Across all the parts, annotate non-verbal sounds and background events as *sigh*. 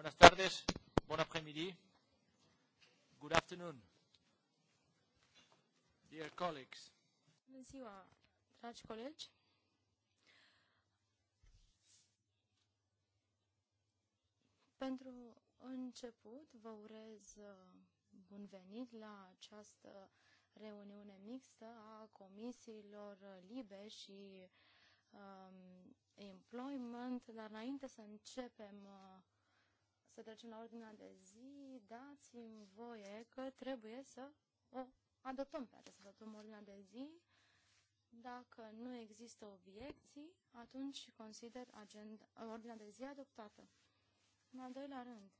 Buenas tardes, bon après-midi, good afternoon, dear colleagues. Bună ziua, dragi colegi. Pentru început, vă urez uh, bun venit la această reuniune mixtă a comisiilor LIBE și um, employment, dar înainte să începem uh, să trecem la ordinea de zi, dați-mi voie că trebuie să o adoptăm pe această adoptăm ordinea de zi. Dacă nu există obiecții, atunci consider agenda, ordinea de zi adoptată. În al doilea rând,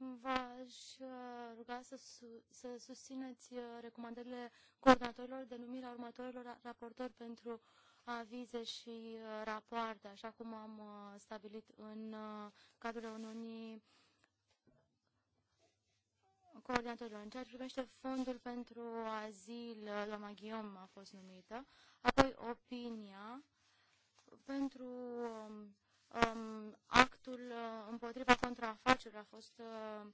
v-aș uh, ruga să, să susțineți uh, recomandările coordonatorilor de numirea următorilor raportori pentru avize și uh, rapoarte, așa cum am stabilit în cadrul reuniunii coordonatorilor. În ceea ce privește fondul pentru azil, doamna Ghiom a fost numită, apoi opinia pentru um, um, actul uh, împotriva contraafacerii a fost uh,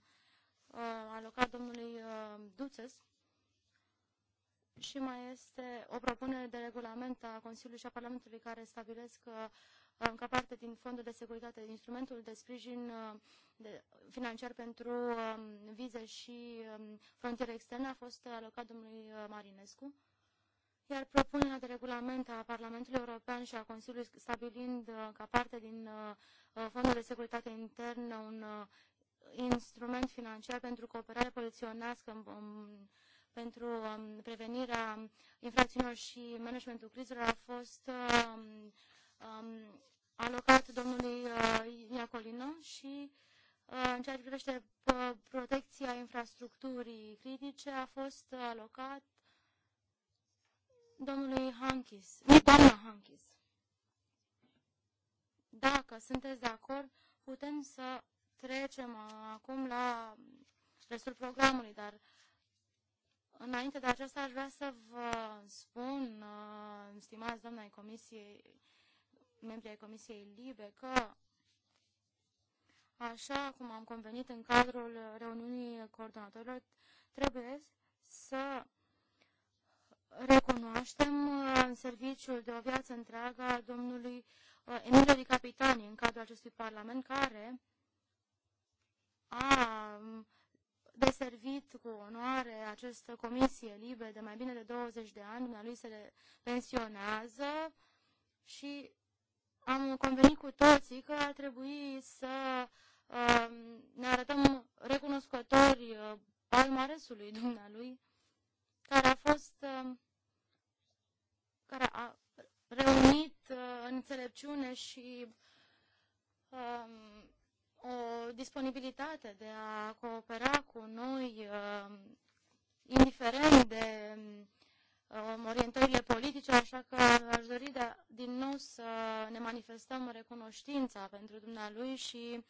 uh, alocat domnului uh, Duțes și mai este o propunere de regulament a Consiliului și a Parlamentului care stabilesc uh, ca parte din fondul de securitate, instrumentul de sprijin uh, de, financiar pentru um, vize și um, frontiere externe a fost alocat domnului uh, Marinescu iar propunerea de regulament a Parlamentului European și a Consiliului stabilind uh, ca parte din uh, uh, Fondul de Securitate Internă un instrument financiar pentru cooperare poliționească um, um, pentru um, prevenirea infracțiunilor și managementul crizelor a fost um, alocat domnului Iacolino și în ceea ce privește protecția infrastructurii critice a fost alocat domnului Hankis, nu doamna Hankis. Dacă sunteți de acord, putem să trecem acum la restul programului, dar înainte de aceasta aș vrea să vă spun, uh, stimați doamna comisiei, membrii ai Comisiei Libe, că așa cum am convenit în cadrul reuniunii coordonatorilor, trebuie să recunoaștem în uh, serviciul de o viață întreagă a domnului uh, Emilio Di Capitani în cadrul acestui parlament, care a um, deservit cu onoare această comisie liberă de mai bine de 20 de ani, lui se pensionează și am convenit cu toții că ar trebui să uh, ne arătăm recunoscători uh, palmaresului dumnealui, care a fost uh, care a reunit uh, înțelepciune și um, o disponibilitate de a coopera cu noi, uh, indiferent de uh, orientările politice, așa că aș dori de, din nou să ne manifestăm recunoștința pentru dumnealui și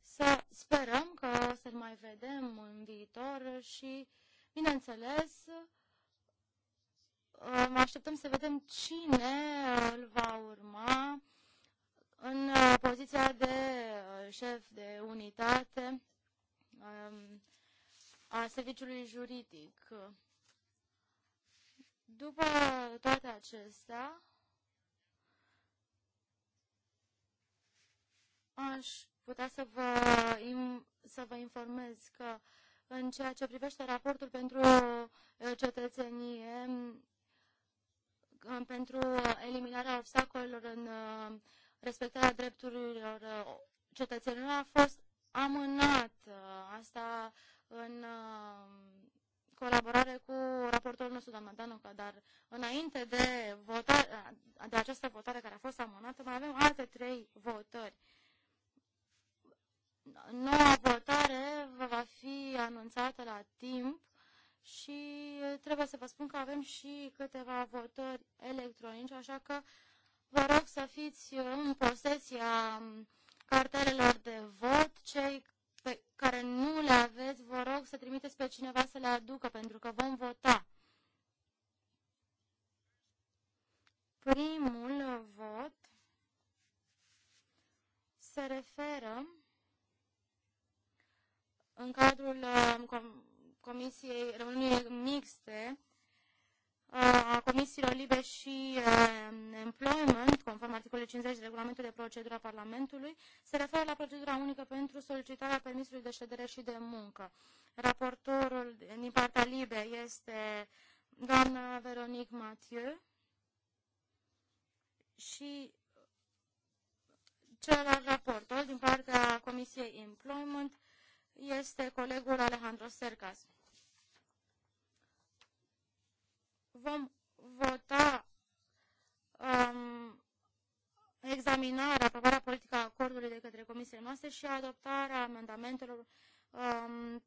să sperăm că o să mai vedem în viitor și, bineînțeles, uh, așteptăm să vedem cine îl va urma în uh, poziția de uh, șef de unitate um, a serviciului juridic. După toate acestea, aș putea să vă, să vă informez că în ceea ce privește raportul pentru uh, cetățenie Uh, pentru eliminarea obstacolelor în uh, respectarea drepturilor uh, cetățenilor a fost amânat. Asta în colaborare cu raportorul nostru, doamna Danuca, dar înainte de, votare, de această votare care a fost amânată, mai avem alte trei votări. Noua votare va fi anunțată la timp și trebuie să vă spun că avem și câteva votări electronice, așa că vă rog să fiți în posesia cartelelor de vot. Cei pe care nu le aveți, vă rog să trimiteți pe cineva să le aducă, pentru că vom vota. Primul vot se referă în cadrul comisiei, reuniunii mixte a comisiilor libe și employment, conform articolului 50 de regulamentul de procedură a Parlamentului, se referă la procedura unică pentru solicitarea permisului de ședere și de muncă. Raportorul din partea libe este doamna Veronique Mathieu și celălalt raportor din partea Comisiei Employment este colegul Alejandro Sercas. Vom vota um, examinarea, aprobarea politică a acordului de către comisiile noastre și adoptarea amendamentelor um,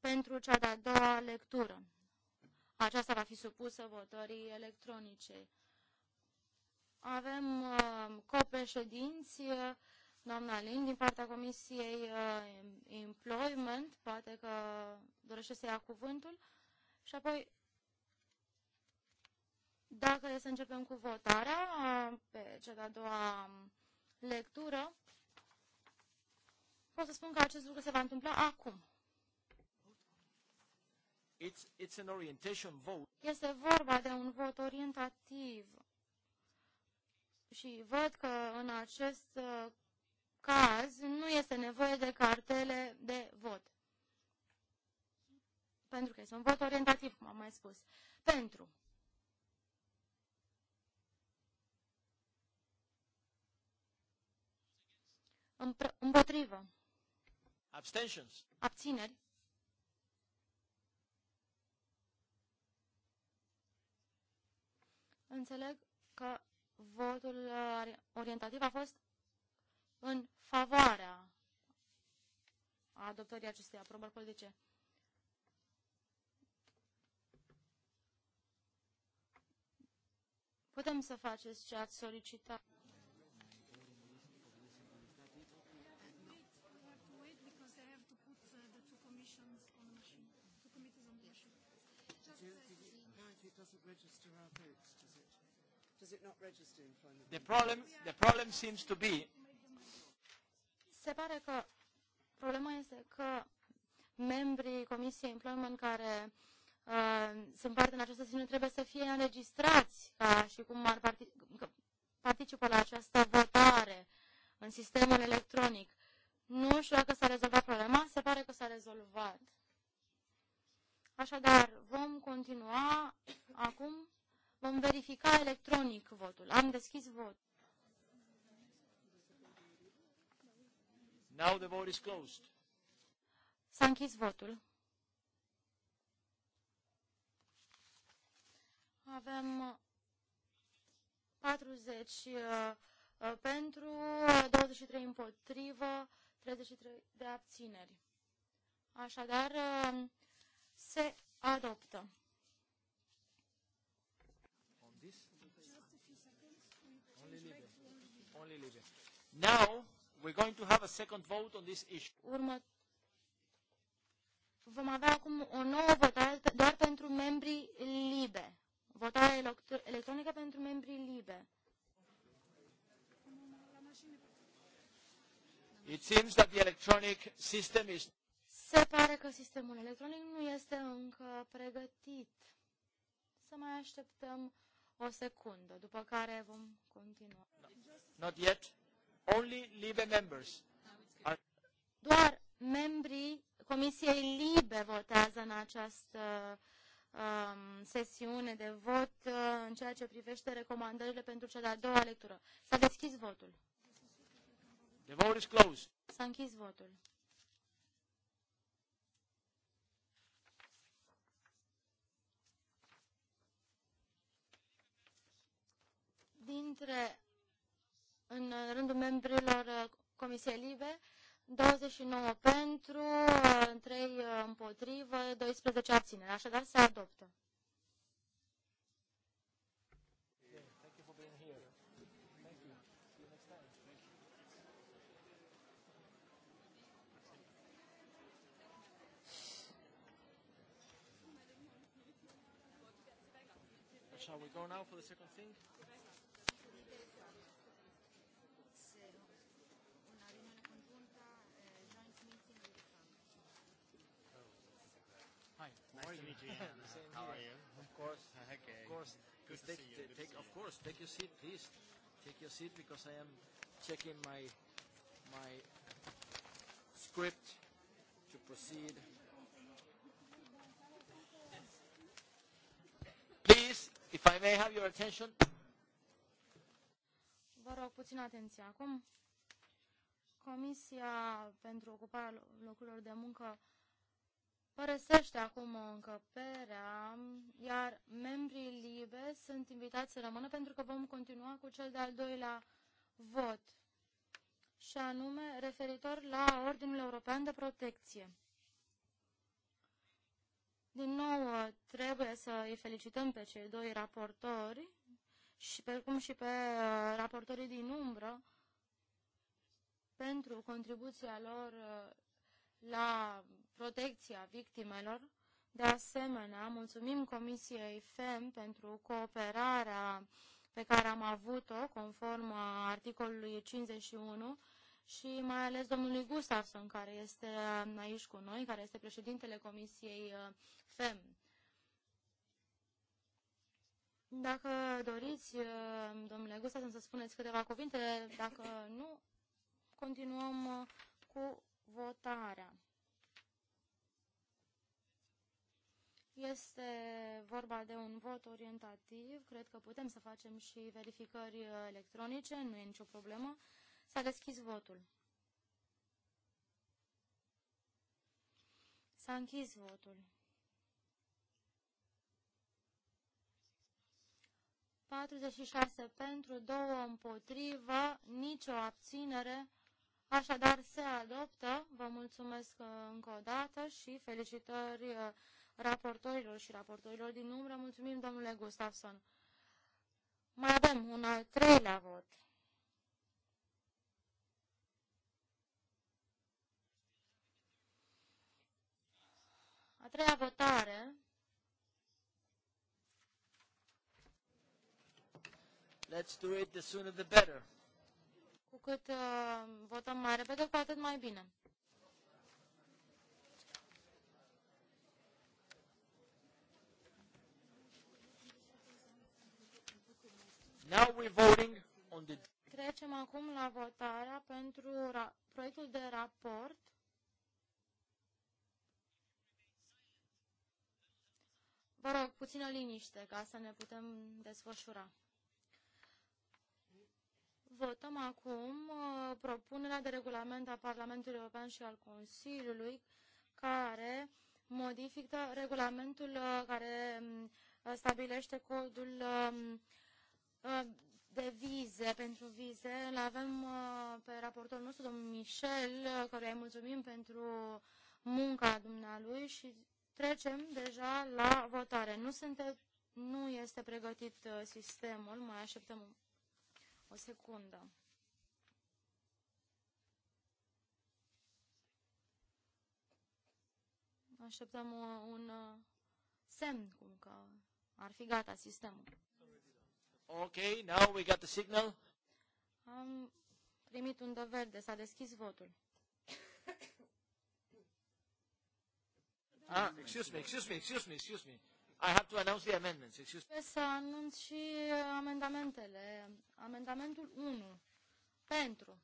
pentru cea de-a doua lectură. Aceasta va fi supusă votării electronice. Avem uh, copreședinți uh, doamna Lin din partea Comisiei uh, Employment, poate că dorește să ia cuvântul, și apoi dacă e să începem cu votarea pe cea de-a doua lectură, pot să spun că acest lucru se va întâmpla acum. It's, it's an orientation vote. Este vorba de un vot orientativ. Și văd că în acest uh, caz nu este nevoie de cartele de vot. Pentru că este un vot orientativ, cum am mai spus. Pentru. Împotrivă. Abstentions. Abțineri. Înțeleg că votul uh, orientativ a fost în favoarea adoptării acestei aprobări ce? Putem să faceți ce ați solicitat. The problem, the problem seems to be se pare că problema este că membrii Comisiei Employment care uh, sunt parte în această sesiune trebuie să fie înregistrați ca și cum ar partic- participă la această votare în sistemul electronic. Nu știu dacă s-a rezolvat problema, se pare că s-a rezolvat. Așadar, vom continua acum, vom verifica electronic votul. Am deschis votul. Now the vote is closed. S-a închis votul. Avem 40 uh, uh, uh, pentru, 23 împotrivă, 33 de abțineri. Așadar, se adoptă. Now, We're going to have a second vote on this issue. Urmă... Vom avea acum o nouă votare doar pentru membrii libe. Votare electronică pentru membrii libe. It seems that the electronic system is... Se pare că sistemul electronic nu este încă pregătit. Să mai așteptăm o secundă, după care vom continua. No. Not yet. Only LIBE members. Doar membrii Comisiei LIBE votează în această um, sesiune de vot uh, în ceea ce privește recomandările pentru cea de-a doua lectură. S-a deschis votul. The vote is closed. S-a închis votul. Dintre în rândul membrilor uh, Comisiei Libe, 29 pentru, 3 uh, uh, împotrivă, 12 abținere. Așadar, se adoptă. Shall we go now for the second thing? *laughs* same How here. are you? Of course. *laughs* okay. Of course. Good take, to see you. Good take, see of you. course, take your seat, please. Take your seat because I am checking my my script to proceed. Please, if I may have your attention. Vă rog puțină atenție acum. Comisia pentru ocuparea locurilor de muncă părăsește acum încăperea, iar membrii libe sunt invitați să rămână pentru că vom continua cu cel de-al doilea vot, și anume referitor la Ordinul European de Protecție. Din nou, trebuie să îi felicităm pe cei doi raportori, și pe cum și pe uh, raportorii din umbră, pentru contribuția lor uh, la protecția victimelor. De asemenea, mulțumim Comisiei FEM pentru cooperarea pe care am avut-o conform articolului 51 și mai ales domnului Gustafson, care este aici cu noi, care este președintele Comisiei uh, FEM. Dacă doriți, uh, domnule Gustafsson, să spuneți câteva cuvinte, dacă nu, continuăm uh, cu votarea. Este vorba de un vot orientativ, cred că putem să facem și verificări uh, electronice, nu e nicio problemă. S-a deschis votul. S-a închis votul. 46 pentru, 2 împotrivă, nicio abținere. Așadar, se adoptă. Vă mulțumesc uh, încă o dată și felicitări uh, raportorilor și raportorilor din umbră. Mulțumim, domnule Gustafson. Mai avem un al treilea vot. A treia votare. Let's do it the sooner the better. Cu cât uh, votăm mai repede, cu atât mai bine. Trecem acum la votarea pentru proiectul de raport. Vă rog, puțină liniște ca să ne putem desfășura. Votăm acum uh, propunerea de regulament a Parlamentului European și al Consiliului care modifică regulamentul uh, care mm, uh, stabilește codul um, uh, de vize, pentru vize, îl avem uh, pe raportorul nostru, domnul Michel, uh, care îi mulțumim pentru munca dumnealui și trecem deja la votare. Nu, sunte, nu este pregătit uh, sistemul, mai așteptăm o secundă. Așteptăm un semn, cum că ar fi gata sistemul. Okay, now we got the signal. Am primit un dă verde, s-a deschis votul. ah, excuse me, excuse me, excuse me, excuse me. I have to announce the amendments. Excuse me. Să anunț și uh, amendamentele. Amendamentul 1. Pentru.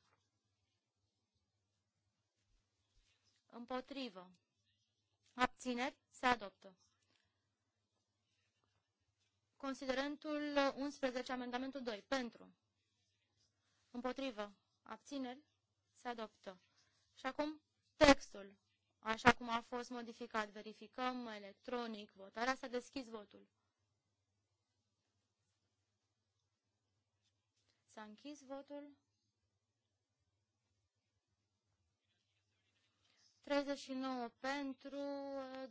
Împotrivă. Abțineri. Se adoptă. Considerentul 11, amendamentul 2. Pentru. Împotrivă. Abțineri. Se adoptă. Și acum textul, așa cum a fost modificat. Verificăm electronic votarea. S-a deschis votul. S-a închis votul. 39 pentru,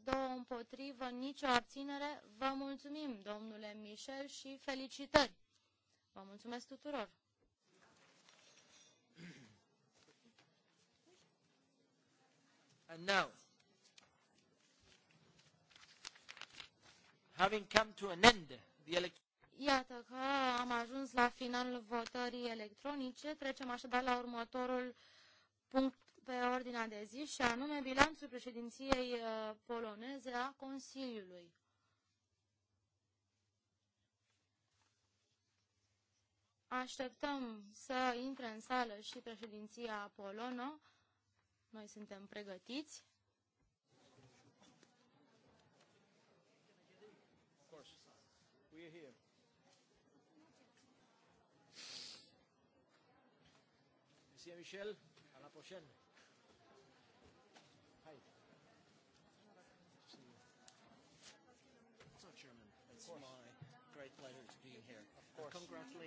2 împotrivă, nicio abținere. Vă mulțumim, domnule Michel, și felicitări! Vă mulțumesc tuturor! And now, having come to an end, the Iată că am ajuns la finalul votării electronice. Trecem așadar la următorul punct pe ordinea de zi și anume bilanțul președinției uh, poloneze a Consiliului. Așteptăm să intre în sală și președinția Polono. Noi suntem pregătiți. Monsieur Michel, à la prochaine.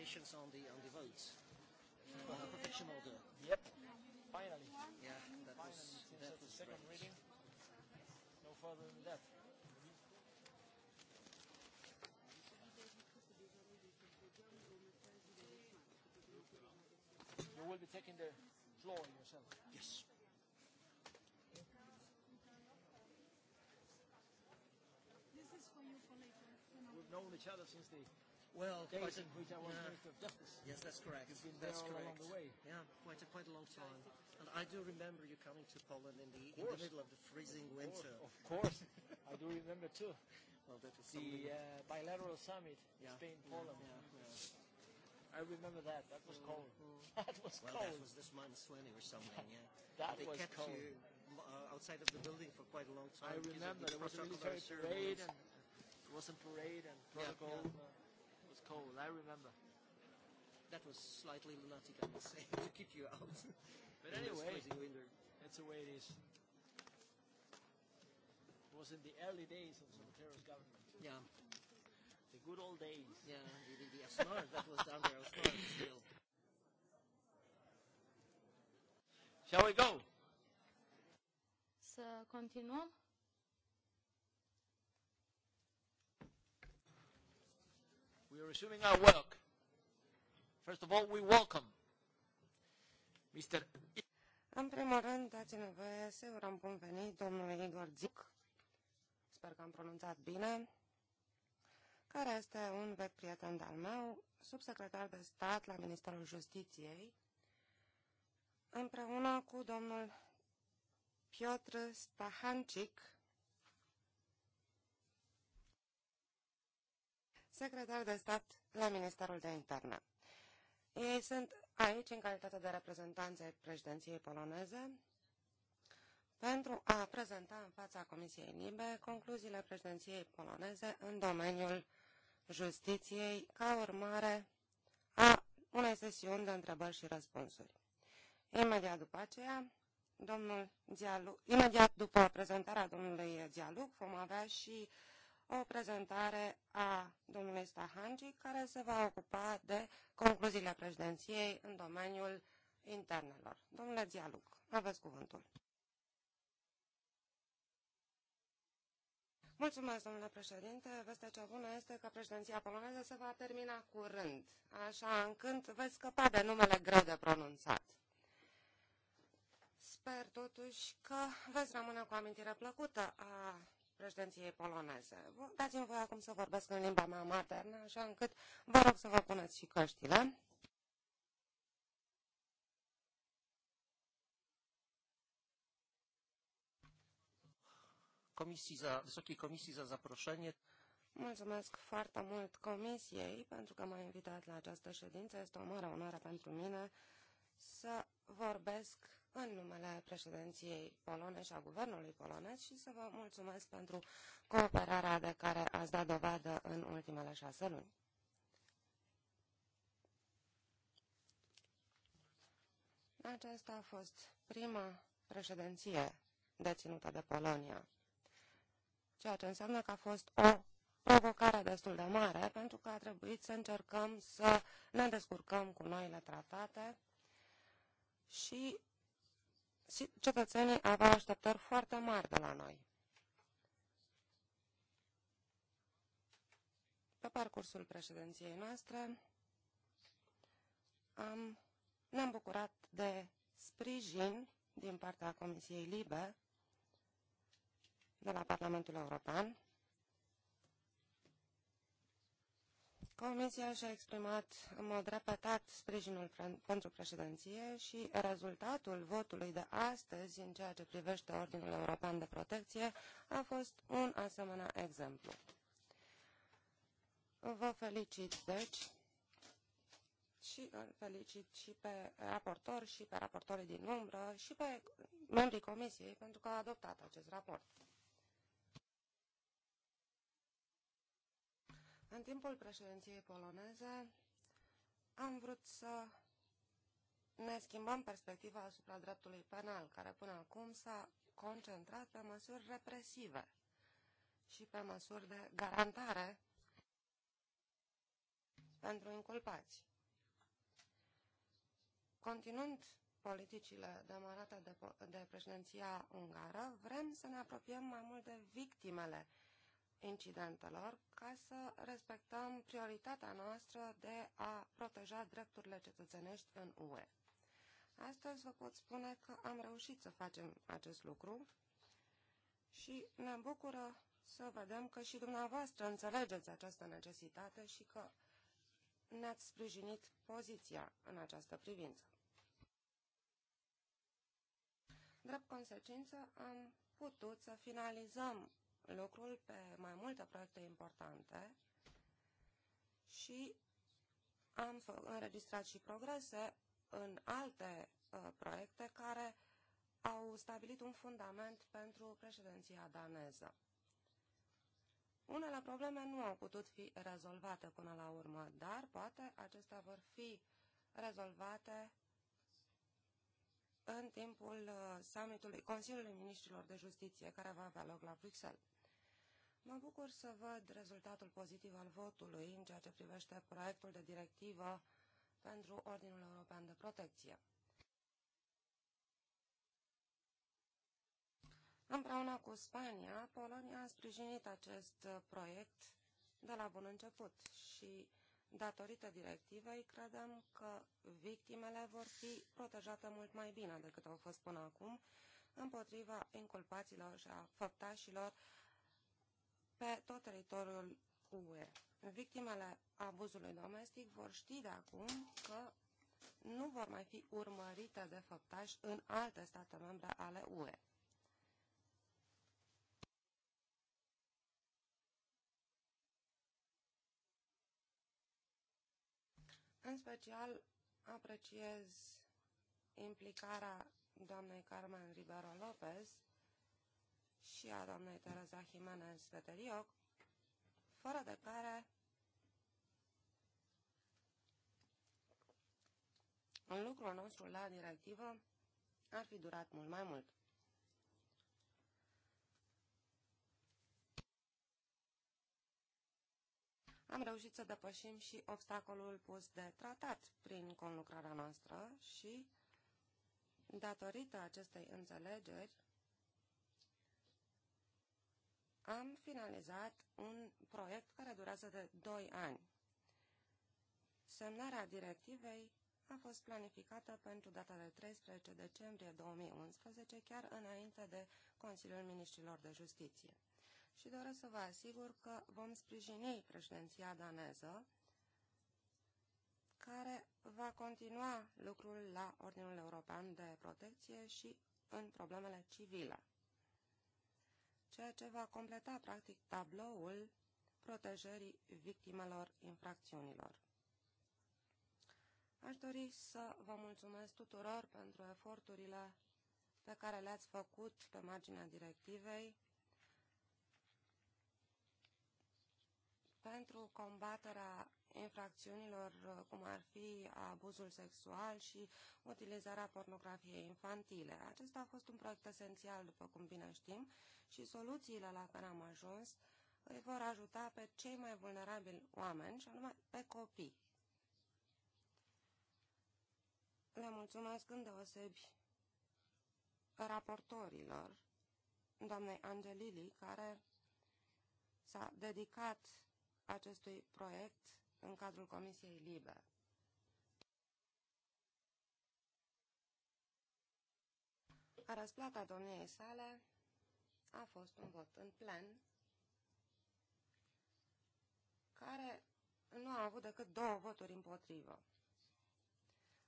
questions on the on the votes? Uh, on yeah. protection order? Yep. Finally. Yeah, that Finally, was, since that was the second great. reading, no further than that. You will be taking the floor yourself. Yes. This is for you for later. We've known each other since the well, days in which I was yeah. Minister of Justice. Yes, that's correct. You've been there that's all correct. along the way. Yeah, quite a, quite a long time. And I do remember you coming to Poland in the, in the middle of the freezing of winter. of course, I do remember too. *laughs* Well, that was the uh, bilateral summit, yeah. Spain-Poland. Yeah, yeah, yeah. I remember that. That was mm, cold. Mm. *laughs* That was well, cold. Well, that was this minus 20 or something, *laughs* yeah. that they was kept cold. you uh, outside of the building for quite a long time. I remember. There was a military parade. And, it was a parade and protocol. Yeah, yeah. Uh, cold. I remember. That was slightly lunatic, I would say, *laughs* to keep you out. *laughs* But anyway, that's the way it is. It was in the early days of Zapatero's government. Yeah. The good old days. Yeah, the, the, the Asnar, that was under Asnar still. Shall we go? Să continuăm? we are resuming our work. First of all, we welcome Mr. În primul rând, dați-mi voie să urăm bun venit domnului Igor Zic, sper că am pronunțat bine, care este un vechi prieten de-al meu, subsecretar de stat la Ministerul Justiției, împreună cu domnul Piotr Stahancic, secretar de stat la Ministerul de Interne. Ei sunt aici în calitate de reprezentanți ai președinției poloneze pentru a prezenta în fața Comisiei Libe concluziile președinției poloneze în domeniul justiției ca urmare a unei sesiuni de întrebări și răspunsuri. Imediat după aceea, domnul Dialu, imediat după prezentarea domnului Dialog, vom avea și uh, o prezentare a domnului Stahangi, care se va ocupa de concluziile președinției în domeniul internelor. Domnule Dialog, aveți cuvântul. Mulțumesc, domnule președinte. Vestea cea bună este că președinția poloneză se va termina curând, așa încât veți scăpa de numele greu de pronunțat. Sper totuși că veți rămâne cu amintire plăcută a președinției poloneze. Dați-mi voi acum să vorbesc în limba mea maternă, așa încât vă rog să vă puneți și căștile. Comisii za, Wysokiej Komisji za Mulțumesc foarte mult Comisiei pentru că m-a invitat la această ședință. Este o mare onoare pentru mine să vorbesc în numele președinției polone și a guvernului polonez și să vă mulțumesc pentru cooperarea de care ați dat dovadă în ultimele șase luni. Aceasta a fost prima președinție deținută de Polonia, ceea ce înseamnă că a fost o provocare destul de mare, pentru că a trebuit să încercăm să ne descurcăm cu noile tratate și cetățenii aveau așteptări foarte mari de la noi. Pe parcursul președinției noastre am, ne-am bucurat de sprijin din partea Comisiei Libe de la Parlamentul European Comisia și-a exprimat în mod repetat sprijinul pentru președinție și rezultatul votului de astăzi în ceea ce privește Ordinul European de Protecție a fost un asemenea exemplu. Vă felicit, deci, și îl felicit și pe raportor și pe raportorii din umbră și pe membrii Comisiei pentru că au adoptat acest raport. În timpul președinției poloneze am vrut să ne schimbăm perspectiva asupra dreptului penal, care până acum s-a concentrat pe măsuri represive și pe măsuri de garantare pentru inculpați. Continuând politicile demarate de, de președinția ungară, vrem să ne apropiem mai mult de victimele incidentelor ca să respectăm prioritatea noastră de a proteja drepturile cetățenești în UE. Astăzi vă pot spune că am reușit să facem acest lucru și ne bucură să vedem că și dumneavoastră înțelegeți această necesitate și că ne-ați sprijinit poziția în această privință. Drept consecință, am putut să finalizăm lucrul pe mai multe proiecte importante și am înregistrat și progrese în alte uh, proiecte care au stabilit un fundament pentru președinția daneză. Unele probleme nu au putut fi rezolvate până la urmă, dar poate acestea vor fi rezolvate în timpul uh, summitului Consiliului Ministrilor de Justiție, care va avea loc la Bruxelles. Mă bucur să văd rezultatul pozitiv al votului în ceea ce privește proiectul de directivă pentru Ordinul European de Protecție. Împreună cu Spania, Polonia a sprijinit acest proiect de la bun început și, datorită directivei, credem că victimele vor fi protejate mult mai bine decât au fost până acum împotriva inculpaților și a făptașilor pe tot teritoriul UE. Victimele abuzului domestic vor ști de acum că nu vor mai fi urmărite de făptași în alte state membre ale UE. În special, apreciez implicarea doamnei Carmen Rivero Lopez și a doamnei Teresa Jimenez Veterioc, fără de care în lucrul nostru la directivă ar fi durat mult mai mult. Am reușit să depășim și obstacolul pus de tratat prin conlucrarea noastră și, datorită acestei înțelegeri, am finalizat un proiect care durează de 2 ani. Semnarea directivei a fost planificată pentru data de 13 decembrie 2011, chiar înainte de Consiliul Ministrilor de Justiție. Și doresc să vă asigur că vom sprijini președinția daneză, care va continua lucrul la Ordinul European de Protecție și în problemele civile ceea ce va completa practic tabloul protejării victimelor infracțiunilor. Aș dori să vă mulțumesc tuturor pentru eforturile pe care le-ați făcut pe marginea directivei pentru combaterea infracțiunilor uh, cum ar fi abuzul sexual și utilizarea pornografiei infantile. Acesta a fost un proiect esențial, după cum bine știm, și soluțiile la care am ajuns îi vor ajuta pe cei mai vulnerabili oameni, și anume pe copii. Le mulțumesc îndeosebi raportorilor, doamnei Angelili, care s-a dedicat acestui proiect în cadrul Comisiei Libe. A răsplata domniei sale a fost un vot în plen, care nu a avut decât două voturi împotrivă.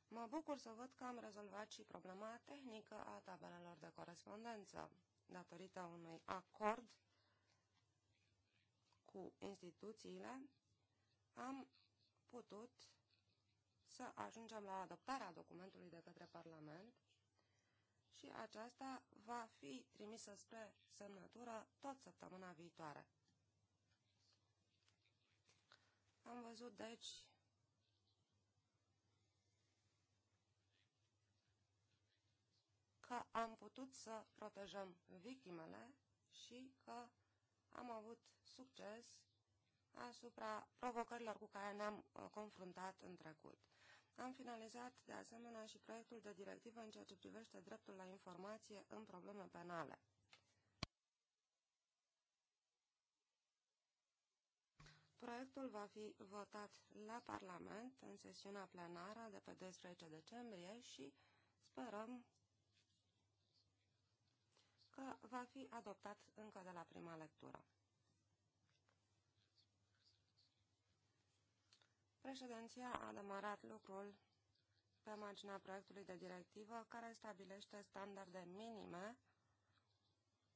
Mă bucur să văd că am rezolvat și problema tehnică a tabelelor de corespondență, datorită unui acord cu instituțiile am putut să ajungem la adoptarea documentului de către Parlament și aceasta va fi trimisă spre semnătură tot săptămâna viitoare. Am văzut, deci, că am putut să protejăm victimele și că am avut succes asupra provocărilor cu care ne-am uh, confruntat în trecut. Am finalizat, de asemenea, și proiectul de directivă în ceea ce privește dreptul la informație în probleme penale. Proiectul va fi votat la Parlament în sesiunea plenară de pe 12 decembrie și sperăm că va fi adoptat încă de la prima lectură. Președinția a demarat lucrul pe marginea proiectului de directivă care stabilește standarde minime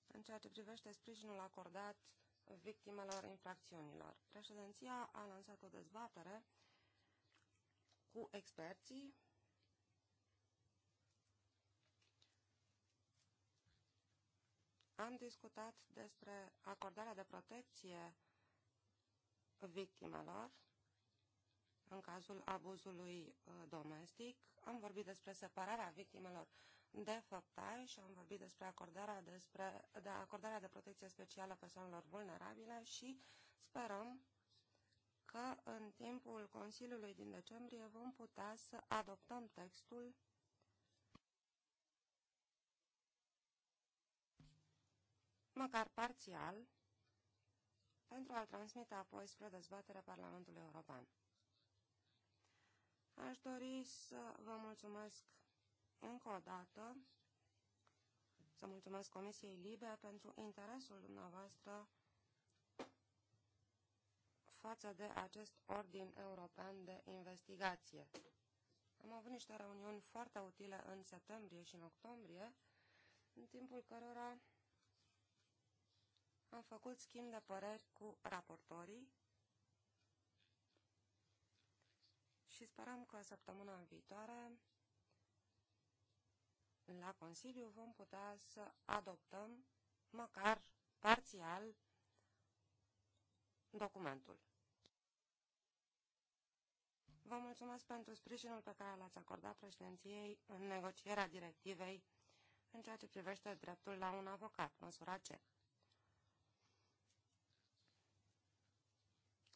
în ceea ce privește sprijinul acordat victimelor infracțiunilor. Președinția a lansat o dezbatere cu experții Am discutat despre acordarea de protecție victimelor în cazul abuzului uh, domestic. Am vorbit despre separarea victimelor de făptai și am vorbit despre acordarea, despre, de acordarea de protecție specială persoanelor vulnerabile și sperăm că în timpul Consiliului din decembrie vom putea să adoptăm textul măcar parțial, pentru a-l transmite apoi spre dezbatere Parlamentului European. Aș dori să vă mulțumesc încă o dată, să mulțumesc Comisiei Libe pentru interesul dumneavoastră față de acest ordin european de investigație. Am avut niște reuniuni foarte utile în septembrie și în octombrie, în timpul cărora am făcut schimb de păreri cu raportorii și sperăm că săptămâna viitoare la Consiliu vom putea să adoptăm măcar parțial documentul. Vă mulțumesc pentru sprijinul pe care l-ați acordat președinției în negocierea directivei în ceea ce privește dreptul la un avocat, măsura C.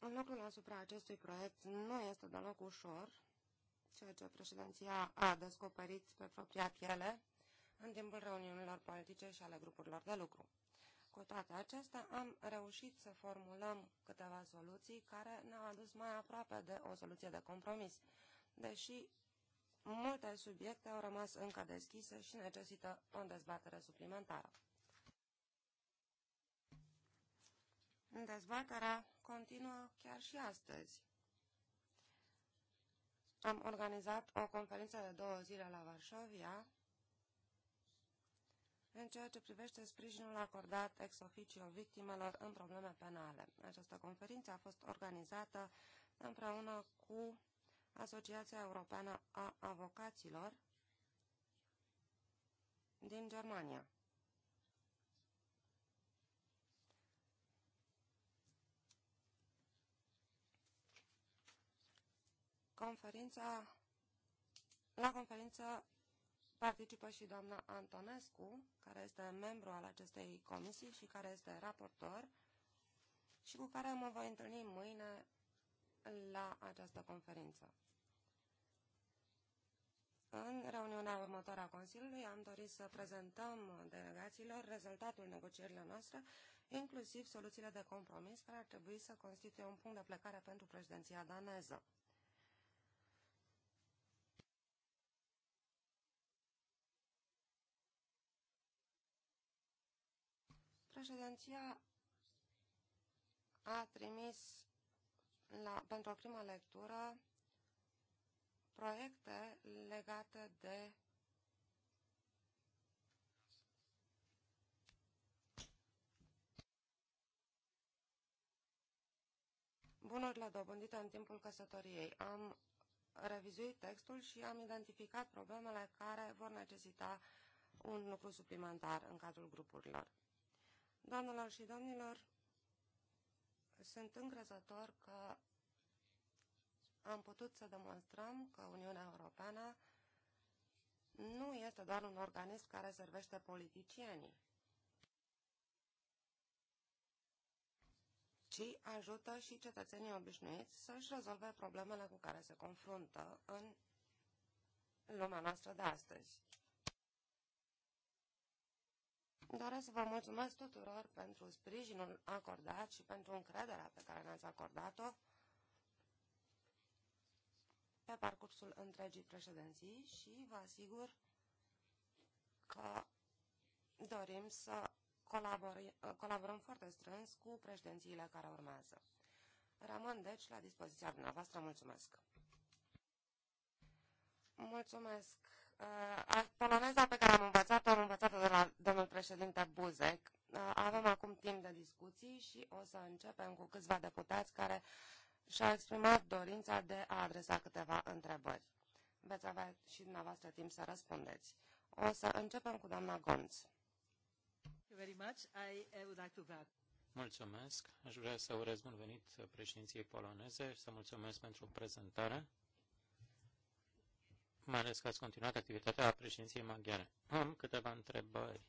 Lucrul asupra acestui proiect nu este deloc ușor, ceea ce președinția a descoperit pe propria piele în timpul reuniunilor politice și ale grupurilor de lucru. Cu toate acestea, am reușit să formulăm câteva soluții care ne-au adus mai aproape de o soluție de compromis, deși multe subiecte au rămas încă deschise și necesită o dezbatere suplimentară. Dezbaterea continuă chiar și astăzi. Am organizat o conferință de două zile la Varșovia în ceea ce privește sprijinul acordat ex officio victimelor în probleme penale. Această conferință a fost organizată împreună cu Asociația Europeană a Avocaților din Germania. conferința, la conferință participă și doamna Antonescu, care este membru al acestei comisii și care este raportor și cu care mă voi întâlni mâine la această conferință. În reuniunea următoare a Consiliului am dorit să prezentăm delegațiilor rezultatul negocierilor noastre, inclusiv soluțiile de compromis care ar trebui să constituie un punct de plecare pentru președinția daneză. Președinția a trimis la, pentru prima lectură proiecte legate de bunurile dobândite în timpul căsătoriei. Am revizuit textul și am identificat problemele care vor necesita un lucru suplimentar în cadrul grupurilor. Doamnelor și domnilor, sunt încrezător că am putut să demonstrăm că Uniunea Europeană nu este doar un organism care servește politicienii, ci ajută și cetățenii obișnuiți să-și rezolve problemele cu care se confruntă în lumea noastră de astăzi. Doresc să vă mulțumesc tuturor pentru sprijinul acordat și pentru încrederea pe care ne-ați acordat-o pe parcursul întregii președinții și vă asigur că dorim să colaborăm foarte strâns cu președințiile care urmează. Rămân, deci, la dispoziția dumneavoastră. Mulțumesc! Mulțumesc, poloneza pe care am învățat-o, am învățat-o de la domnul președinte Buzek. avem acum timp de discuții și o să începem cu câțiva deputați care și-au exprimat dorința de a adresa câteva întrebări. Veți avea și dumneavoastră timp să răspundeți. O să începem cu doamna Gonț. Mulțumesc. Aș vrea să urez bun venit președinției poloneze și să mulțumesc pentru prezentare mai ales că ați continuat activitatea a președinției maghiare. Am câteva întrebări.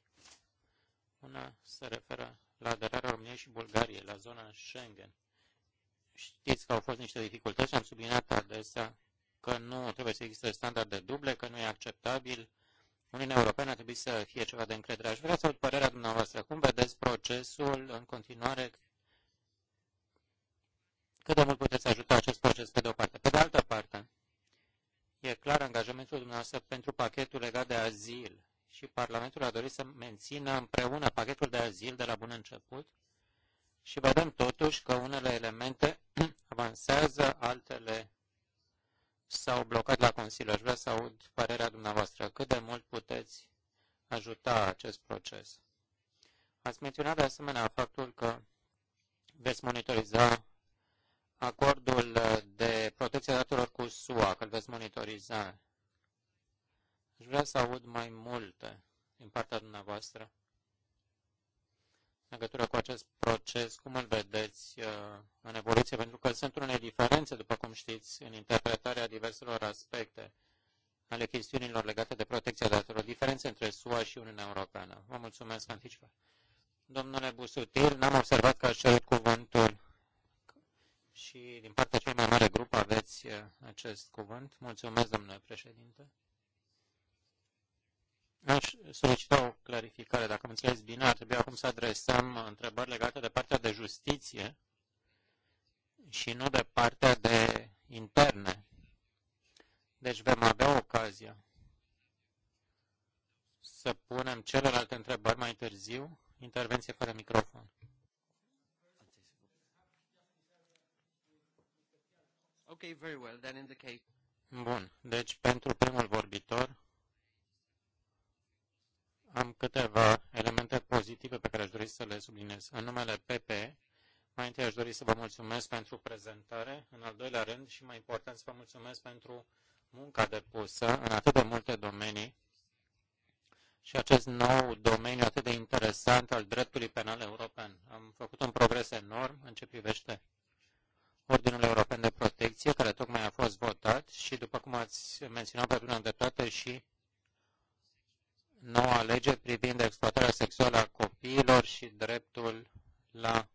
Una se referă la aderarea României și Bulgariei la zona Schengen. Știți că au fost niște dificultăți și am subliniat adesea că nu trebuie să existe standarde duble, că nu e acceptabil. Uniunea Europeană trebui să fie ceva de încredere. Aș vrea să aud părerea dumneavoastră. Cum vedeți procesul în continuare? Cât de mult puteți ajuta acest proces pe de o parte? Pe de altă parte, E clar angajamentul dumneavoastră pentru pachetul legat de azil și Parlamentul a dorit să mențină împreună pachetul de azil de la bun început și vedem totuși că unele elemente *clears throat* avansează, altele s-au blocat la Consiliu. Aș vrea să aud părerea dumneavoastră. Cât de mult puteți ajuta acest proces? Ați menționat de asemenea faptul că veți monitoriza acordul uh, de protecție a datelor cu SUA, că îl veți monitoriza. Aș vrea să aud mai multe din partea dumneavoastră în legătură cu acest proces, cum îl vedeți uh, în evoluție, pentru că sunt unele diferențe, după cum știți, în interpretarea diverselor aspecte ale chestiunilor legate de protecția datelor, diferențe între SUA și Uniunea Europeană. Vă mulțumesc anticipat. Domnule Busutil, n-am observat că ați cerut cuvântul și din partea cea mai mare grup aveți uh, acest cuvânt. Mulțumesc, domnule președinte. Aș solicita o clarificare. Dacă am înțeles bine, ar trebui acum să adresăm întrebări legate de partea de justiție și nu de partea de interne. Deci vom avea ocazia să punem celelalte întrebări mai târziu. Intervenție fără microfon. Okay, very well. Then in the case... Bun. Deci, pentru primul vorbitor, am câteva elemente pozitive pe care aș dori să le subliniez. În numele PP, mai întâi aș dori să vă mulțumesc pentru prezentare, în al doilea rând și mai important să vă mulțumesc pentru munca depusă în atât de multe domenii și acest nou domeniu atât de interesant al dreptului penal european. Am făcut un progres enorm în ce privește Ordinul European de Protecție, care tocmai a fost votat și, după cum ați menționat pe bună dreptate, și noua lege privind exploatarea sexuală a copiilor și dreptul la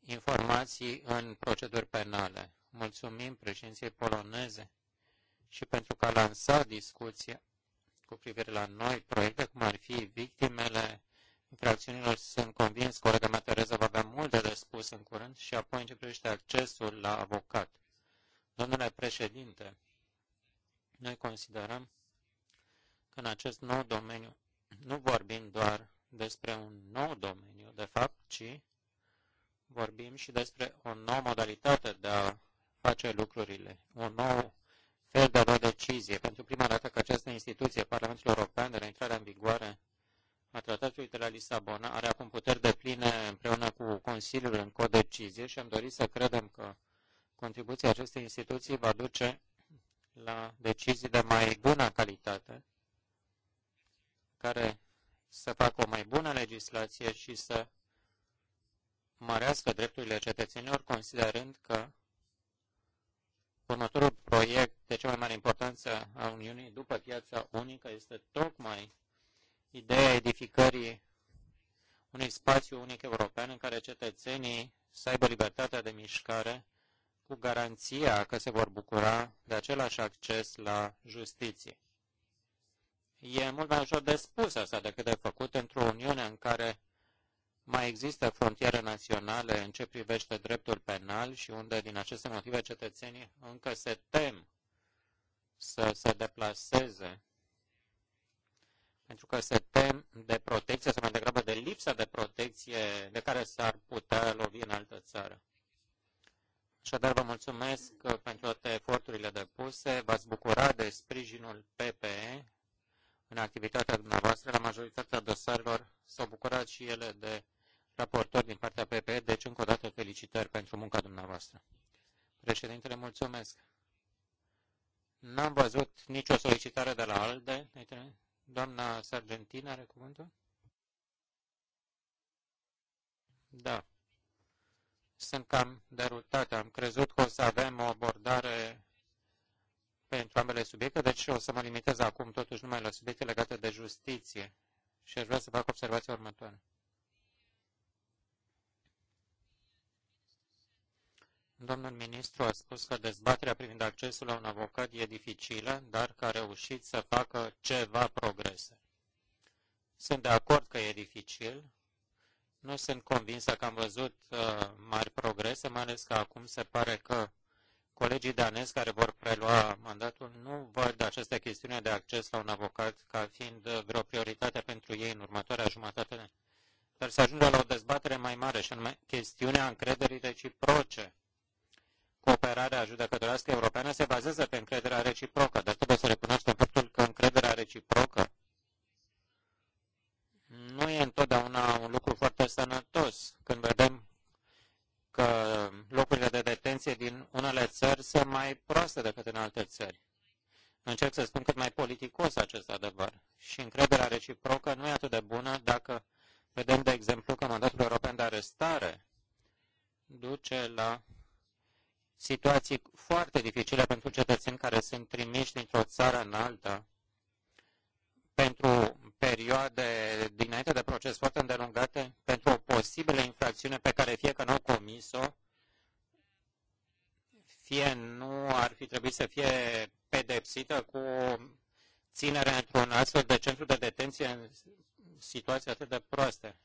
informații în proceduri penale. Mulțumim președinției poloneze și pentru că a lansat discuția cu privire la noi proiecte, cum ar fi victimele infracțiunilor, sunt convins că colega mea Tereza va avea multe de spus în curând și apoi în ce privește accesul la avocat. Domnule președinte, noi considerăm că în acest nou domeniu nu vorbim doar despre un nou domeniu, de fapt, ci vorbim și despre o nouă modalitate de a face lucrurile, un nou fel de a lua decizie. Pentru prima dată că această instituție, Parlamentul European, de la intrarea în vigoare a Tratatului de la Lisabona are acum puteri de pline împreună cu Consiliul în codecizie și am dorit să credem că contribuția acestei instituții va duce la decizii de mai bună calitate, care să facă o mai bună legislație și să mărească drepturile cetățenilor, considerând că următorul proiect de cea mai mare importanță a Uniunii după piața unică este tocmai ideea edificării unui spațiu unic european în care cetățenii să aibă libertatea de mișcare cu garanția că se vor bucura de același acces la justiție. E mult mai ușor de spus asta decât de făcut într-o Uniune în care mai există frontiere naționale în ce privește dreptul penal și unde, din aceste motive, cetățenii încă se tem să se deplaseze pentru că se tem de protecție sau mai degrabă de lipsa de protecție de care s-ar putea lovi în altă țară. Așadar, vă mulțumesc uh, pentru toate eforturile depuse. V-ați bucurat de sprijinul PPE în activitatea dumneavoastră. La majoritatea dosarelor s-au bucurat și ele de raportori din partea PPE, deci încă o dată felicitări pentru munca dumneavoastră. Președintele, mulțumesc. N-am văzut nicio solicitare de la ALDE. Doamna Sargentina are cuvântul? Da. Sunt cam derutată. Am crezut că o să avem o abordare pentru ambele subiecte, deci o să mă limitez acum totuși numai la subiecte legate de justiție și aș vrea să fac observația următoare. Domnul ministru a spus că dezbaterea privind accesul la un avocat e dificilă, dar că a reușit să facă ceva progrese. Sunt de acord că e dificil. Nu sunt convinsă că am văzut uh, mari progrese, mai ales că acum se pare că colegii danezi care vor prelua mandatul nu văd această chestiune de acces la un avocat ca fiind uh, vreo prioritate pentru ei în următoarea jumătate Dar se ajunge la o dezbatere mai mare și anume chestiunea încrederii reciproce Cooperarea judecătorească europeană se bazează pe încrederea reciprocă, dar trebuie să recunoaștem faptul că încrederea reciprocă nu e întotdeauna un lucru foarte sănătos când vedem că locurile de detenție din unele țări sunt mai proaste decât în alte țări. Încerc să spun cât mai politicos acest adevăr și încrederea reciprocă nu e atât de bună dacă vedem, de exemplu, că mandatul european de arestare duce la situații foarte dificile pentru cetățeni care sunt trimiși dintr-o țară în alta pentru perioade dinainte de proces foarte îndelungate, pentru o posibilă infracțiune pe care fie că nu au comis-o, fie nu ar fi trebuit să fie pedepsită cu ținerea într-un astfel de centru de detenție în situații atât de proaste.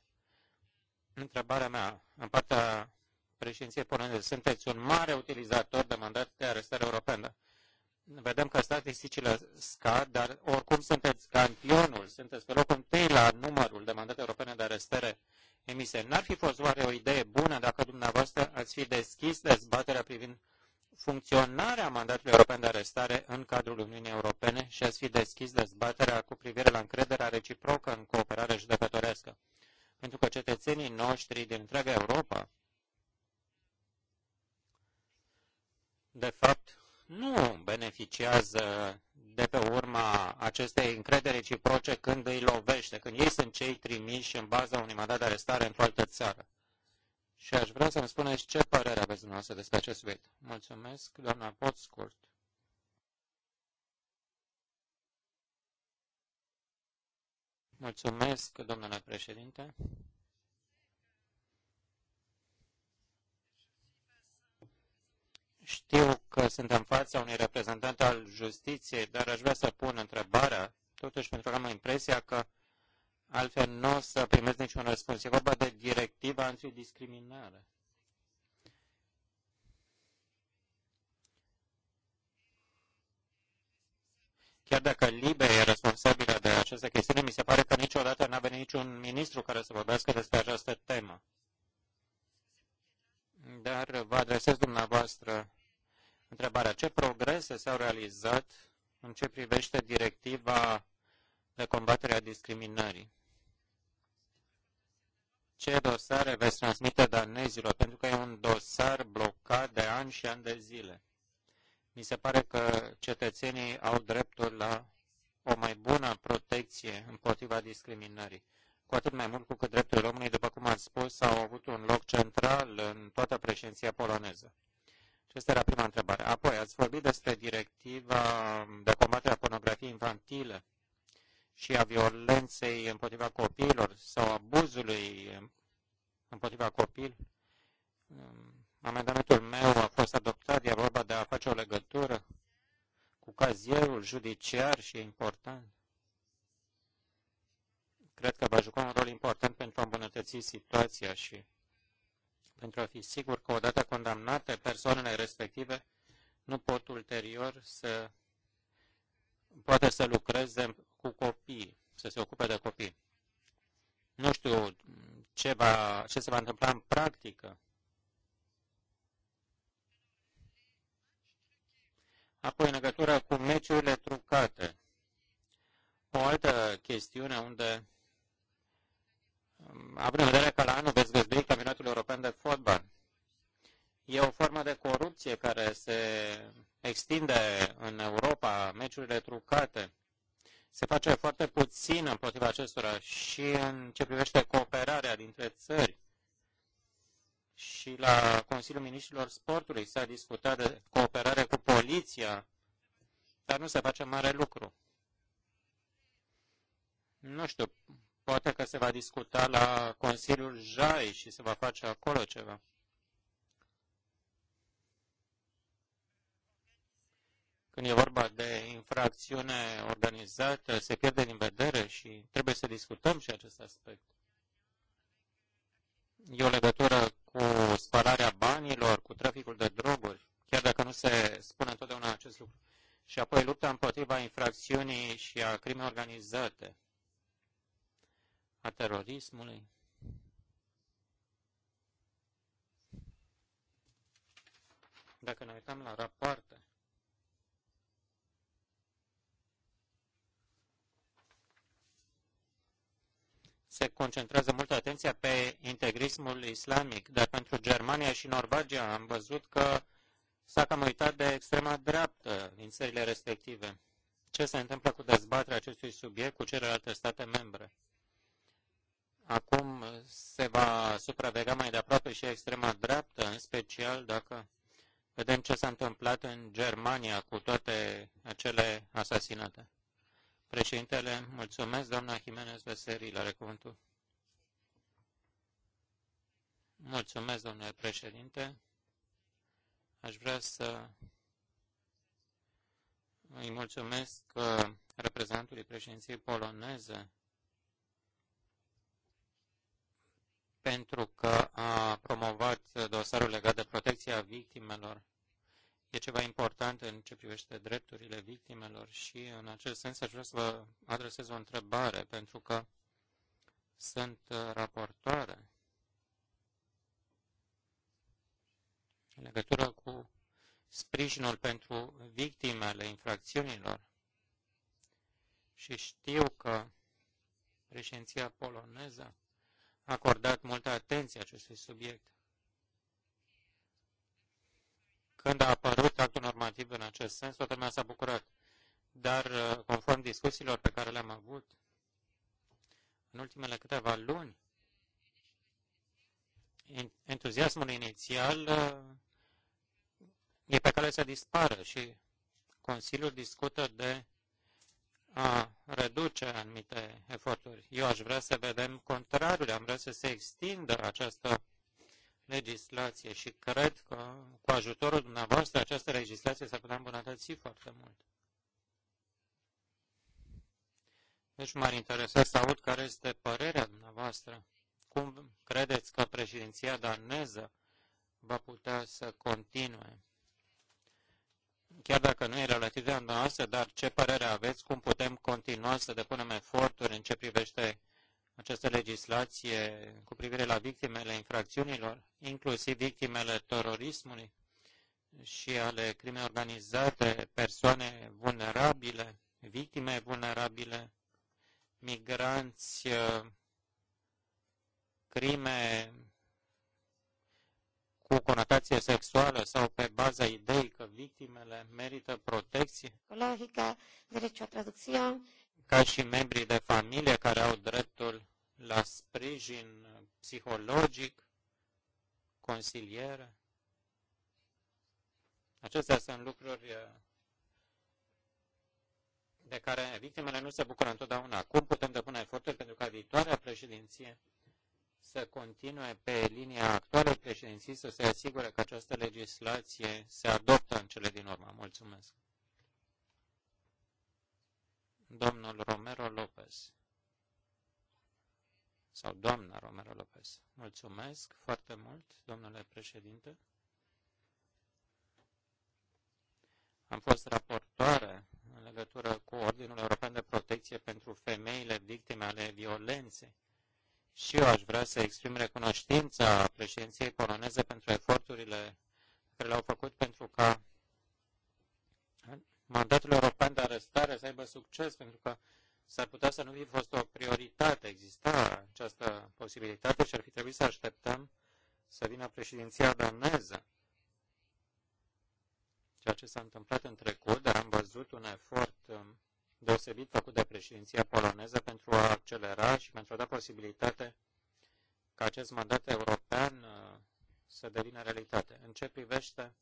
Întrebarea mea, în partea președinției poloneze. Sunteți un mare utilizator de mandat de arestare europeană. Vedem că statisticile scad, dar oricum sunteți campionul, sunteți pe locul întâi la numărul de mandate europene de arestare emise. N-ar fi fost oare o idee bună dacă dumneavoastră ați fi deschis dezbaterea privind funcționarea mandatului european de arestare în cadrul Uniunii Europene și ați fi deschis dezbaterea cu privire la încrederea reciprocă în cooperare judecătorească. Pentru că cetățenii noștri din întreaga Europa de fapt, nu beneficiază de pe urma acestei încredere reciproce când îi lovește, când ei sunt cei trimiși în baza unui mandat de arestare într-o altă țară. Și aș vrea să-mi spuneți ce părere aveți dumneavoastră despre acest subiect. Mulțumesc, doamna Pot, scurt. Mulțumesc, domnule președinte. Știu că suntem fața unui reprezentant al justiției, dar aș vrea să pun întrebarea, totuși pentru că am impresia că altfel nu o să primesc niciun răspuns. E vorba de directiva antidiscriminare. Chiar dacă Libe e responsabilă de această chestiune, mi se pare că niciodată n-a venit niciun ministru care să vorbească despre această temă dar vă adresez dumneavoastră întrebarea ce progrese s-au realizat în ce privește directiva de combatere a discriminării. Ce dosare veți transmite danezilor? Pentru că e un dosar blocat de ani și ani de zile. Mi se pare că cetățenii au dreptul la o mai bună protecție împotriva discriminării cu atât mai mult cu cât drepturile omului, după cum ați spus, au avut un loc central în toată președinția poloneză. Aceasta era prima întrebare. Apoi, ați vorbit despre directiva de combatere a pornografiei infantile și a violenței împotriva copiilor sau abuzului împotriva copil. Amendamentul meu a fost adoptat, e vorba de a face o legătură cu cazierul judiciar și e important cred că va juca un rol important pentru a îmbunătăți situația și pentru a fi sigur că odată condamnate, persoanele respective nu pot ulterior să poate să lucreze cu copii, să se ocupe de copii. Nu știu ce, va, ce se va întâmpla în practică. Apoi, în legătură cu meciurile trucate, o altă chestiune unde având în vedere că la anul veți găzdui Campionatul European de Fotbal. E o formă de corupție care se extinde în Europa, meciurile trucate. Se face foarte puțin împotriva acestora și în ce privește cooperarea dintre țări. Și la Consiliul Ministrilor Sportului s-a discutat de cooperare cu poliția, dar nu se face mare lucru. Nu știu, Poate că se va discuta la Consiliul JAI și se va face acolo ceva. Când e vorba de infracțiune organizată, se pierde din vedere și trebuie să discutăm și acest aspect. E o legătură cu spălarea banilor, cu traficul de droguri, chiar dacă nu se spune întotdeauna acest lucru. Și apoi lupta împotriva infracțiunii și a crimei organizate a terorismului. Dacă ne uităm la rapoarte, se concentrează multă atenția pe integrismul islamic, dar pentru Germania și Norvegia am văzut că s-a cam uitat de extrema dreaptă din țările respective. Ce se întâmplă cu dezbaterea acestui subiect cu celelalte state membre? Acum uh, se va supraveghea mai de aproape și extrema dreaptă, în special dacă vedem ce s-a întâmplat în Germania cu toate acele asasinate. Președintele, mulțumesc, doamna Jimenez Veseri, la recuvântul. Mulțumesc, domnule președinte. Aș vrea să îi mulțumesc uh, reprezentantului președinției poloneze pentru că a promovat dosarul legat de protecția victimelor. E ceva important în ce privește drepturile victimelor și în acest sens aș vrea să vă adresez o întrebare, pentru că sunt uh, raportoare în legătură cu sprijinul pentru victimele infracțiunilor. Și știu că președinția poloneză acordat multă atenție acestui subiect. Când a apărut actul normativ în acest sens, toată lumea s-a bucurat. Dar, uh, conform discuțiilor pe care le-am avut în ultimele câteva luni, entuziasmul inițial uh, e pe care să dispară și Consiliul discută de a reduce anumite eforturi. Eu aș vrea să vedem contrarul. am vrea să se extindă această legislație și cred că cu ajutorul dumneavoastră această legislație s-ar putea îmbunătăți foarte mult. Deci m-ar interesa să aud care este părerea dumneavoastră. Cum credeți că președinția daneză va putea să continue? chiar dacă nu e relativ de noastră, dar ce părere aveți, cum putem continua să depunem eforturi în ce privește această legislație cu privire la victimele infracțiunilor, inclusiv victimele terorismului și ale crimei organizate, persoane vulnerabile, victime vulnerabile, migranți, crime cu conotație sexuală sau pe baza ideii că victimele merită protecție, ca și membrii de familie care au dreptul la sprijin psihologic, consiliere. Acestea sunt lucruri eh, de care victimele nu se bucură întotdeauna. Cum putem depune eforturi pentru ca viitoarea președinție să continue pe linia actuală președinției să se asigure că această legislație se adoptă în cele din urmă. Mulțumesc. Domnul Romero Lopez sau doamna Romero Lopez. Mulțumesc foarte mult, domnule președinte. Am fost raportoare în legătură cu Ordinul European de Protecție pentru Femeile Victime ale Violenței și eu aș vrea să exprim recunoștința președinției poloneze pentru eforturile care le-au făcut pentru ca mandatul european de arestare să aibă succes, pentru că s-ar putea să nu fi fost o prioritate. Exista această posibilitate și ar fi trebuit să așteptăm să vină președinția daneză. Ceea ce s-a întâmplat în trecut, dar am văzut un efort um, deosebit făcut de președinția poloneză pentru a accelera și pentru a da posibilitate ca acest mandat european uh, să devină realitate. În ce privește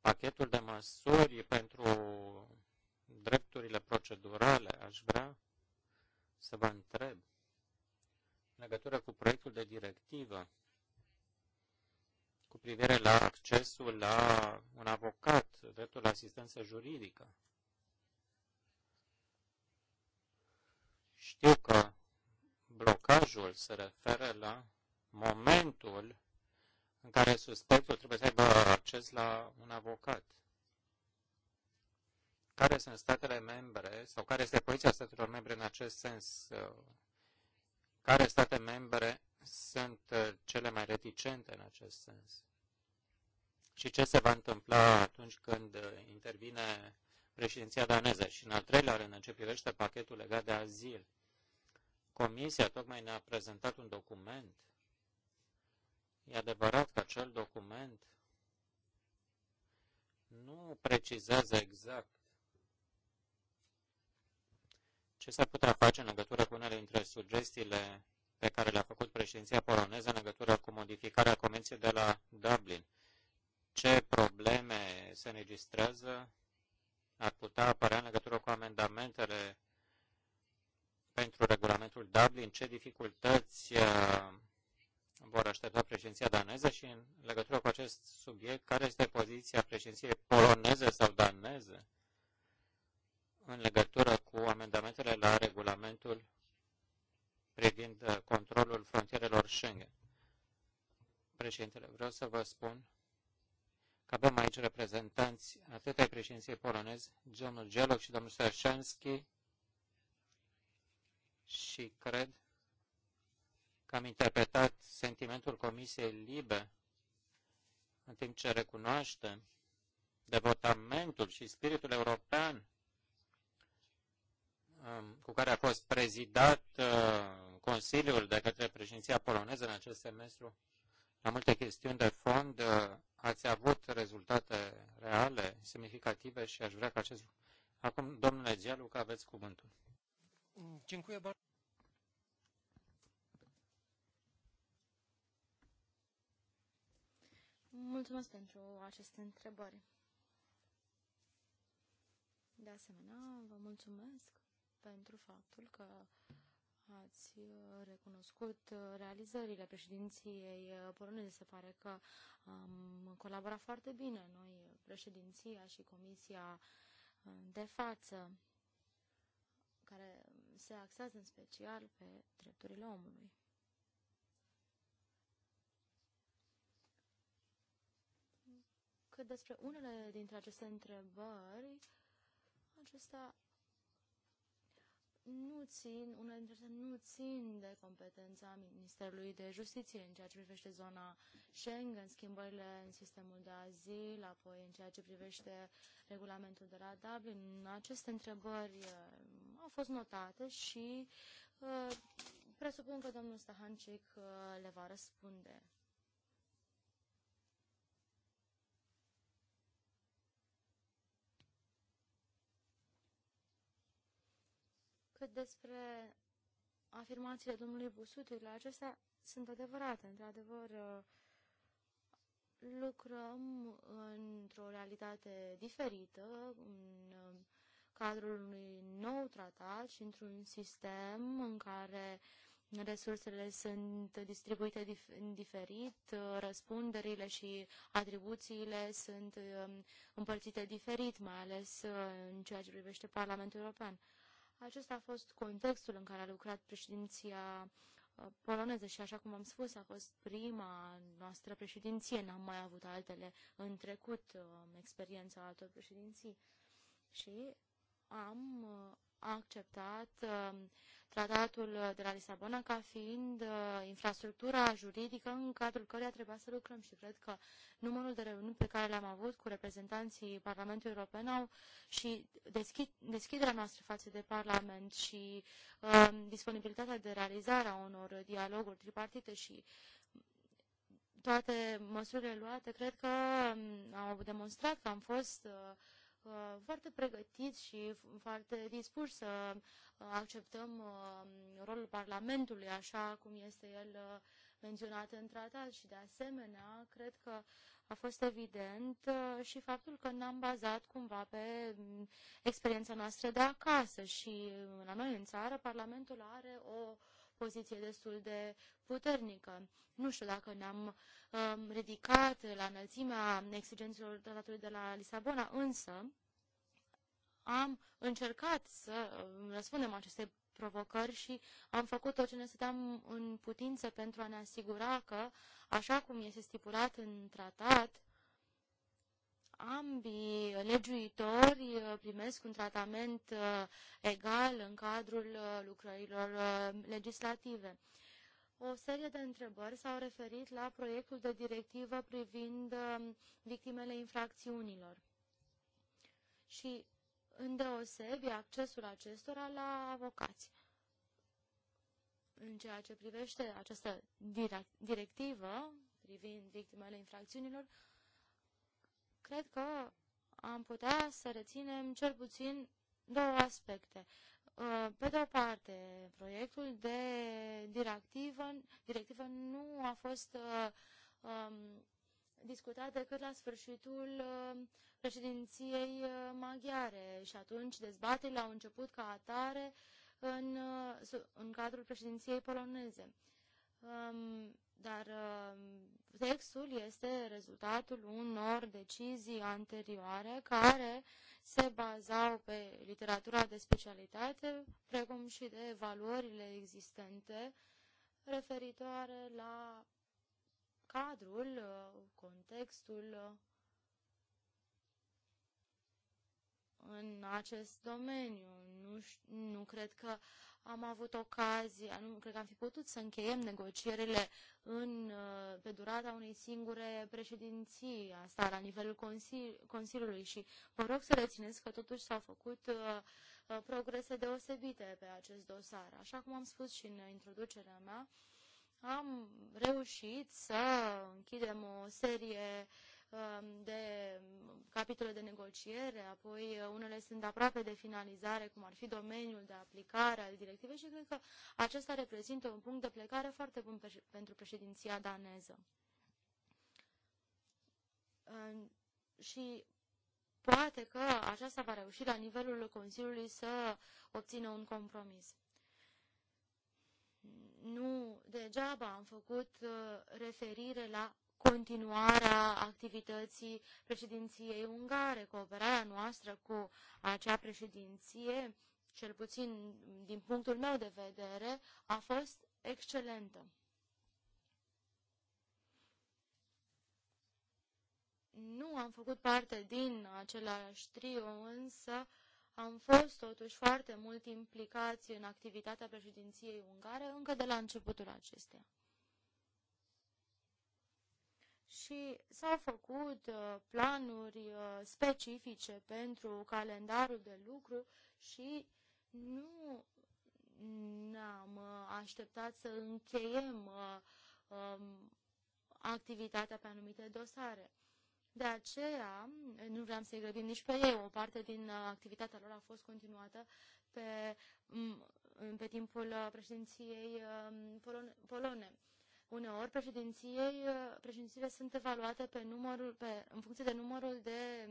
pachetul de măsuri pentru drepturile procedurale, aș vrea să vă întreb în legătură cu proiectul de directivă cu privire la accesul la un avocat, dreptul la asistență juridică. Știu că blocajul se referă la momentul în care suspectul trebuie să aibă acces la un avocat. Care sunt statele membre sau care este poziția statelor membre în acest sens? Care state membre sunt uh, cele mai reticente în acest sens? Și ce se va întâmpla atunci când uh, intervine președinția daneză? Și în al treilea rând, în ce privește pachetul legat de azil, Comisia tocmai ne-a prezentat un document. E adevărat că acel document nu precizează exact ce s-ar putea face în legătură cu unele dintre sugestiile pe care le-a făcut președinția poloneză în legătură cu modificarea Convenției de la Dublin. Ce probleme se înregistrează ar putea apărea în legătură cu amendamentele pentru regulamentul Dublin, ce dificultăți uh, vor aștepta președinția daneză și în legătură cu acest subiect, care este poziția președinției poloneze sau daneze în legătură cu amendamentele la regulamentul privind uh, controlul frontierelor Schengen. Președintele, vreau să vă spun că avem aici reprezentanți atât ai președinției polonezi, domnul Geloc și domnul Sărșanski, și cred că am interpretat sentimentul Comisiei Libe în timp ce recunoaște devotamentul și spiritul european um, cu care a fost prezidat uh, Consiliul de către președinția poloneză în acest semestru, la multe chestiuni de fond, uh, ați avut rezultate reale, semnificative și aș vrea ca acest Acum, domnule Gialu, că aveți cuvântul. Dziękuję bardzo. Mulțumesc pentru aceste întrebări. De asemenea, vă mulțumesc pentru faptul că ați recunoscut realizările președinției poloneze. Se pare că am colaborat foarte bine noi, președinția și comisia de față, care se axează în special pe drepturile omului. Cât despre unele dintre aceste întrebări, acestea nu țin, unele dintre acestea nu țin de competența Ministerului de Justiție în ceea ce privește zona Schengen, schimbările în sistemul de azil, apoi în ceea ce privește regulamentul de la Dublin. Aceste întrebări fost notate și uh, presupun că domnul Stahancic uh, le va răspunde. Cât despre afirmațiile domnului Busuturile, acestea sunt adevărate. Într-adevăr, uh, lucrăm într-o realitate diferită, în uh, cadrul unui nou tratat și într-un sistem în care resursele sunt distribuite dif- diferit, răspunderile și atribuțiile sunt um, împărțite diferit, mai ales uh, în ceea ce privește Parlamentul European. Acesta a fost contextul în care a lucrat președinția uh, poloneză și, așa cum am spus, a fost prima noastră președinție. N-am mai avut altele în trecut, uh, experiența altor președinții. Și am uh, acceptat uh, tratatul de la Lisabona ca fiind uh, infrastructura juridică în cadrul căreia trebuia să lucrăm și cred că numărul de reuniuni pe care le-am avut cu reprezentanții Parlamentului European au și deschid, deschiderea noastră față de Parlament și um, disponibilitatea de realizare a unor dialoguri tripartite și toate măsurile luate, cred că um, au demonstrat că am fost uh, Uh, foarte pregătiți și foarte dispuși să uh, acceptăm uh, rolul Parlamentului așa cum este el menționat în tratat și de asemenea cred că a fost evident și faptul că ne-am bazat cumva pe mm, experiența noastră de acasă și la noi în țară Parlamentul are o poziție destul de puternică. Nu știu dacă ne-am um, ridicat la înălțimea exigențelor tratatului de la Lisabona, însă am încercat să um, răspundem aceste provocări și am făcut tot ce ne stăteam în putință pentru a ne asigura că, așa cum este stipulat în tratat, ambii legiuitori uh, primesc un tratament uh, egal în cadrul uh, lucrărilor legislative. O serie de întrebări s-au referit la proiectul de directivă privind victimele infracțiunilor și îndeosebi accesul acestora la avocați. În ceea ce privește această directivă privind victimele infracțiunilor, cred că am putea să reținem cel puțin două aspecte. Uh, pe de o parte, proiectul de directivă, directivă nu a fost uh, um, discutat decât la sfârșitul uh, președinției maghiare și atunci dezbaterile au început ca atare în, în cadrul președinției poloneze. Um, dar uh, Textul este rezultatul unor decizii anterioare care se bazau pe literatura de specialitate, precum și de valorile existente referitoare la cadrul, uh, contextul uh, în acest domeniu. Nu, nu cred că am avut ocazia, nu cred că am fi putut să încheiem negocierile în, uh, pe durata unei singure președinții, asta la nivelul consili, Consiliului și vă rog să rețineți că totuși s-au făcut uh, uh, progrese deosebite pe acest dosar. Așa cum am spus și în introducerea mea, am reușit să închidem o serie uh, Um, de capitole de negociere, apoi unele sunt aproape de finalizare, cum ar fi domeniul de aplicare al directivei și cred că acesta reprezintă un punct de plecare foarte bun pentru președinția daneză. Um, și poate că aceasta va reuși la nivelul Consiliului să obțină un compromis nu degeaba am făcut uh, referire la continuarea activității președinției ungare, cooperarea noastră cu acea președinție, cel puțin din punctul meu de vedere, a fost excelentă. Nu am făcut parte din același trio, însă am fost totuși foarte mult implicați în activitatea președinției ungare încă de la începutul acesteia și s-au făcut uh, planuri uh, specifice pentru calendarul de lucru și nu ne-am uh, așteptat să încheiem um, activitatea pe anumite dosare. De aceea, nu vreau să-i grăbim nici pe ei, o parte din activitatea lor a fost continuată pe, pe timpul președinției um, polone. polone. Uneori, președinției, uh, președințiile sunt evaluate pe numărul, pe, în funcție de numărul de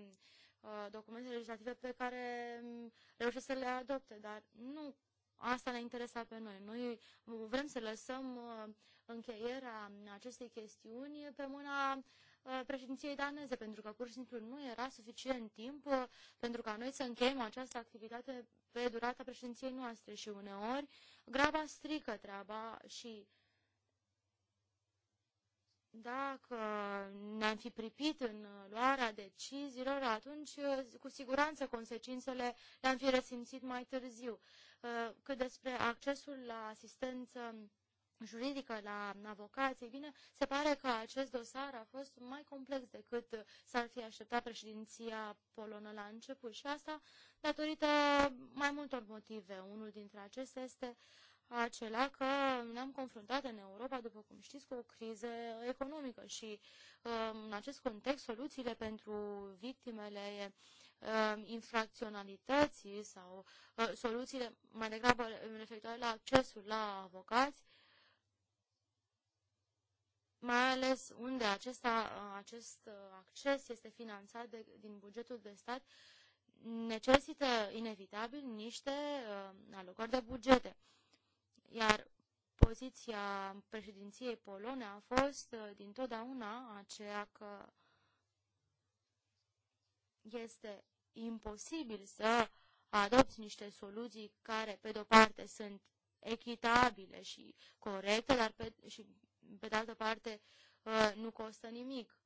uh, documente legislative pe care um, reușesc să le adopte, dar nu asta ne interesa pe noi. Noi vrem să lăsăm uh, încheierea acestei chestiuni pe mâna uh, președinției daneze, pentru că pur și simplu nu era suficient timp uh, pentru ca noi să încheiem această activitate pe durata președinției noastre și uneori graba strică treaba și dacă ne-am fi pripit în luarea deciziilor, atunci cu siguranță consecințele le-am fi resimțit mai târziu. Uh, cât despre accesul la asistență juridică la avocație, bine, se pare că acest dosar a fost mai complex decât s-ar fi așteptat președinția polonă la început și asta datorită mai multor motive. Unul dintre acestea este uh, acela că ne-am confruntat în Europa, după cum știți, cu o criză economică și um, în acest context soluțiile pentru victimele um, infracționalității sau uh, soluțiile mai degrabă referitoare la accesul la avocați, mai ales unde acesta, acest acces este finanțat de, din bugetul de stat, necesită inevitabil niște um, alocări de bugete. Iar poziția președinției polone a fost uh, dintotdeauna aceea că este imposibil să adopți niște soluții care, pe de-o parte, sunt echitabile și corecte, dar pe, și, pe de altă parte, uh, nu costă nimic.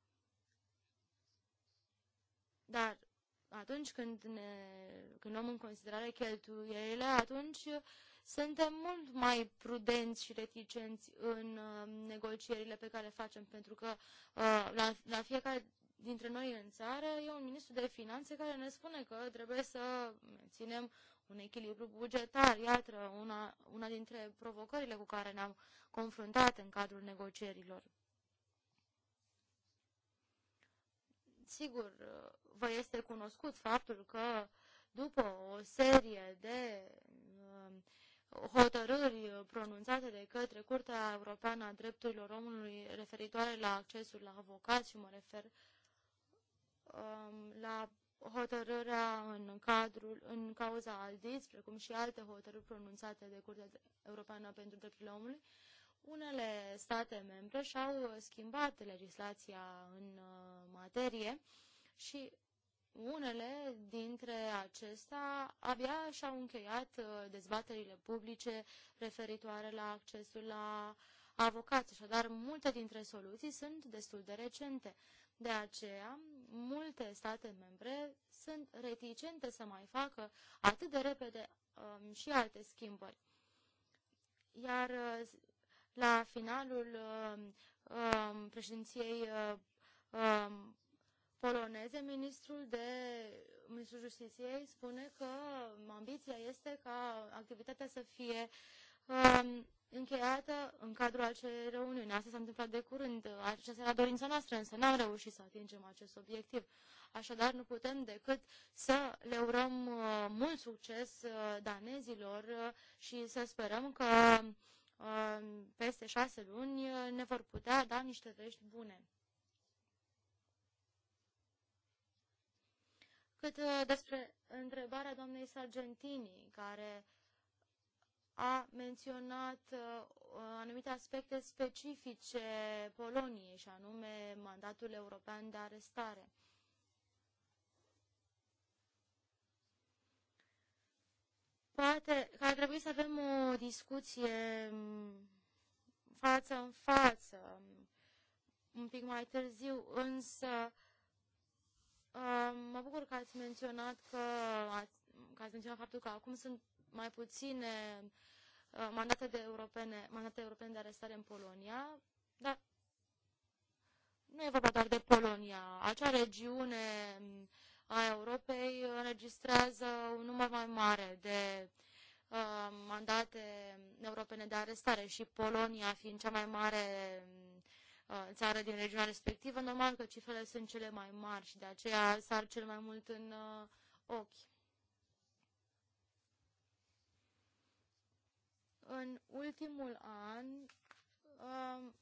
Dar atunci când, ne, când luăm în considerare cheltuielile, atunci uh, suntem mult mai prudenți și reticenți în uh, negocierile pe care le facem, pentru că uh, la, la fiecare dintre noi în țară e un ministru de finanțe care ne spune că trebuie să menținem un echilibru bugetar. Iată, una, una dintre provocările cu care ne-am confruntat în cadrul negocierilor. Sigur, uh, vă este cunoscut faptul că după o serie de hotărâri pronunțate de către Curtea Europeană a Drepturilor Omului referitoare la accesul la avocați și mă refer um, la hotărârea în cadrul, în cauza Aldiz, precum și alte hotărâri pronunțate de Curtea Europeană pentru Drepturile Omului, unele state membre și-au schimbat legislația în uh, materie și unele dintre acestea abia și-au încheiat uh, dezbaterile publice referitoare la accesul la avocați, așadar multe dintre soluții sunt destul de recente. De aceea, multe state membre sunt reticente să mai facă atât de repede um, și alte schimbări. Iar uh, la finalul um, um președinției uh, um, poloneze, ministrul de ministrul justiției spune că ambiția este ca activitatea să fie um, încheiată în cadrul acelei reuniuni. Asta s-a întâmplat de curând. Aceasta era dorința noastră, însă n-am reușit să atingem acest obiectiv. Așadar, nu putem decât să le urăm uh, mult succes uh, danezilor uh, și să sperăm că uh, peste șase luni uh, ne vor putea da niște vești bune. cât uh, despre întrebarea doamnei Sargentini, care a menționat uh, anumite aspecte specifice Poloniei, și anume mandatul european de arestare. Poate că ar trebui să avem o discuție mm, față în față mm, un pic mai târziu, însă Mă bucur că ați menționat că ați, că ați menționat faptul că acum sunt mai puține uh, mandate de europene, mandate europene de arestare în Polonia, dar nu e vorba doar de Polonia. Acea regiune a Europei înregistrează un număr mai mare de uh, mandate europene de arestare și Polonia fiind cea mai mare Uh, țară din regiunea respectivă, normal că cifrele sunt cele mai mari și de aceea sar cel mai mult în uh, ochi. În ultimul an, um,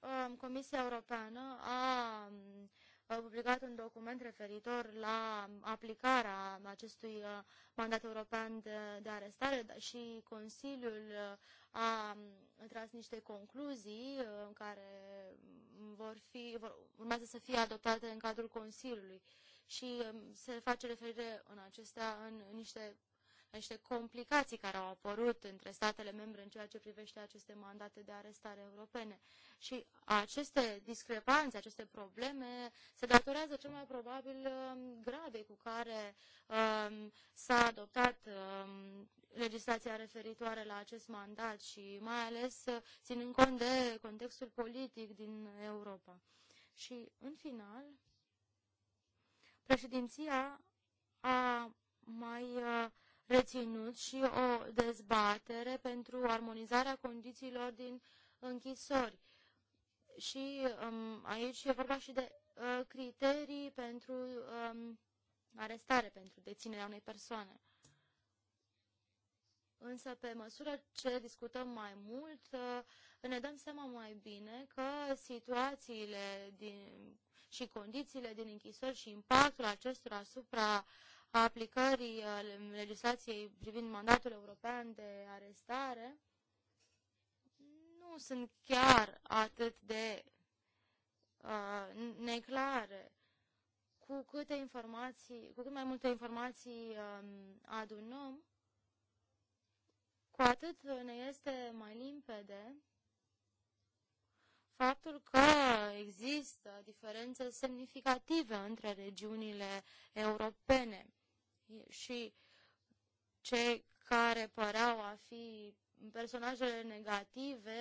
um, Comisia Europeană a publicat un document referitor la aplicarea acestui uh, mandat european de, de arestare și Consiliul a tras niște concluzii uh, în care vor fi, vor, urmează să fie adoptate în cadrul Consiliului și um, se face referire în acestea în niște niște complicații care au apărut între statele membre în ceea ce privește aceste mandate de arestare europene. Și aceste discrepanțe, aceste probleme se datorează cel mai probabil um, gradei cu care um, s-a adoptat um, legislația referitoare la acest mandat și mai ales uh, ținând cont de contextul politic din Europa. Și, în final, președinția a mai uh, reținut și o dezbatere pentru armonizarea condițiilor din închisori. Și um, aici e vorba și de uh, criterii pentru um, arestare, pentru deținerea unei persoane. Însă, pe măsură ce discutăm mai mult, uh, ne dăm seama mai bine că situațiile din, și condițiile din închisori și impactul acestora asupra uh, a aplicării uh, legislației privind mandatul european de arestare nu sunt chiar atât de uh, neclare. Cu câte informații, cu cât mai multe informații um, adunăm, cu atât ne este mai limpede faptul că există diferențe semnificative între regiunile europene și cei care păreau a fi personajele negative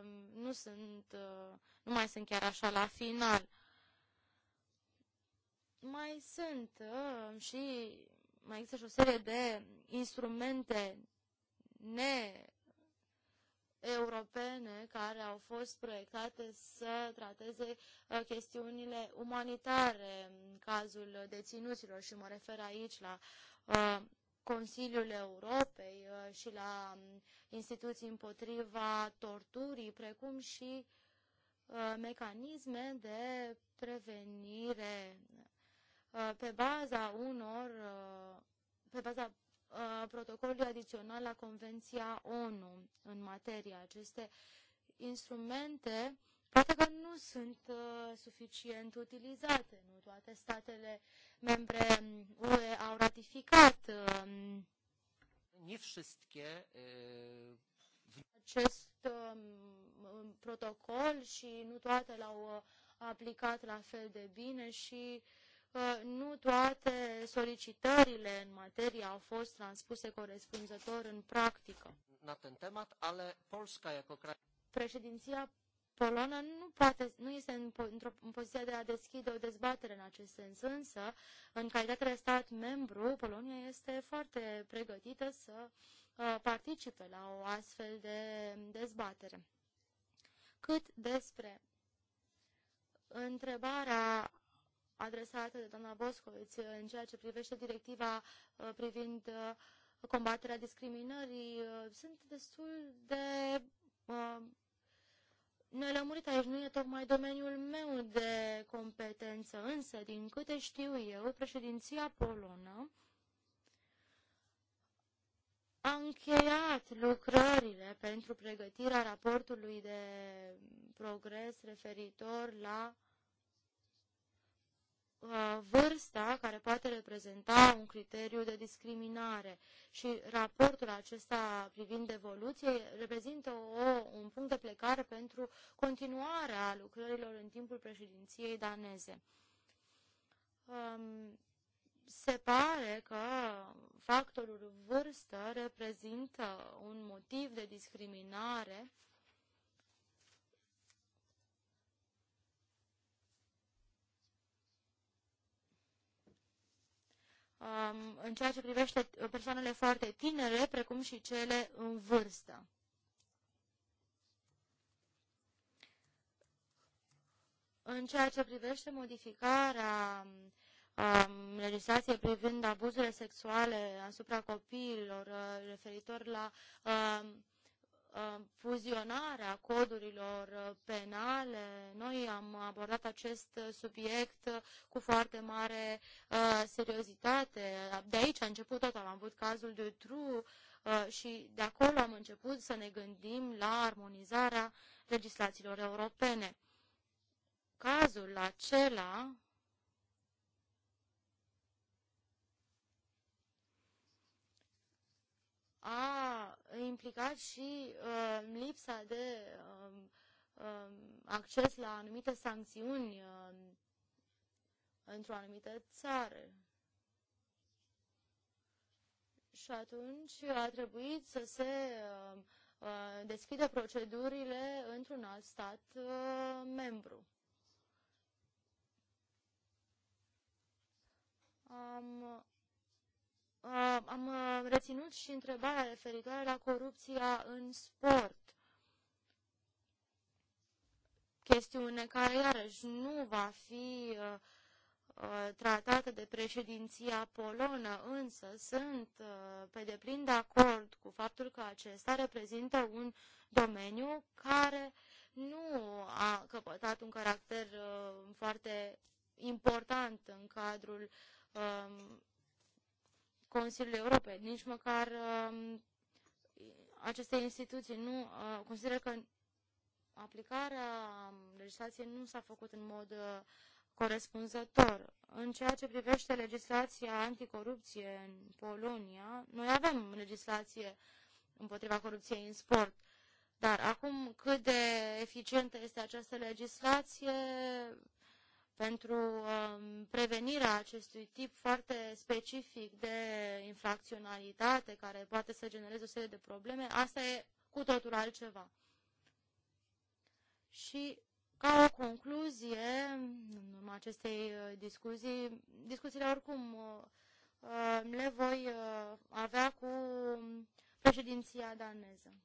um, nu sunt, uh, nu mai sunt chiar așa la final. Mai sunt uh, și mai există și o serie de instrumente ne europene care au fost proiectate să trateze uh, chestiunile umanitare în cazul deținuților și mă refer aici la uh, Consiliul Europei uh, și la um, instituții împotriva torturii, precum și mecanisme de prevenire pe baza unor pe baza Uh, protocolului adițional la Convenția ONU în materie. Aceste instrumente poate că nu sunt uh, suficient utilizate. Nu toate statele membre UE au ratificat uh, acest uh, protocol și nu toate l-au uh, aplicat la fel de bine și uh, nu toate solicitările în materie au fost transpuse corespunzător în practică. ale Președinția Polonă nu, poate, nu este în, într-o în poziție de a deschide o dezbatere în acest sens, însă, în calitate de stat membru, Polonia este foarte pregătită să uh, participe la o astfel de dezbatere. Cât despre întrebarea adresată de doamna Boscoviț în ceea ce privește directiva uh, privind uh, combaterea discriminării uh, sunt destul de nelămurit aici, nu e tocmai domeniul meu de competență, însă, din câte știu eu, președinția polonă a încheiat lucrările pentru pregătirea raportului de progres referitor la Uh, vârsta care poate reprezenta un criteriu de discriminare și raportul acesta privind evoluție reprezintă o, un punct de plecare pentru continuarea lucrărilor în timpul președinției daneze. Um, se pare că factorul vârstă reprezintă un motiv de discriminare Um, în ceea ce privește uh, persoanele foarte tinere, precum și cele în vârstă. În ceea ce privește modificarea um, legislației privind abuzurile sexuale asupra copiilor, uh, referitor la um, Uh, fuzionarea codurilor uh, penale. Noi am abordat acest uh, subiect cu foarte mare seriozitate. De aici a început tot. Am avut cazul de Tru și de acolo am început să ne gândim la armonizarea legislațiilor europene. Cazul acela a implicat și uh, lipsa de uh, uh, acces la anumite sancțiuni uh, într-o anumită țară. Și atunci a trebuit să se uh, uh, deschidă procedurile într-un alt stat uh, membru. Am Uh, am uh, reținut și întrebarea referitoare la corupția în sport. Chestiune care, iarăși, nu va fi uh, tratată de președinția polonă, însă sunt pe deplin de acord cu faptul că acesta reprezintă un domeniu care nu a căpătat un caracter foarte important în cadrul um, Consiliul Europei, nici măcar uh, aceste instituții nu uh, consideră că aplicarea legislației nu s-a făcut în mod uh, corespunzător. În ceea ce privește legislația anticorupție în Polonia, noi avem legislație împotriva corupției în sport, dar acum cât de eficientă este această legislație pentru um, prevenirea acestui tip foarte specific de infracționalitate care poate să genereze o serie de probleme, asta e cu totul altceva. Și ca o concluzie, în urma acestei uh, discuții, discuțiile oricum uh, uh, le voi avea cu președinția daneză.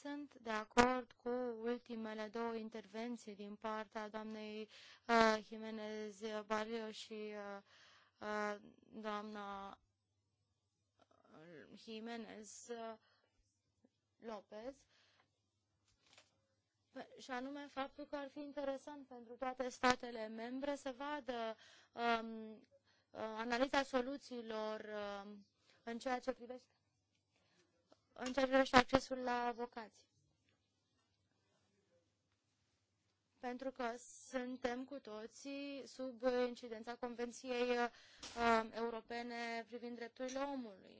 Sunt de acord cu ultimele două intervenții din partea doamnei uh, Jimenez Barrio și uh, uh, doamna uh, Jimenez uh, Lopez. Și anume faptul că ar fi interesant pentru toate statele membre să vadă um, uh, analiza soluțiilor um, în ceea ce privește în ceea ce privește accesul la avocați. Pentru că suntem cu toții sub incidența Convenției uh, Europene privind drepturile omului.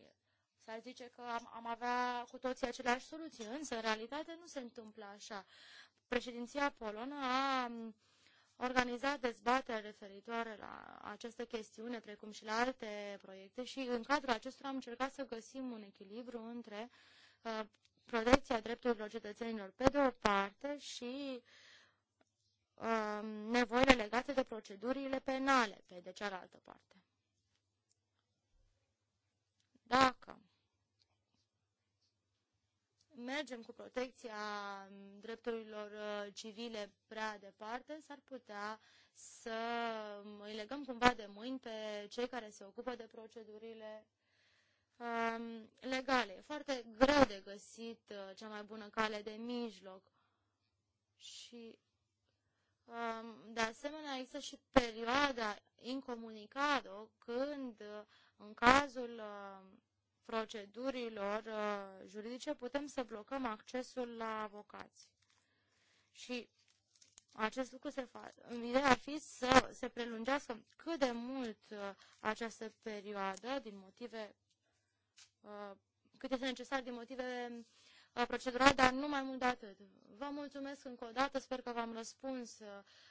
S-ar zice că am, am avea cu toții aceleași soluții, însă în realitate nu se întâmplă așa. Președinția polonă a organiza dezbateri referitoare la această chestiune, precum și la alte proiecte și în cadrul acestora am încercat să găsim un echilibru între uh, protecția drepturilor cetățenilor pe de o parte și uh, nevoile legate de procedurile penale pe de cealaltă parte. mergem cu protecția mm, drepturilor uh, civile prea departe, s-ar putea să mm, îi legăm cumva de mâini pe cei care se ocupă de procedurile um, legale. E foarte greu de găsit uh, cea mai bună cale de mijloc. Și um, de asemenea există și perioada incomunicado când uh, în cazul procedurilor uh, juridice putem să blocăm accesul la avocați. Și acest lucru se face. Ideea ar fi să se prelungească cât de mult uh, această perioadă din motive uh, cât este necesar din motive uh, procedurale, dar nu mai mult de atât. Vă mulțumesc încă o dată, sper că v-am răspuns uh,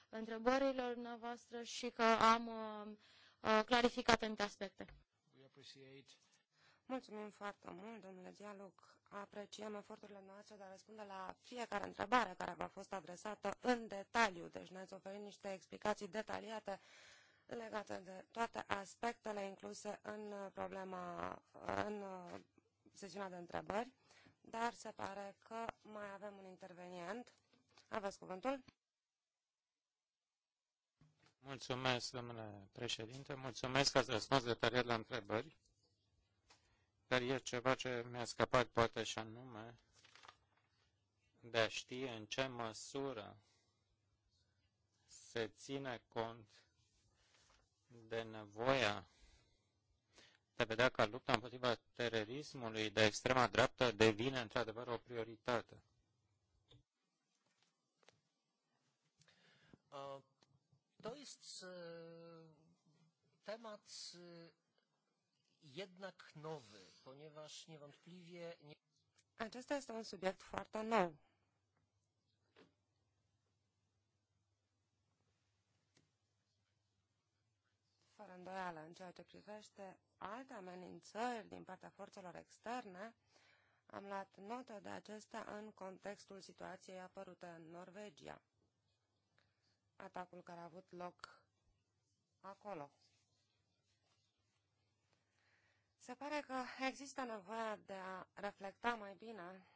întrebărilor noastre și că am uh, clarificat anumite aspecte. Mulțumim foarte mult, domnule Dialog. Apreciem eforturile noastre de a răspunde la fiecare întrebare care v-a fost adresată în detaliu. Deci ne-ați oferit niște explicații detaliate legate de toate aspectele incluse în problema, în uh, sesiunea de întrebări, dar se pare că mai avem un intervenient. Aveți cuvântul? Mulțumesc, domnule președinte. Mulțumesc că ați răspuns detaliat la întrebări dar e ceva ce mi-a scăpat poate și anume de a ști în ce măsură se ține cont de nevoia de a vedea că lupta împotriva terorismului de extrema dreaptă devine într-adevăr o prioritate. Uh, to jest uh, temat uh, jednak nowy, ponieważ niewątpliwie... Nie... Acesta este un subiect foarte nou. Fără îndoială, în ceea ce privește alte amenințări din partea forțelor externe, am luat notă de acestea în contextul situației apărute în Norvegia. Atacul care a avut loc acolo. Se pare că există nevoie de a reflecta mai bine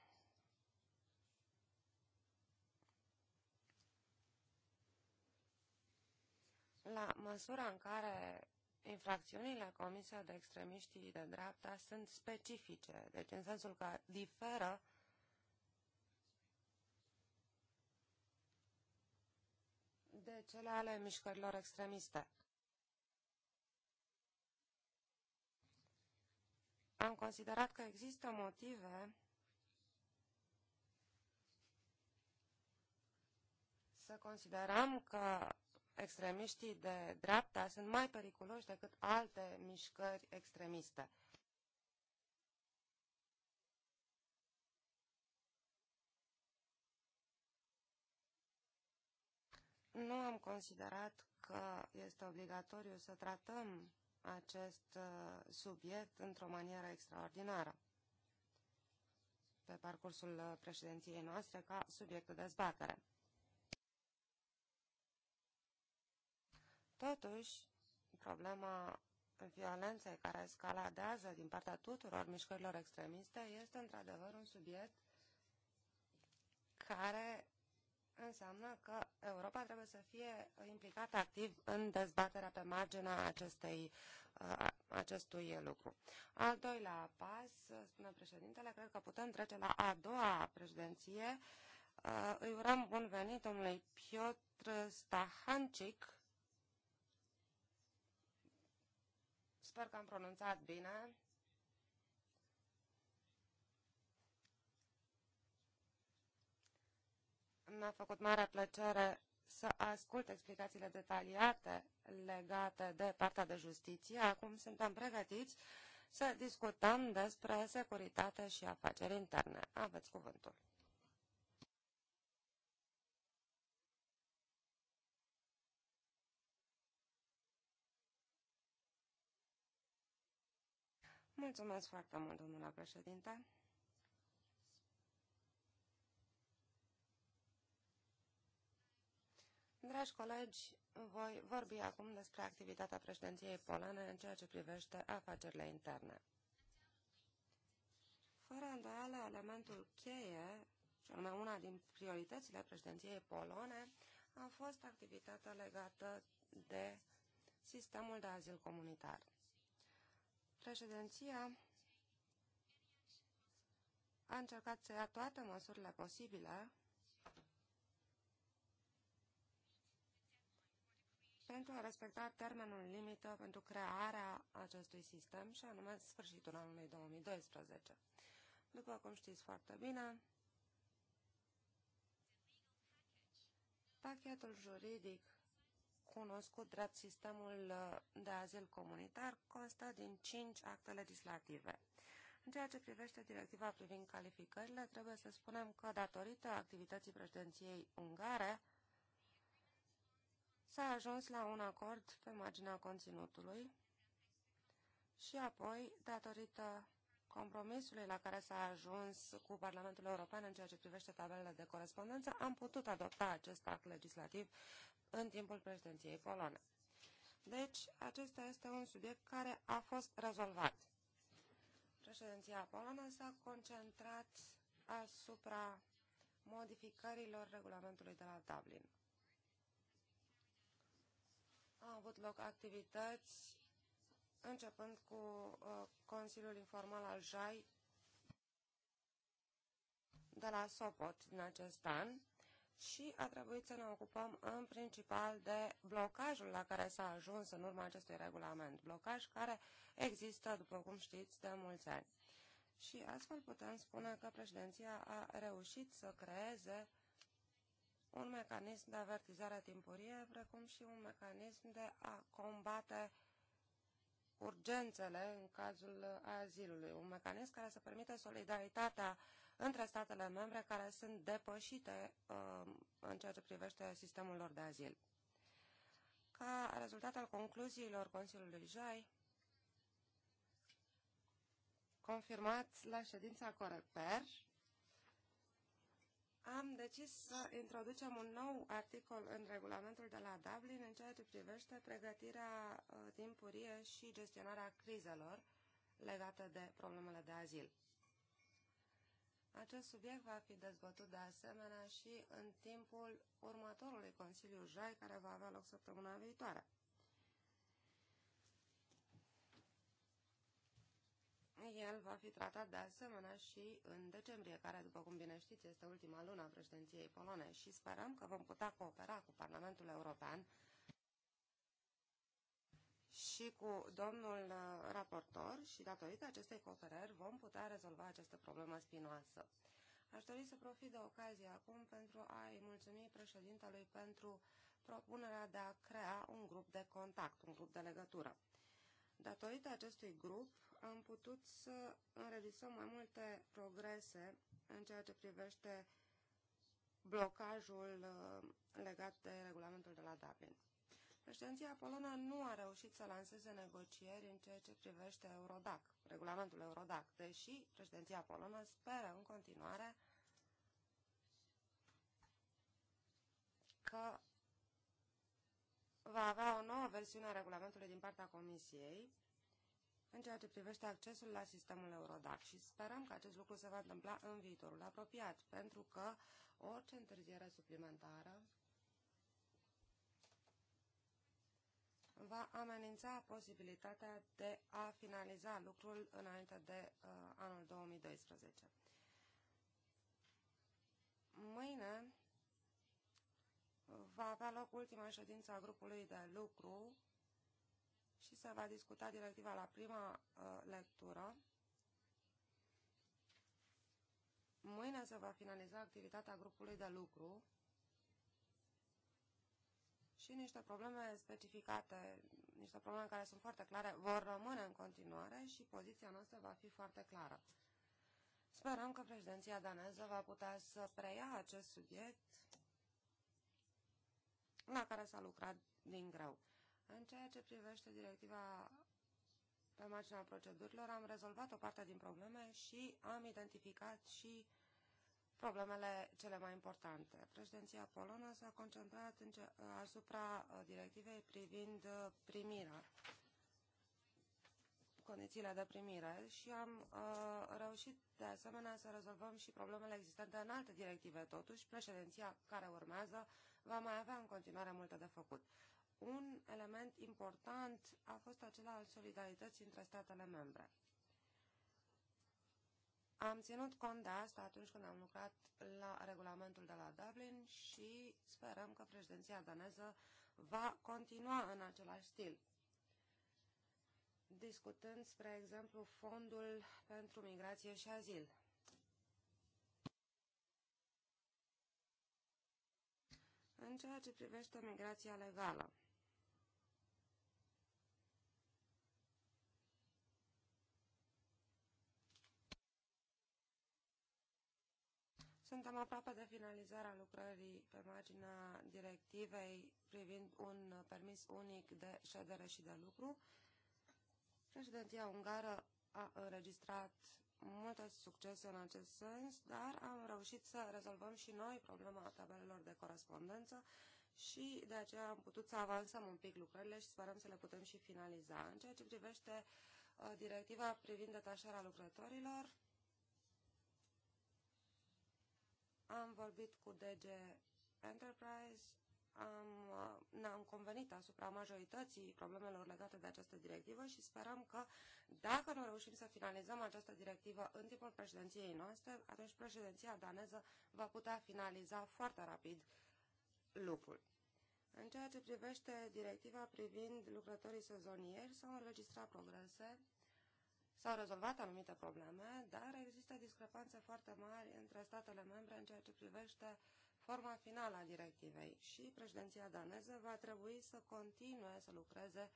la măsura în care infracțiunile comise de extremiștii de dreapta sunt specifice, deci în sensul că diferă de cele ale mișcărilor extremiste. am considerat că există motive să considerăm că extremiștii de dreapta sunt mai periculoși decât alte mișcări extremiste. Nu am considerat că este obligatoriu să tratăm acest uh, subiect într-o manieră extraordinară pe parcursul uh, președinției noastre ca subiect de dezbatere. Totuși, problema violenței care escaladează din partea tuturor mișcărilor extremiste este într-adevăr un subiect care înseamnă că Europa trebuie să fie implicată activ în dezbaterea pe marginea acestei, uh, acestui lucru. Al doilea pas, spune președintele, cred că putem trece la a doua președinție. Uh, îi urăm bun venit domnului Piotr Stahancic. Sper că am pronunțat bine Mi-a făcut mare plăcere să ascult explicațiile detaliate legate de partea de justiție. Acum suntem pregătiți să discutăm despre securitate și afaceri interne. Aveți cuvântul. Mulțumesc foarte mult, domnule președinte. Dragi colegi, voi vorbi acum despre activitatea președinției polane în ceea ce privește afacerile interne. Fără îndoială, elementul cheie, și anume una din prioritățile președinției polone, a fost activitatea legată de sistemul de azil comunitar. Președinția a încercat să ia toate măsurile posibile pentru a respecta termenul limită pentru crearea acestui sistem și anume sfârșitul anului 2012. După cum știți foarte bine, pachetul juridic cunoscut drept sistemul de azil comunitar constă din cinci acte legislative. În ceea ce privește directiva privind calificările, trebuie să spunem că, datorită activității președinției ungare, S-a ajuns la un acord pe marginea conținutului și apoi, datorită compromisului la care s-a ajuns cu Parlamentul European în ceea ce privește tabelele de corespondență, am putut adopta acest act legislativ în timpul președinției polone. Deci, acesta este un subiect care a fost rezolvat. Președinția polonă s-a concentrat asupra modificărilor regulamentului de la Dublin. Au avut loc activități începând cu uh, Consiliul Informal al JAI de la Sopot din acest an și a trebuit să ne ocupăm în principal de blocajul la care s-a ajuns în urma acestui regulament, blocaj care există, după cum știți, de mulți ani. Și astfel putem spune că președinția a reușit să creeze un mecanism de avertizare timpurie, precum și un mecanism de a combate urgențele în cazul azilului, un mecanism care să permite solidaritatea între statele membre care sunt depășite uh, în ceea ce privește sistemul lor de azil. Ca rezultat al concluziilor Consiliului JAI, confirmat la ședința Coreper am decis să introducem un nou articol în regulamentul de la Dublin în ceea ce privește pregătirea uh, timpurie și gestionarea crizelor legate de problemele de azil. Acest subiect va fi dezbătut de asemenea și în timpul următorului Consiliu JAI, care va avea loc săptămâna viitoare. El va fi tratat de asemenea și în decembrie, care, după cum bine știți, este ultima lună a președinției polone și sperăm că vom putea coopera cu Parlamentul European și cu domnul uh, raportor și datorită acestei cooperări vom putea rezolva această problemă spinoasă. Aș dori să profit de ocazie acum pentru a-i mulțumi președintelui pentru propunerea de a crea un grup de contact, un grup de legătură. Datorită acestui grup, am putut să înregistrăm mai multe progrese în ceea ce privește blocajul uh, legat de regulamentul de la Dublin. Președinția Polona nu a reușit să lanseze negocieri în ceea ce privește Eurodac, regulamentul Eurodac, deși președinția Polona speră în continuare că va avea o nouă versiune a regulamentului din partea Comisiei în ceea ce privește accesul la sistemul Eurodac și sperăm că acest lucru se va întâmpla în viitorul apropiat, pentru că orice întârziere suplimentară va amenința posibilitatea de a finaliza lucrul înainte de uh, anul 2012. Mâine va avea loc ultima ședință a grupului de lucru și se va discuta directiva la prima uh, lectură. Mâine se va finaliza activitatea grupului de lucru și niște probleme specificate, niște probleme care sunt foarte clare, vor rămâne în continuare și poziția noastră va fi foarte clară. Sperăm că președinția daneză va putea să preia acest subiect la care s-a lucrat din greu. În ceea ce privește directiva pe marginea procedurilor, am rezolvat o parte din probleme și am identificat și problemele cele mai importante. Președinția polonă s-a concentrat în ce, asupra uh, directivei privind uh, primirea, condițiile de primire și am uh, reușit de asemenea să rezolvăm și problemele existente în alte directive. Totuși, președinția care urmează va mai avea în continuare multe de făcut un element important a fost acela al solidarității între statele membre. Am ținut cont de asta atunci când am lucrat la regulamentul de la Dublin și sperăm că președinția daneză va continua în același stil. Discutând, spre exemplu, fondul pentru migrație și azil. În ceea ce privește migrația legală, Suntem aproape de finalizarea lucrării pe marginea directivei privind un permis unic de ședere și de lucru. Președinția ungară a înregistrat multe succese în acest sens, dar am reușit să rezolvăm și noi problema tabelelor de corespondență și de aceea am putut să avansăm un pic lucrările și sperăm să le putem și finaliza. În ceea ce privește uh, directiva privind detașarea lucrătorilor, am vorbit cu DG Enterprise, am, ne-am convenit asupra majorității problemelor legate de această directivă și sperăm că dacă nu reușim să finalizăm această directivă în timpul președinției noastre, atunci președinția daneză va putea finaliza foarte rapid lucrul. În ceea ce privește directiva privind lucrătorii sezonieri, s-au înregistrat progrese S-au rezolvat anumite probleme, dar există discrepanțe foarte mari între statele membre în ceea ce privește forma finală a directivei și președinția daneză va trebui să continue să lucreze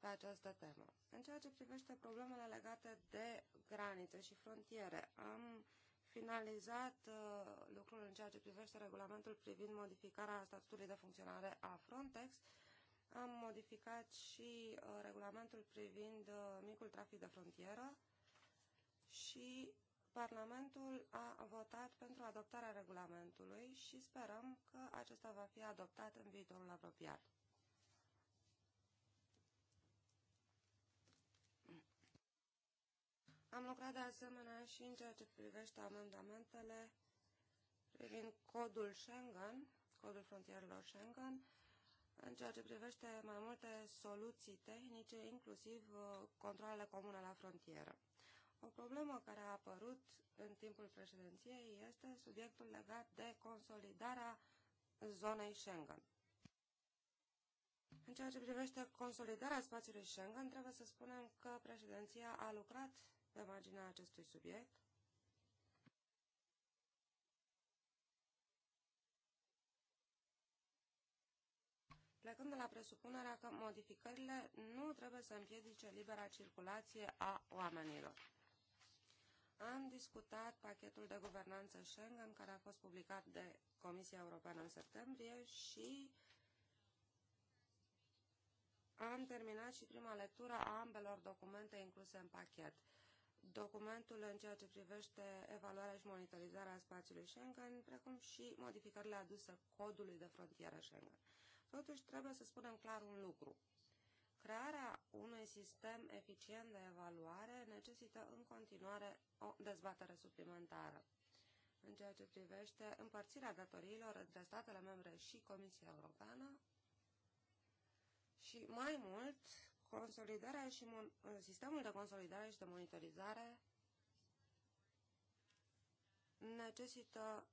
pe această temă. În ceea ce privește problemele legate de granițe și frontiere, am finalizat uh, lucrul în ceea ce privește regulamentul privind modificarea statutului de funcționare a Frontex am modificat și uh, regulamentul privind uh, micul trafic de frontieră și Parlamentul a votat pentru adoptarea regulamentului și sperăm că acesta va fi adoptat în viitorul apropiat. Am lucrat de asemenea și în ceea ce privește amendamentele privind codul Schengen, codul frontierelor Schengen, în ceea ce privește mai multe soluții tehnice, inclusiv uh, controlele comune la frontieră. O problemă care a apărut în timpul președinției este subiectul legat de consolidarea zonei Schengen. În ceea ce privește consolidarea spațiului Schengen, trebuie să spunem că președinția a lucrat pe marginea acestui subiect la presupunerea că modificările nu trebuie să împiedice libera circulație a oamenilor. Am discutat pachetul de guvernanță Schengen care a fost publicat de Comisia Europeană în septembrie și am terminat și prima lectură a ambelor documente incluse în pachet. Documentul în ceea ce privește evaluarea și monitorizarea spațiului Schengen, precum și modificările aduse codului de frontieră Schengen. Totuși, trebuie să spunem clar un lucru. Crearea unui sistem eficient de evaluare necesită în continuare o dezbatere suplimentară în ceea ce privește împărțirea datoriilor între statele membre și Comisia Europeană și, mai mult, consolidarea și sistemul de consolidare și de monitorizare necesită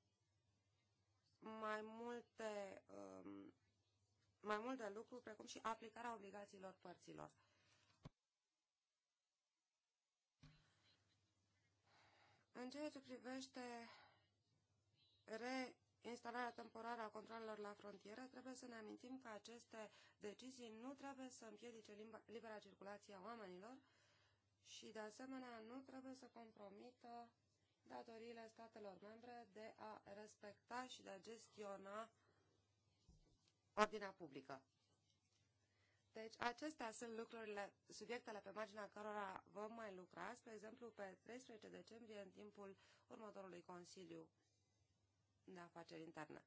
mai multe um, mai mult de lucru, precum și aplicarea obligațiilor părților. În ceea ce privește reinstalarea temporară a controlelor la frontieră, trebuie să ne amintim că aceste decizii nu trebuie să împiedice limba, libera circulație a oamenilor și, de asemenea, nu trebuie să compromită datoriile statelor membre de a respecta și de a gestiona ordinea publică. Deci, acestea sunt lucrurile, subiectele pe marginea cărora vom mai lucra, spre exemplu, pe 13 decembrie, în timpul următorului Consiliu de Afaceri Interne.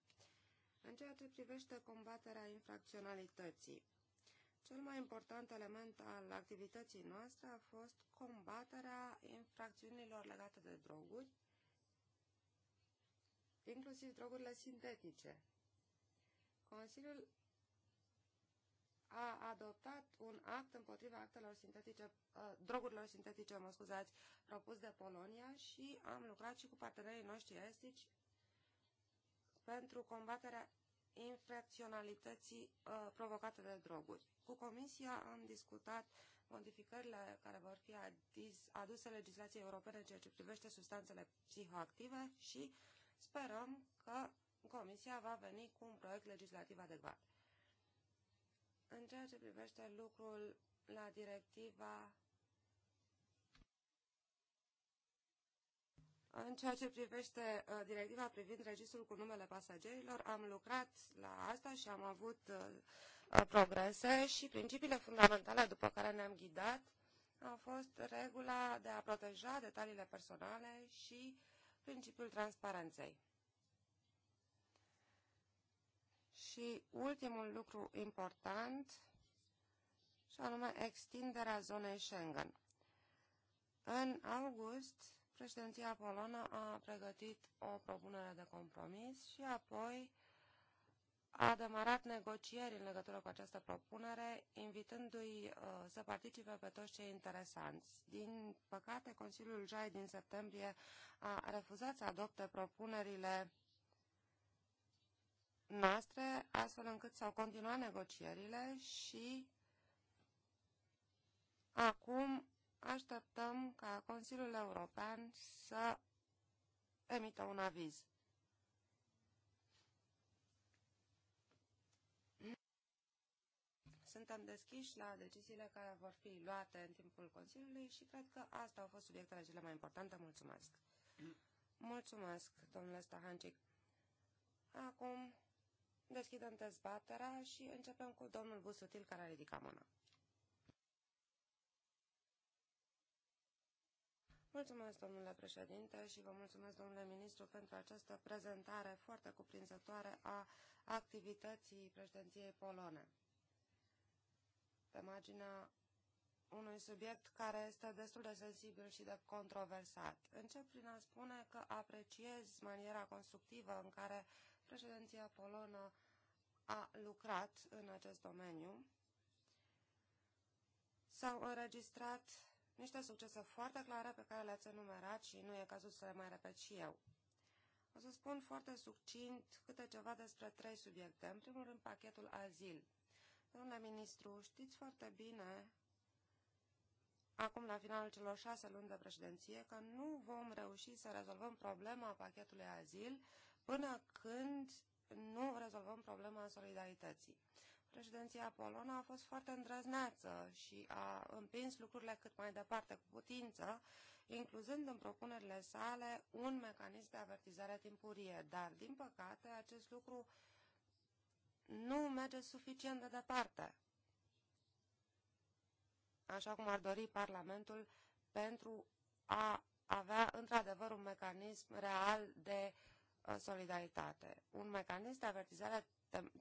În ceea ce privește combaterea infracționalității, cel mai important element al activității noastre a fost combaterea infracțiunilor legate de droguri, inclusiv drogurile sintetice, Consiliul a adoptat un act împotriva actelor sintetice, uh, drogurilor sintetice, mă scuzați, propus de Polonia și am lucrat și cu partenerii noștri estici pentru combaterea infracționalității uh, provocate de droguri. Cu Comisia am discutat modificările care vor fi aduse legislației europene în ceea ce privește substanțele psihoactive și sperăm că Comisia va veni cu un proiect legislativ adecvat. În ceea ce privește lucrul la directiva În ceea ce privește uh, directiva privind registrul cu numele pasagerilor, am lucrat la asta și am avut uh, uh progrese și principiile fundamentale după care ne-am ghidat a fost regula de a proteja detaliile personale și principiul transparenței. Și ultimul lucru important, și anume extinderea zonei Schengen. În august, președinția polonă a pregătit o propunere de compromis și apoi a demarat negocieri în legătură cu această propunere, invitându-i uh, să participe pe toți cei interesanți. Din păcate, Consiliul JAI din septembrie a refuzat să adopte propunerile noastre, astfel încât s-au continuat negocierile și acum așteptăm ca Consiliul European să emită un aviz. Suntem deschiși la deciziile care vor fi luate în timpul Consiliului și cred că asta au fost subiectele cele mai importante. Mulțumesc! Mulțumesc, domnule Stahancic. Acum Deschidem dezbaterea și începem cu domnul Busutil care a ridicat mâna. Mulțumesc, domnule președinte, și vă mulțumesc, domnule ministru, pentru această prezentare foarte cuprinzătoare a activității președinției polone. Pe marginea unui subiect care este destul de sensibil și de controversat. Încep prin a spune că apreciez maniera constructivă în care Președinția polonă a lucrat în acest domeniu. S-au înregistrat niște succese foarte clare pe care le-ați enumerat și nu e cazul să le mai repet și eu. O să spun foarte succint câte ceva despre trei subiecte. În primul rând, pachetul azil. Domnule ministru, știți foarte bine, acum la finalul celor șase luni de președinție, că nu vom reuși să rezolvăm problema pachetului azil până când nu rezolvăm problema solidarității. Președinția Polona a fost foarte îndrăzneață și a împins lucrurile cât mai departe cu putință, incluzând în propunerile sale un mecanism de avertizare timpurie, dar, din păcate, acest lucru nu merge suficient de departe, așa cum ar dori Parlamentul, pentru a avea, într-adevăr, un mecanism real de Uh, solidaritate. Un mecanism de avertizare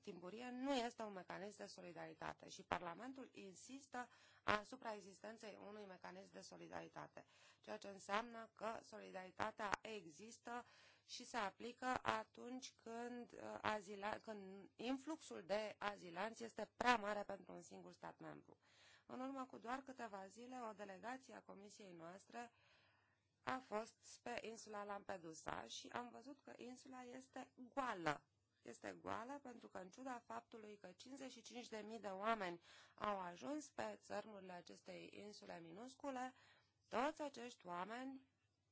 timpurie nu este un mecanism de solidaritate și Parlamentul insistă asupra existenței unui mecanism de solidaritate, ceea ce înseamnă că solidaritatea există și se aplică atunci când, uh, azila, când influxul de azilanți este prea mare pentru un singur stat membru. În urmă cu doar câteva zile, o delegație a comisiei noastre a fost pe insula Lampedusa și am văzut că insula este goală. Este goală pentru că, în ciuda faptului că 55.000 de oameni au ajuns pe țărmurile acestei insule minuscule, toți acești oameni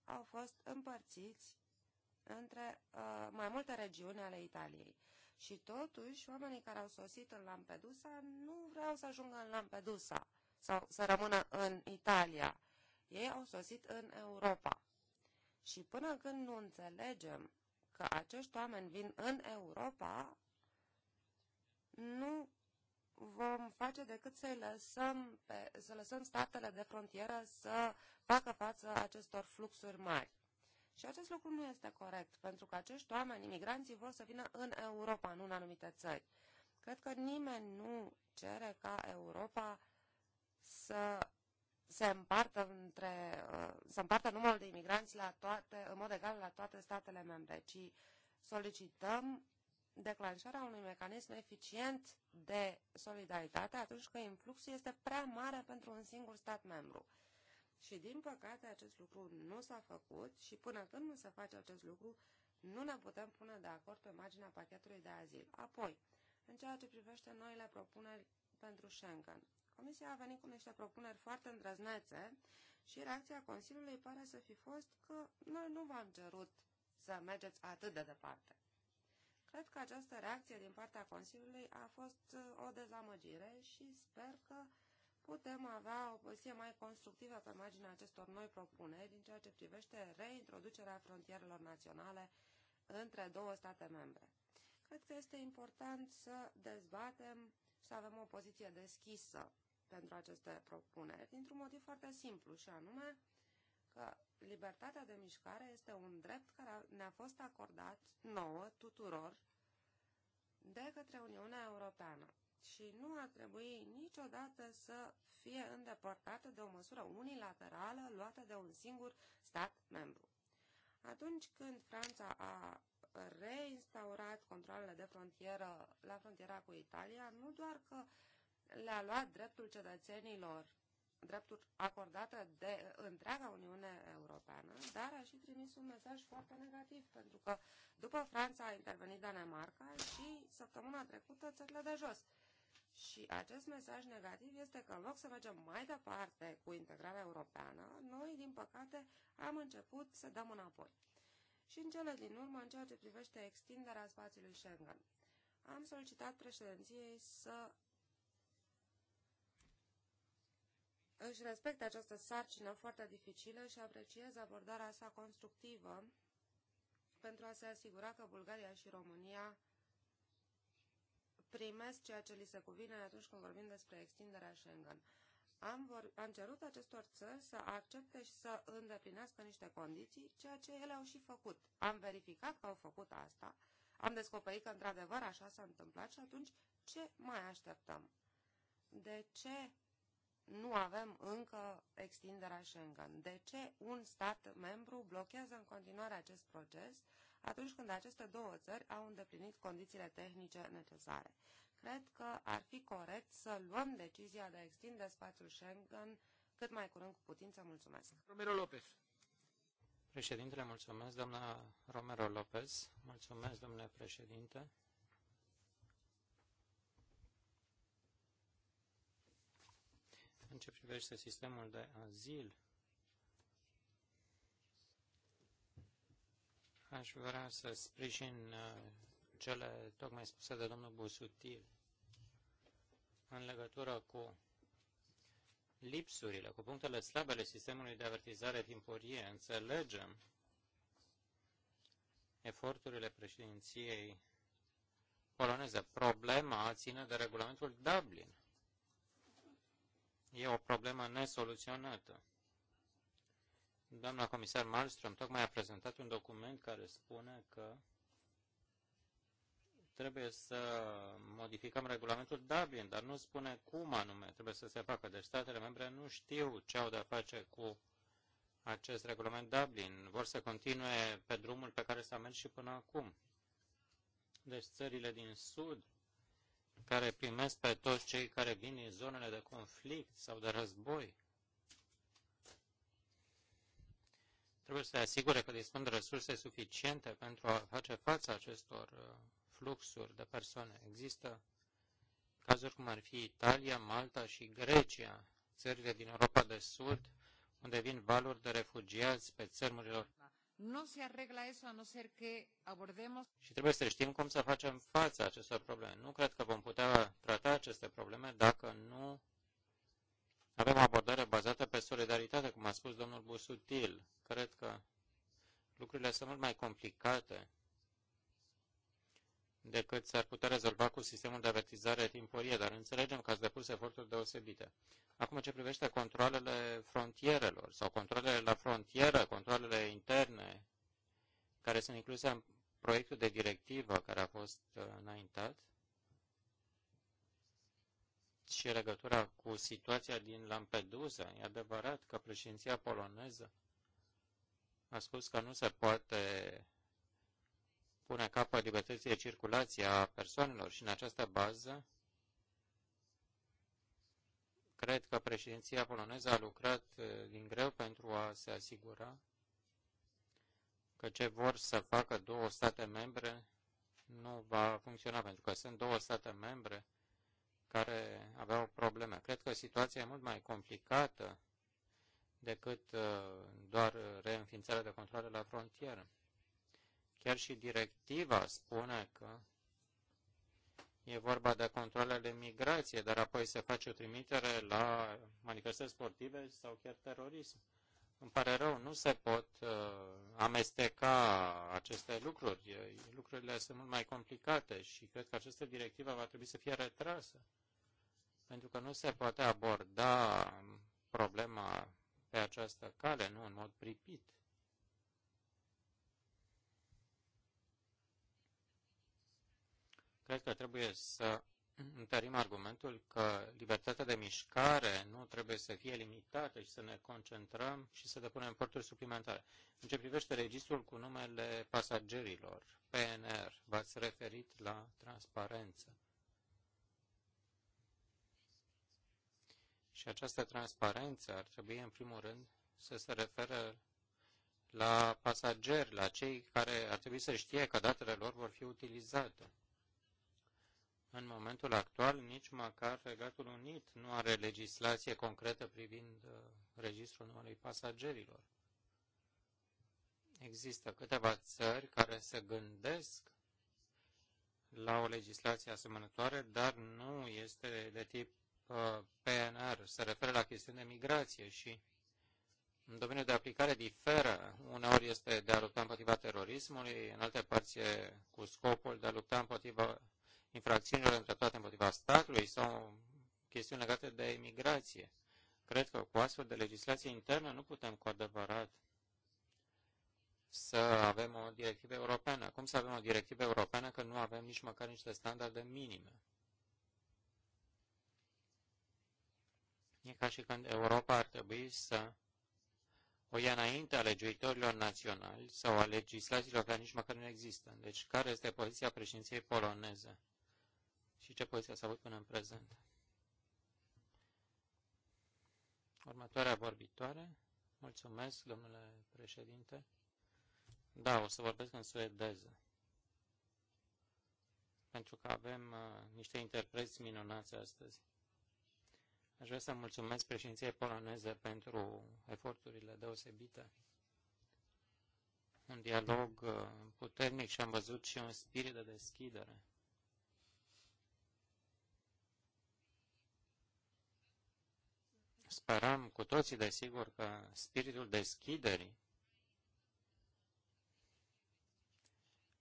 au fost împărțiți între uh, mai multe regiuni ale Italiei. Și totuși, oamenii care au sosit în Lampedusa nu vreau să ajungă în Lampedusa sau să rămână în Italia. Ei au sosit în Europa. Și până când nu înțelegem că acești oameni vin în Europa, nu vom face decât să lăsăm, pe, să lăsăm statele de frontieră să facă față acestor fluxuri mari. Și acest lucru nu este corect, pentru că acești oameni, imigranții, vor să vină în Europa, nu în anumite țări. Cred că nimeni nu cere ca Europa să se împartă, între, uh, se împartă numărul de imigranți la toate, în mod egal la toate statele membre, ci solicităm declanșarea unui mecanism eficient de solidaritate atunci când influxul este prea mare pentru un singur stat membru. Și din păcate acest lucru nu s-a făcut și până când nu se face acest lucru, nu ne putem pune de acord pe marginea pachetului de azil. Apoi, în ceea ce privește noile propuneri pentru Schengen, Comisia a venit cu niște propuneri foarte îndrăznețe și reacția Consiliului pare să fi fost că noi nu v-am cerut să mergeți atât de departe. Cred că această reacție din partea Consiliului a fost uh, o dezamăgire și sper că putem avea o poziție mai constructivă pe marginea acestor noi propuneri în ceea ce privește reintroducerea frontierelor naționale între două state membre. Cred că este important să dezbatem, să avem o poziție deschisă pentru aceste propuneri, dintr-un motiv foarte simplu, și anume că libertatea de mișcare este un drept care ne-a fost acordat nouă, tuturor, de către Uniunea Europeană și nu ar trebui niciodată să fie îndepărtată de o măsură unilaterală luată de un singur stat membru. Atunci când Franța a reinstaurat controlele de frontieră la frontiera cu Italia, nu doar că le-a luat dreptul cetățenilor, dreptul acordată de întreaga Uniune Europeană, dar a și trimis un mesaj foarte negativ, pentru că după Franța a intervenit Danemarca și săptămâna trecută țările de jos. Și acest mesaj negativ este că în loc să mergem mai departe cu integrarea europeană, noi, din păcate, am început să dăm înapoi. Și în cele din urmă, în ceea ce privește extinderea spațiului Schengen, am solicitat președinției să își respect această sarcină foarte dificilă și apreciez abordarea sa constructivă pentru a se asigura că Bulgaria și România primesc ceea ce li se cuvine atunci când vorbim despre extinderea Schengen. Am, vor, am cerut acestor țări să accepte și să îndeplinească niște condiții, ceea ce ele au și făcut. Am verificat că au făcut asta, am descoperit că într-adevăr așa s-a întâmplat și atunci ce mai așteptăm? De ce nu avem încă extinderea Schengen. De ce un stat membru blochează în continuare acest proces atunci când aceste două țări au îndeplinit condițiile tehnice necesare? Cred că ar fi corect să luăm decizia de a extinde spațiul Schengen cât mai curând cu putință. Mulțumesc. Romero Lopez. Președintele, mulțumesc, doamna Romero Lopez. Mulțumesc, domnule președinte. În ce privește sistemul de azil, aș vrea să sprijin uh, cele tocmai spuse de domnul Busutil în legătură cu lipsurile, cu punctele slabe ale sistemului de avertizare timpurie. Înțelegem eforturile președinției poloneze. Problema ține de regulamentul Dublin. E o problemă nesoluționată. Doamna comisar Malmström tocmai a prezentat un document care spune că trebuie să modificăm regulamentul Dublin, dar nu spune cum anume trebuie să se facă. Deci statele membre nu știu ce au de-a face cu acest regulament Dublin. Vor să continue pe drumul pe care s-a mers și până acum. Deci țările din sud care primesc pe toți cei care vin din zonele de conflict sau de război. Trebuie să se asigure că dispun de resurse suficiente pentru a face față acestor uh, fluxuri de persoane. Există cazuri cum ar fi Italia, Malta și Grecia, țările din Europa de Sud, unde vin valuri de refugiați pe țărmurilor nu se arregla eso a no ser que abordemos... Și trebuie să știm cum să facem față acestor probleme. Nu cred că vom putea trata aceste probleme dacă nu avem abordare bazată pe solidaritate, cum a spus domnul Busutil. Cred că lucrurile sunt mult mai complicate decât s-ar putea rezolva cu sistemul de avertizare timpurie, dar înțelegem că ați depus eforturi deosebite. Acum, ce privește controlele frontierelor sau controlele la frontieră, controlele interne, care sunt incluse în proiectul de directivă care a fost uh, înaintat, și legătura cu situația din Lampedusa, e adevărat că președinția poloneză a spus că nu se poate pune capăt libertății de circulație a persoanelor și în această bază cred că președinția poloneză a lucrat eh, din greu pentru a se asigura că ce vor să facă două state membre nu va funcționa, pentru că sunt două state membre care aveau probleme. Cred că situația e mult mai complicată decât eh, doar reînființarea de controle la frontieră. Chiar și directiva spune că e vorba de controlele migrație, dar apoi se face o trimitere la manifestări sportive sau chiar terorism. Îmi pare rău, nu se pot uh, amesteca aceste lucruri. Lucrurile sunt mult mai complicate și cred că această directivă va trebui să fie retrasă. Pentru că nu se poate aborda problema pe această cale, nu în mod pripit. Cred că trebuie să întărim argumentul că libertatea de mișcare nu trebuie să fie limitată și să ne concentrăm și să depunem eforturi suplimentare. În ce privește registrul cu numele pasagerilor, PNR, v-ați referit la transparență. Și această transparență ar trebui, în primul rând, să se referă la pasageri, la cei care ar trebui să știe că datele lor vor fi utilizate. În momentul actual, nici măcar Regatul Unit nu are legislație concretă privind uh, registrul numărului pasagerilor. Există câteva țări care se gândesc la o legislație asemănătoare, dar nu este de tip uh, PNR, se referă la chestiuni de migrație și în domeniul de aplicare diferă. Uneori este de a lupta împotriva terorismului, în alte părți cu scopul de a lupta împotriva infracțiunile îndreptate împotriva statului sau chestiuni legate de imigrație. Cred că cu astfel de legislație internă nu putem cu adevărat să avem o directivă europeană. Cum să avem o directivă europeană că nu avem nici măcar niște standarde minime? E ca și când Europa ar trebui să o ia înainte a legiuitorilor naționali sau a legislațiilor care nici măcar nu există. Deci, care este poziția președinției poloneze? și ce poziție s-a avut până în prezent. Următoarea vorbitoare. Mulțumesc, domnule președinte. Da, o să vorbesc în suedeză. Pentru că avem uh, niște interpreți minunați astăzi. Aș vrea să mulțumesc președinției poloneze pentru eforturile deosebite. Un dialog uh, puternic și am văzut și un spirit de deschidere. Sperăm cu toții, desigur, că spiritul deschiderii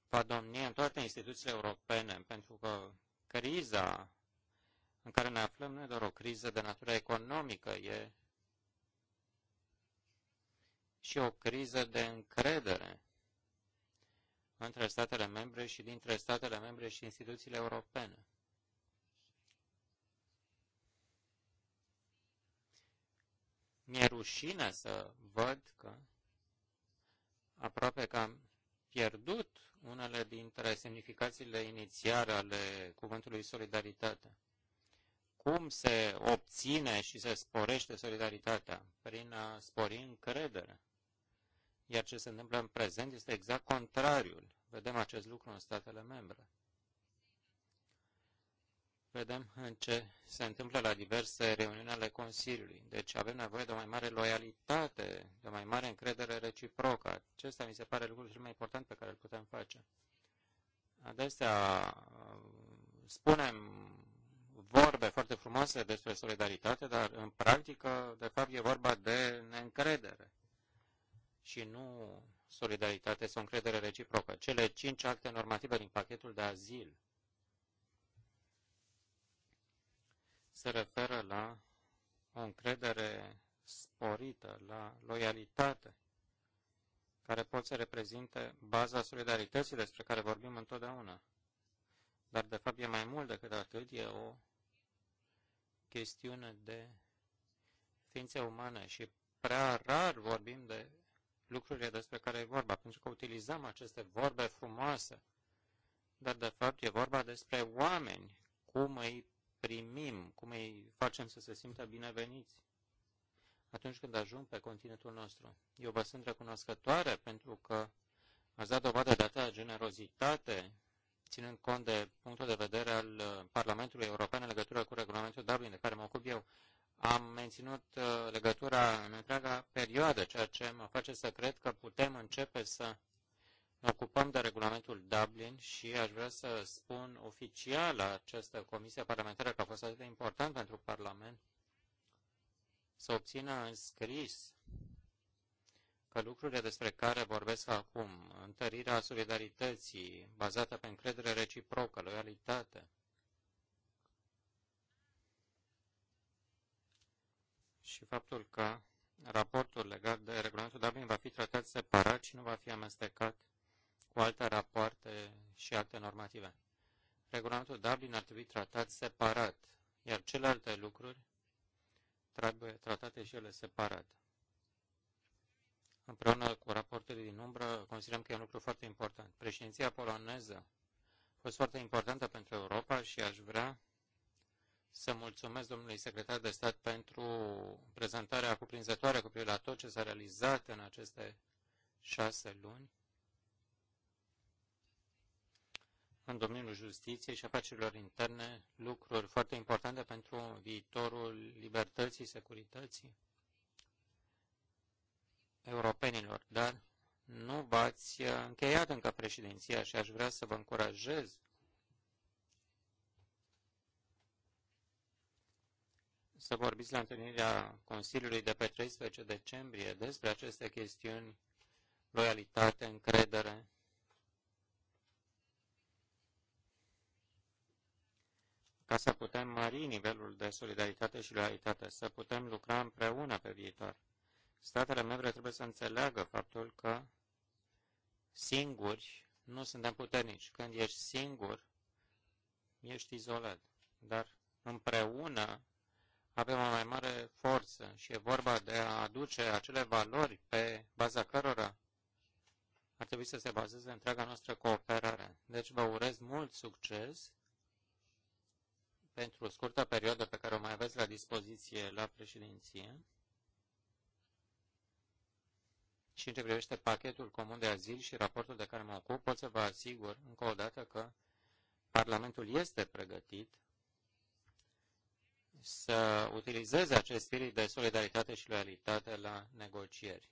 va domni în toate instituțiile europene, pentru că criza în care ne aflăm nu e doar o criză de natură economică, e și o criză de încredere între statele membre și dintre statele membre și instituțiile europene. Mi-e rușine să văd că aproape că am pierdut unele dintre semnificațiile inițiale ale cuvântului solidaritate. Cum se obține și se sporește solidaritatea? Prin a spori încredere. Iar ce se întâmplă în prezent este exact contrariul. Vedem acest lucru în statele membre vedem în ce se întâmplă la diverse reuniuni ale Consiliului. Deci avem nevoie de o mai mare loialitate, de o mai mare încredere reciprocă. Acesta mi se pare lucrul cel mai important pe care îl putem face. Adesea uh, spunem vorbe foarte frumoase despre solidaritate, dar în practică, de fapt, e vorba de neîncredere și nu solidaritate sau încredere reciprocă. Cele cinci acte normative din pachetul de azil se referă la o încredere sporită, la loialitate, care pot să reprezinte baza solidarității despre care vorbim întotdeauna. Dar, de fapt, e mai mult decât atât, e o chestiune de ființe umane și prea rar vorbim de lucrurile despre care e vorba, pentru că utilizăm aceste vorbe frumoase, dar de fapt e vorba despre oameni, cum îi primim, cum îi facem să se simtă bineveniți atunci când ajung pe continentul nostru. Eu vă sunt recunoscătoare pentru că ați dat dovadă de atâta generozitate, ținând cont de punctul de vedere al uh, Parlamentului European în legătură cu regulamentul Dublin, de care mă ocup eu. Am menținut uh, legătura în întreaga perioadă, ceea ce mă face să cred că putem începe să ne ocupăm de regulamentul Dublin și aș vrea să spun oficial la această comisie parlamentară că a fost atât de important pentru Parlament să obțină scris că lucrurile despre care vorbesc acum, întărirea solidarității bazată pe încredere reciprocă, loialitate, și faptul că raportul legat de regulamentul Dublin va fi tratat separat și nu va fi amestecat cu alte rapoarte și acte normative. Regulamentul Dublin ar trebui tratat separat, iar celelalte lucruri trebuie tratate și ele separat. Împreună cu raportele din umbră, considerăm că e un lucru foarte important. Președinția poloneză a fost foarte importantă pentru Europa și aș vrea să mulțumesc domnului secretar de stat pentru prezentarea cuprinzătoare cu privire la tot ce s-a realizat în aceste șase luni în domeniul justiției și afacerilor interne lucruri foarte importante pentru viitorul libertății, securității europenilor, dar nu v-ați uh, încheiat încă președinția și aș vrea să vă încurajez să vorbiți la întâlnirea Consiliului de pe 13 decembrie despre aceste chestiuni, loialitate, încredere, ca să putem mări nivelul de solidaritate și loialitate, să putem lucra împreună pe viitor. Statele membre trebuie să înțeleagă faptul că singuri nu suntem puternici. Când ești singur, ești izolat. Dar împreună avem o mai mare forță și e vorba de a aduce acele valori pe baza cărora ar trebui să se bazeze întreaga noastră cooperare. Deci vă urez mult succes pentru scurta perioadă pe care o mai aveți la dispoziție la președinție și în ce privește pachetul comun de azil și raportul de care mă ocup, pot să vă asigur încă o dată că Parlamentul este pregătit să utilizeze acest spirit de solidaritate și loialitate la negocieri.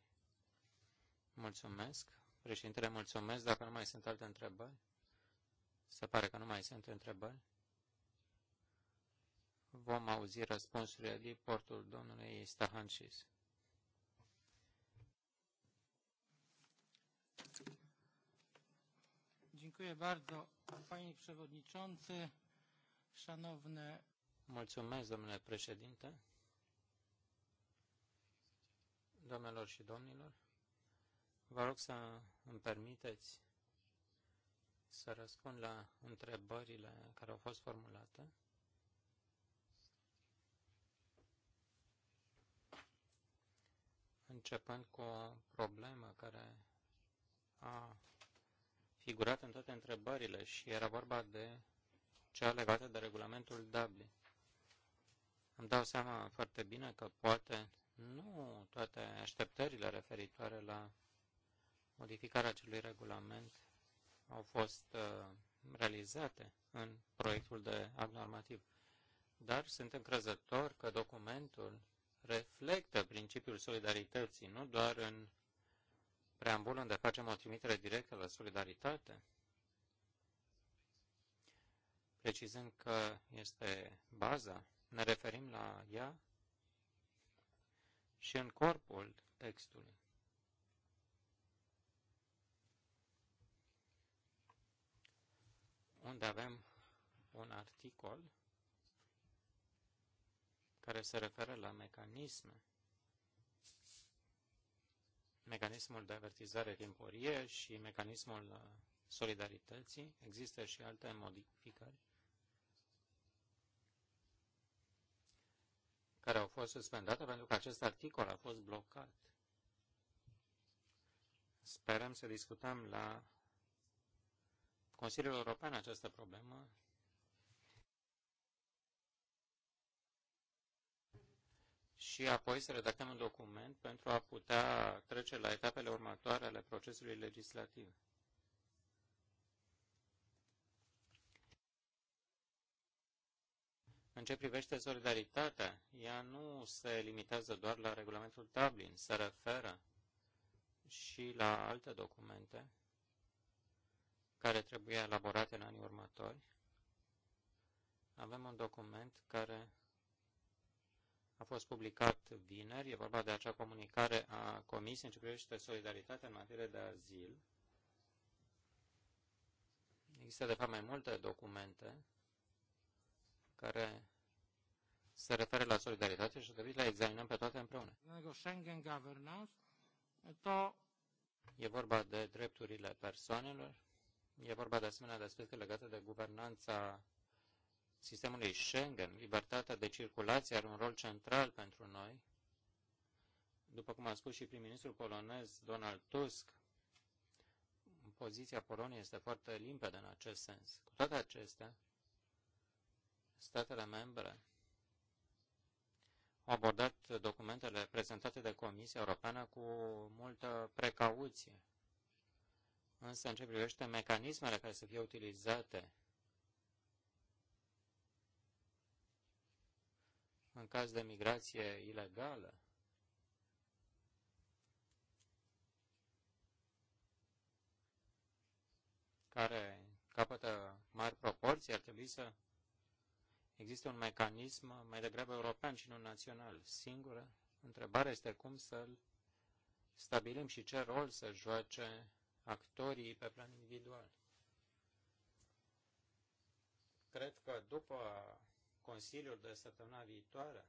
Mulțumesc. Președintele, mulțumesc. Dacă nu mai sunt alte întrebări, se pare că nu mai sunt întrebări vom auzi răspunsurile din portul domnului Stahancis. Dziękuję bardzo, panie przewodniczący, szanowne... Mulțumesc, domnule președinte, domnilor și domnilor. Vă rog să îmi permiteți să răspund la întrebările care au fost formulate. începând cu o problemă care a figurat în toate întrebările și era vorba de cea legată de regulamentul Dublin. Îmi dau seama foarte bine că poate nu toate așteptările referitoare la modificarea acelui regulament au fost uh, realizate în proiectul de act normativ. Dar sunt încrezător că documentul reflectă principiul solidarității, nu doar în preambul unde facem o trimitere directă la solidaritate, precizând că este baza, ne referim la ea și în corpul textului. Unde avem un articol care se referă la mecanisme. Mecanismul de avertizare timporie și mecanismul uh, solidarității. Există și alte modificări care au fost suspendate pentru că acest articol a fost blocat. Sperăm să discutăm la Consiliul European această problemă și apoi să redactăm un document pentru a putea trece la etapele următoare ale procesului legislativ. În ce privește solidaritatea, ea nu se limitează doar la regulamentul Dublin, se referă și la alte documente care trebuie elaborate în anii următori. Avem un document care a fost publicat vineri. E vorba de acea comunicare a Comisiei în ce privește solidaritatea în materie de azil. Există, de fapt, mai multe documente care se referă la solidaritate și trebuie să le examinăm pe toate împreună. Schengen Governance, to... E vorba de drepturile persoanelor, e vorba de asemenea de aspecte legate de guvernanța sistemului Schengen, libertatea de circulație are un rol central pentru noi. După cum a spus și prim-ministrul polonez Donald Tusk, poziția Poloniei este foarte limpede în acest sens. Cu toate acestea, statele membre au abordat documentele prezentate de Comisia Europeană cu multă precauție. Însă, în ce privește mecanismele care să fie utilizate în caz de migrație ilegală, care capătă mari proporții, ar trebui să există un mecanism mai degrabă european și nu național. Singură întrebare este cum să-l stabilim și ce rol să joace actorii pe plan individual. Cred că după Consiliul de săptămâna viitoare,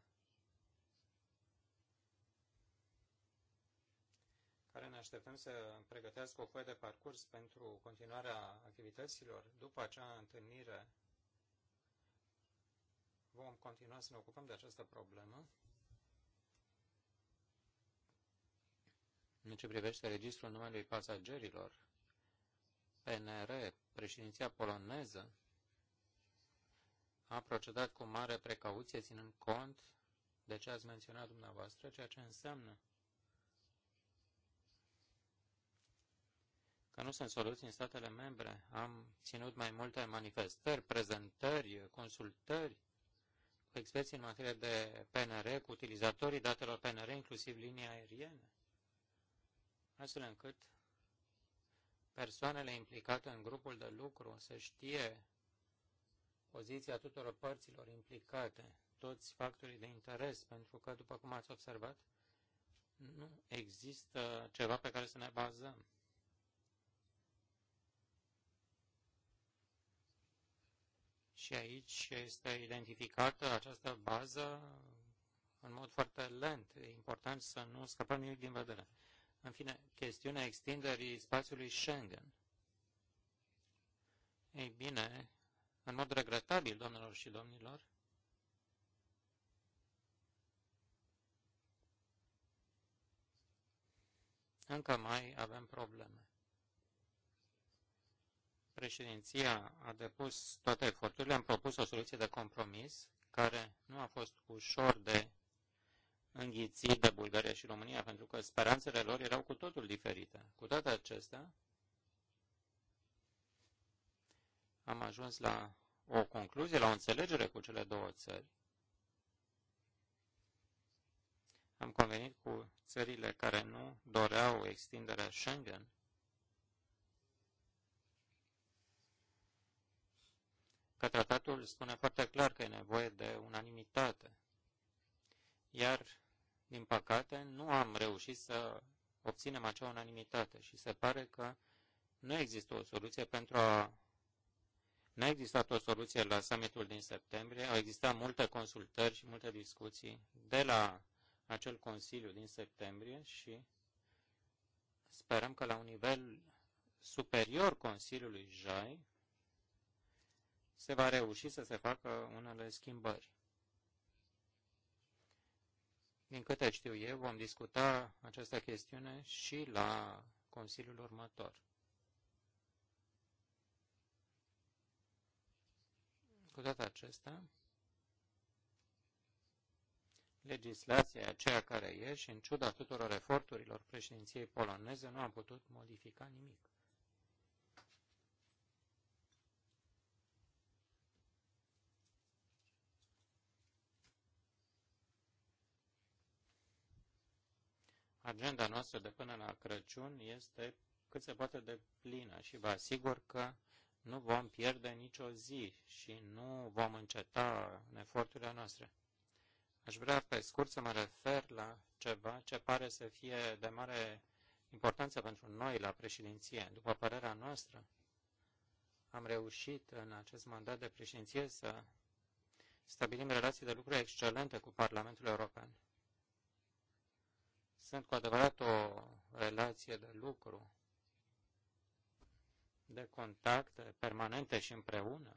care ne așteptăm să pregătească o foaie de parcurs pentru continuarea activităților. După acea întâlnire vom continua să ne ocupăm de această problemă. În ce privește registrul numelui pasagerilor, PNR, președinția poloneză, a procedat cu mare precauție, ținând cont de ce ați menționat dumneavoastră, ceea ce înseamnă că nu sunt soluții în statele membre. Am ținut mai multe manifestări, prezentări, consultări cu experții în materie de PNR, cu utilizatorii datelor PNR, inclusiv linii aeriene, astfel încât persoanele implicate în grupul de lucru să știe poziția tuturor părților implicate, toți factorii de interes, pentru că, după cum ați observat, nu există ceva pe care să ne bazăm. Și aici este identificată această bază în mod foarte lent. E important să nu scăpăm nimic din vedere. În fine, chestiunea extinderii spațiului Schengen. Ei bine, în mod regretabil, domnilor și domnilor, încă mai avem probleme. Președinția a depus toate eforturile, am propus o soluție de compromis care nu a fost ușor de înghițit de Bulgaria și România, pentru că speranțele lor erau cu totul diferite. Cu toate acestea, am ajuns la o concluzie, la o înțelegere cu cele două țări. Am convenit cu țările care nu doreau extinderea Schengen că tratatul spune foarte clar că e nevoie de unanimitate. Iar, din păcate, nu am reușit să obținem acea unanimitate și se pare că nu există o soluție pentru a N-a existat o soluție la summitul din septembrie, au existat multe consultări și multe discuții de la acel Consiliu din septembrie și sperăm că la un nivel superior Consiliului JAI se va reuși să se facă unele schimbări. Din câte știu eu, vom discuta această chestiune și la Consiliul următor. Cu toate acestea, legislația aceea care e și în ciuda tuturor eforturilor președinției poloneze nu a putut modifica nimic. Agenda noastră de până la Crăciun este cât se poate de plină și vă asigur că nu vom pierde nicio zi și nu vom înceta în eforturile noastre. Aș vrea pe scurt să mă refer la ceva ce pare să fie de mare importanță pentru noi la președinție. După părerea noastră, am reușit în acest mandat de președinție să stabilim relații de lucru excelente cu Parlamentul European. Sunt cu adevărat o relație de lucru de contact permanente și împreună,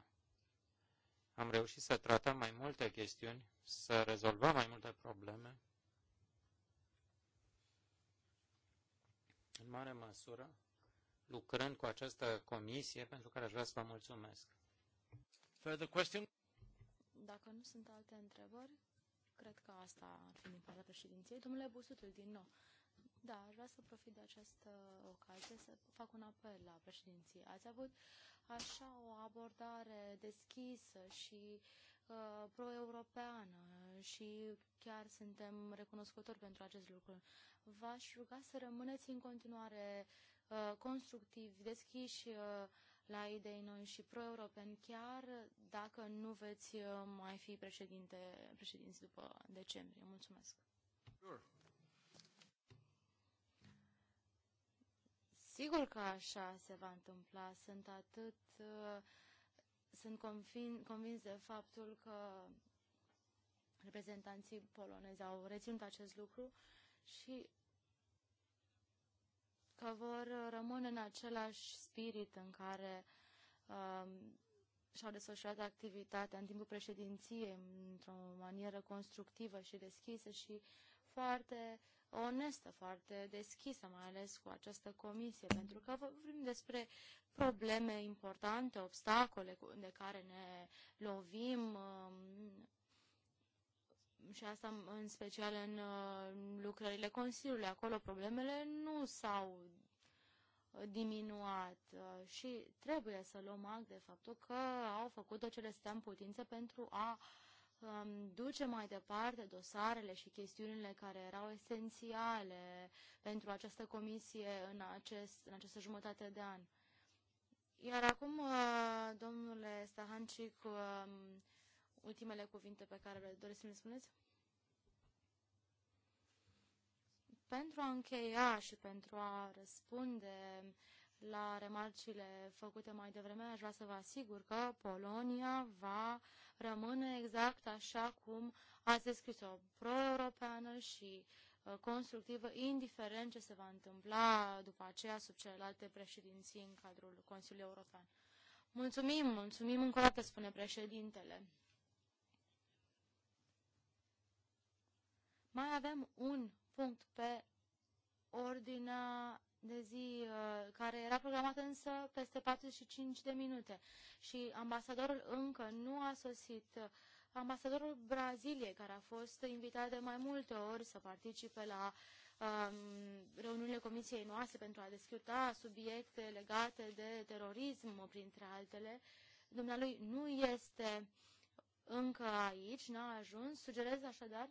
am reușit să tratăm mai multe chestiuni, să rezolvăm mai multe probleme. În mare măsură, lucrând cu această comisie, pentru care aș vrea să vă mulțumesc. Further question? Dacă nu sunt alte întrebări, cred că asta ar fi din partea președinției. Domnule Busutul, din nou, da, aș vrea să profit de această ocazie să fac un apel la președinție. Ați avut așa o abordare deschisă și uh, pro-europeană și chiar suntem recunoscători pentru acest lucru. V-aș ruga să rămâneți în continuare uh, constructivi, deschiși uh, la idei noi și pro-europeni, chiar dacă nu veți uh, mai fi președinte, președinți după decembrie. Mulțumesc! Sure. Sigur că așa se va întâmpla. Sunt atât, uh, sunt convin, convins de faptul că reprezentanții polonezi au reținut acest lucru și că vor rămâne în același spirit în care um, și-au desfășurat activitatea în timpul președinției într-o manieră constructivă și deschisă și foarte onestă, foarte deschisă, mai ales cu această comisie, pentru că vorbim despre probleme importante, obstacole de care ne lovim um, și asta în special în uh, lucrările Consiliului. Acolo problemele nu s-au diminuat uh, și trebuie să luăm act de faptul că au făcut tot ce le stă în putință pentru a uh, um, duce mai departe dosarele și chestiunile care erau esențiale pentru această comisie în, acest, în această jumătate de an. Iar acum, uh, domnule Stahancic, um, ultimele cuvinte pe care le doresc să le spuneți? Pentru a încheia și pentru a răspunde la remarcile făcute mai devreme, aș vrea să vă asigur că Polonia va rămâne exact așa cum ați descris-o, pro-europeană și uh, constructivă, indiferent ce se va întâmpla după aceea sub celelalte președinții în cadrul Consiliului European. Mulțumim, mulțumim încă o dată, spune președintele. Mai avem un punct pe ordinea de zi uh, care era programată însă peste 45 de minute și ambasadorul încă nu a sosit. Ambasadorul Braziliei, care a fost invitat de mai multe ori să participe la um, reuniunile comisiei noastre pentru a discuta subiecte legate de terorism, printre altele, dumnealui nu este încă aici, n-a ajuns. Sugerez așadar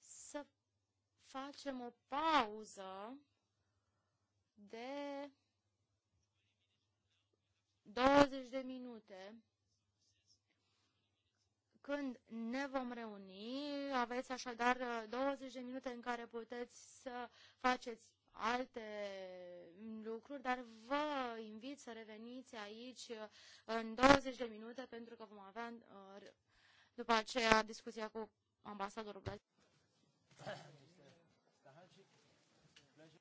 să facem o pauză de 20 de minute când ne vom reuni. Aveți așadar 20 de minute în care puteți să faceți alte lucruri, dar vă invit să reveniți aici în 20 de minute pentru că vom avea uh, după aceea discuția cu ambasadorul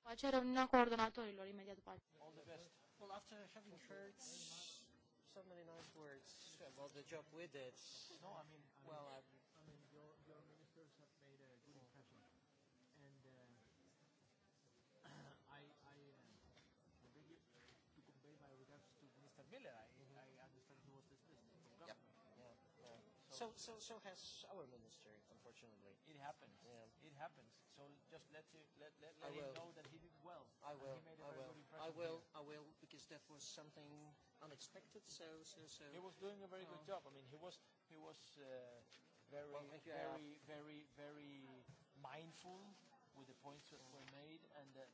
după aceea reuniunea coordonatorilor imediat după aceea. Well, after having heard so many nice words about the job we did, no, I mean, well, I So, so, so has our minister, unfortunately. It happens. Yeah. It happens. So just let you, let, let, let him will. know that he did well. I will. He made a I very will. Good impression I will. I will, because that was something unexpected. So, so, so. He was doing a very oh. good job. I mean, he was, he was uh, very, well, very, very, very, very mindful with the points that were made and. Uh,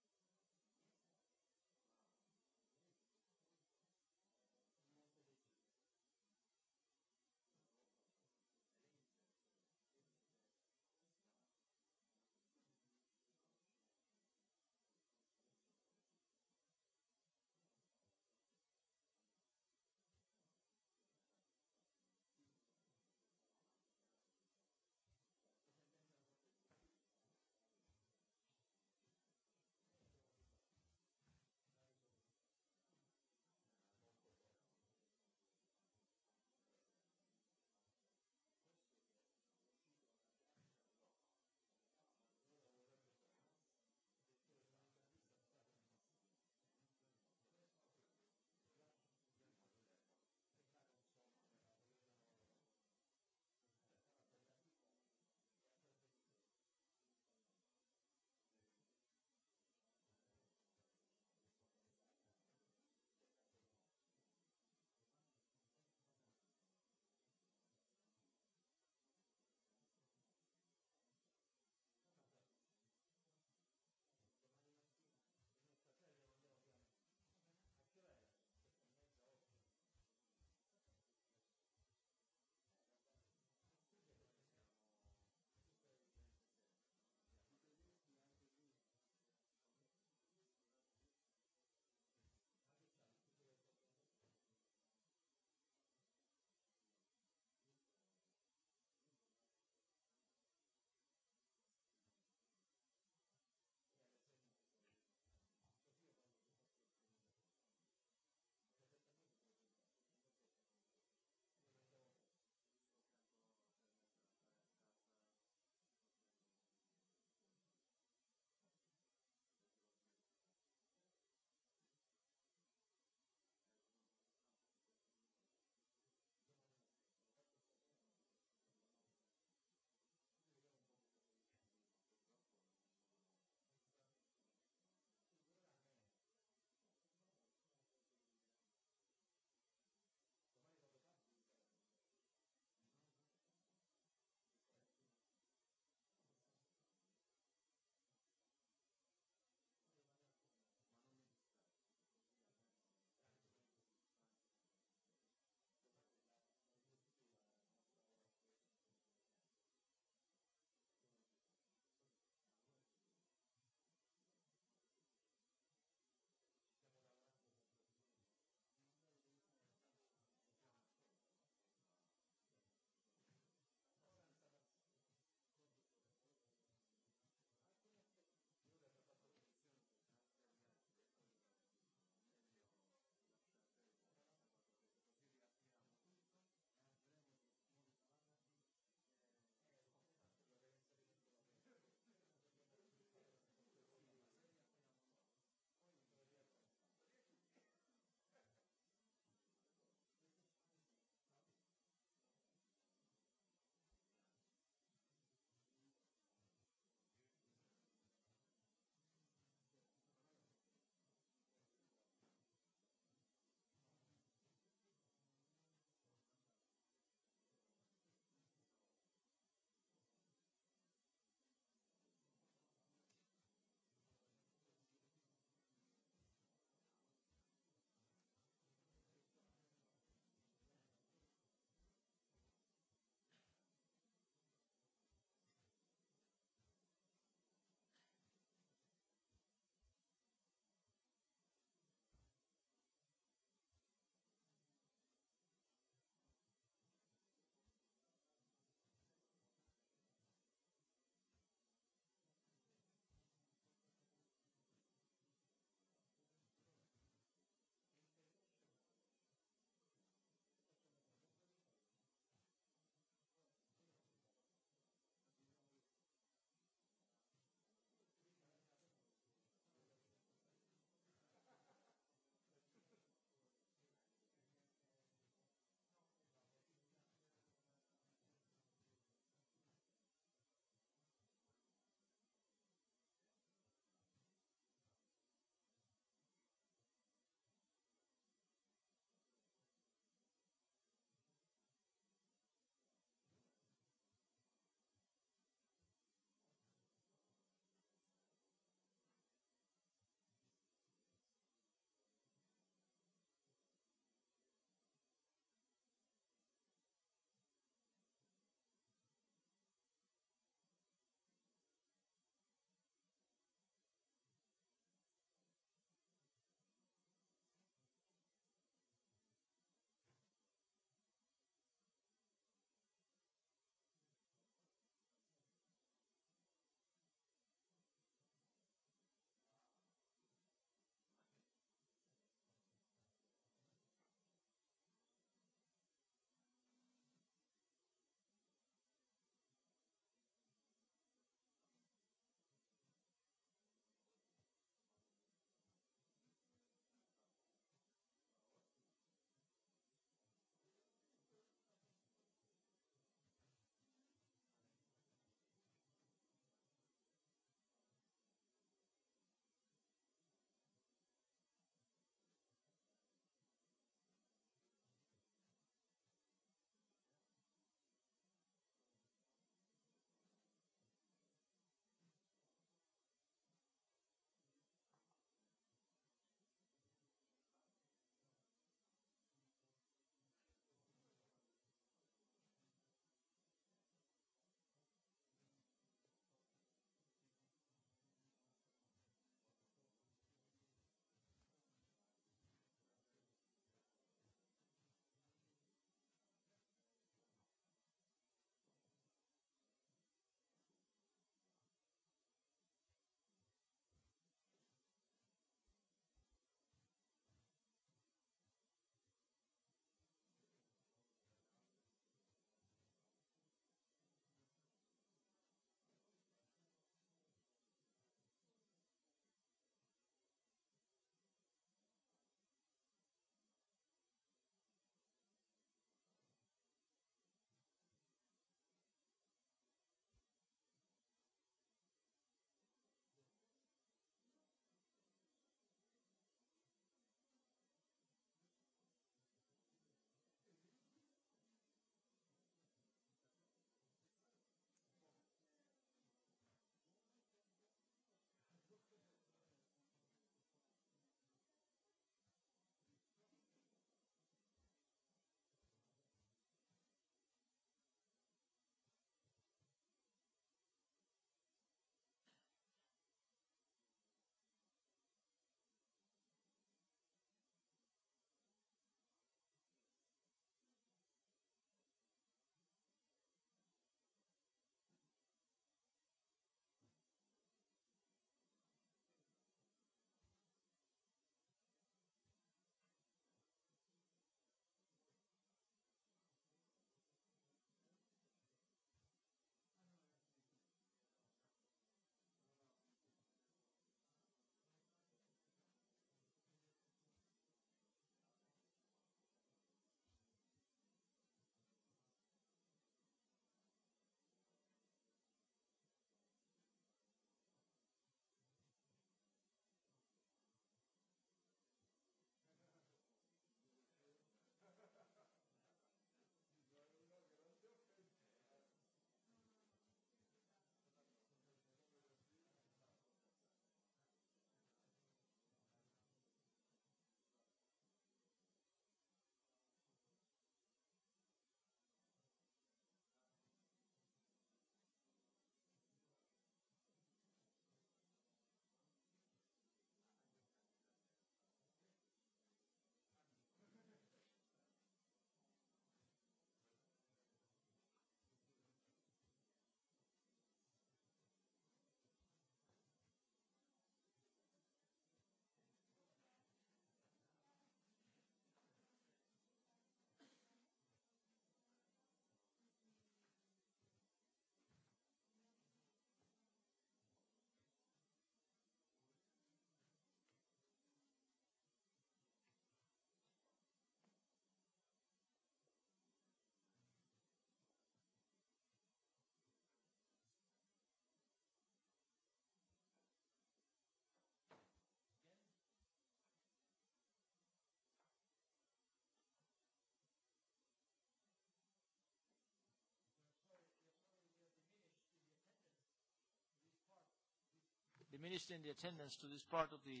the minister in the attendance to this part of the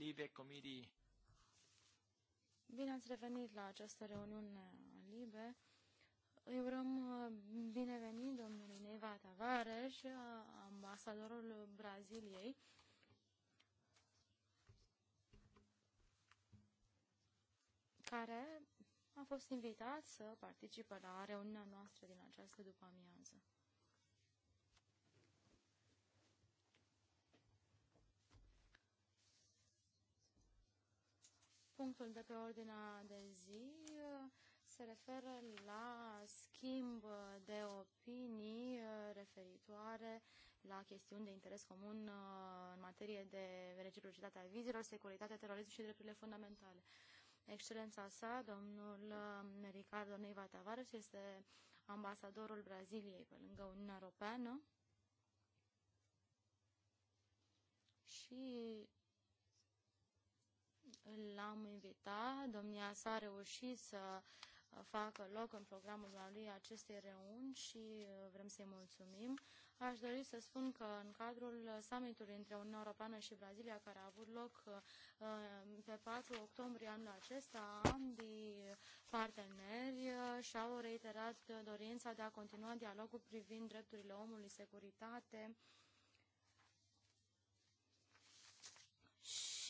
LIBE committee. Bine ați revenit la această reuniune a LIBE. Îi urăm uh, binevenit domnului Neiva Tavares, ambasadorul Braziliei. care a fost invitat să participe la reuniunea noastră din această după amiază. Punctul de pe ordinea de zi uh, se referă la schimb de opinii uh, referitoare la chestiuni de interes comun uh, în materie de reciprocitate a vizelor, securitatea terorism și drepturile fundamentale. Excelența sa, domnul Ricardo Neiva Tavares, este ambasadorul Braziliei pe lângă Uniunea Europeană și l-am invitat. Domnia s-a reușit să facă loc în programul lui acestei reuni și uh, vrem să-i mulțumim. Aș dori să spun că în cadrul summitului între Uniunea Europeană și Brazilia, care a avut loc uh, pe 4 octombrie anul acesta, ambii parteneri uh, și-au reiterat dorința de a continua dialogul privind drepturile omului, securitate,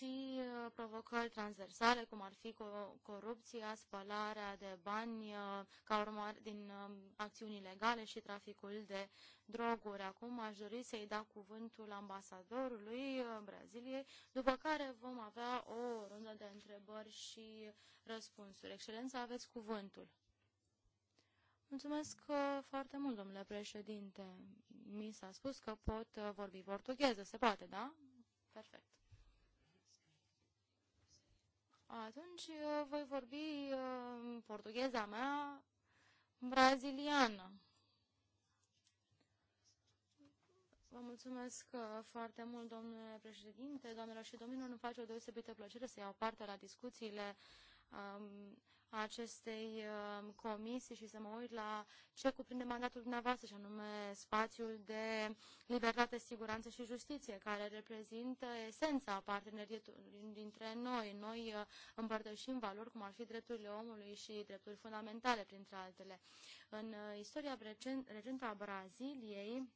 și uh, provocări transversale, cum ar fi corupția, spălarea de bani uh, ca urmare din um, acțiuni ilegale și traficul de droguri. Acum aș dori să-i dau cuvântul ambasadorului uh, Braziliei, după care vom avea o rundă de întrebări și răspunsuri. Excelență, aveți cuvântul. Mulțumesc foarte mult, domnule președinte. Mi s-a spus că pot vorbi portugheză, se poate, da? Perfect atunci uh, voi vorbi uh, portugheza mea braziliană. Vă mulțumesc uh, foarte mult, domnule președinte, doamnelor și domnilor. Îmi face o deosebită plăcere să iau parte la discuțiile um, acestei uh, comisii și să mă uit la ce cuprinde mandatul dumneavoastră, și anume spațiul de libertate, siguranță și justiție, care reprezintă esența parteneriatului dintre noi. Noi uh, împărtășim valori cum ar fi drepturile omului și drepturi fundamentale, printre altele. În uh, istoria recentă a Braziliei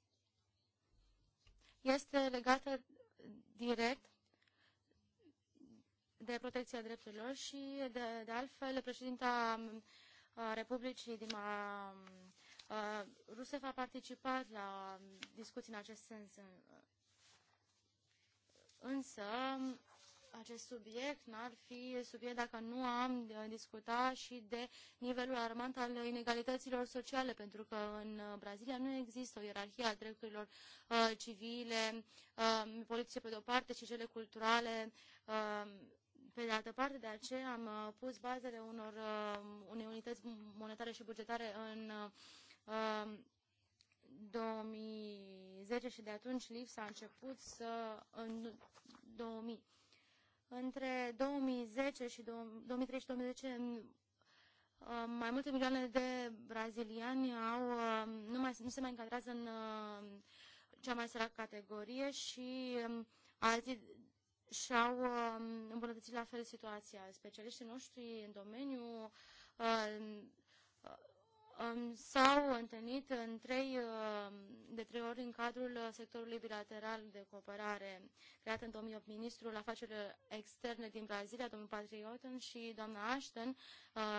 este legată direct de protecție a drepturilor și, de, de altfel, președinta Republicii din Rusia a participat la discuții în acest sens. Însă, acest subiect n-ar fi subiect dacă nu am discutat și de nivelul armant al inegalităților sociale, pentru că în Brazilia nu există o ierarhie a drepturilor uh, civile, uh, politice pe de-o parte și cele culturale uh, pe de altă parte, de aceea am uh, pus bazele unor, uh, unei unități monetare și bugetare în 2010 uh, și de atunci lipsa a început să... în 2000. Între 2010 și 2013, și 2010 mai multe milioane de braziliani au, nu, mai, nu se mai încadrează în cea mai săracă categorie și um, alții și-au um, îmbunătățit la fel situația. Specialiștii noștri în domeniu um, um, s-au întâlnit în trei, de trei ori în cadrul sectorului bilateral de cooperare creat în 2008 ministrul afacerilor externe din Brazilia, domnul Patrioten și doamna Ashton,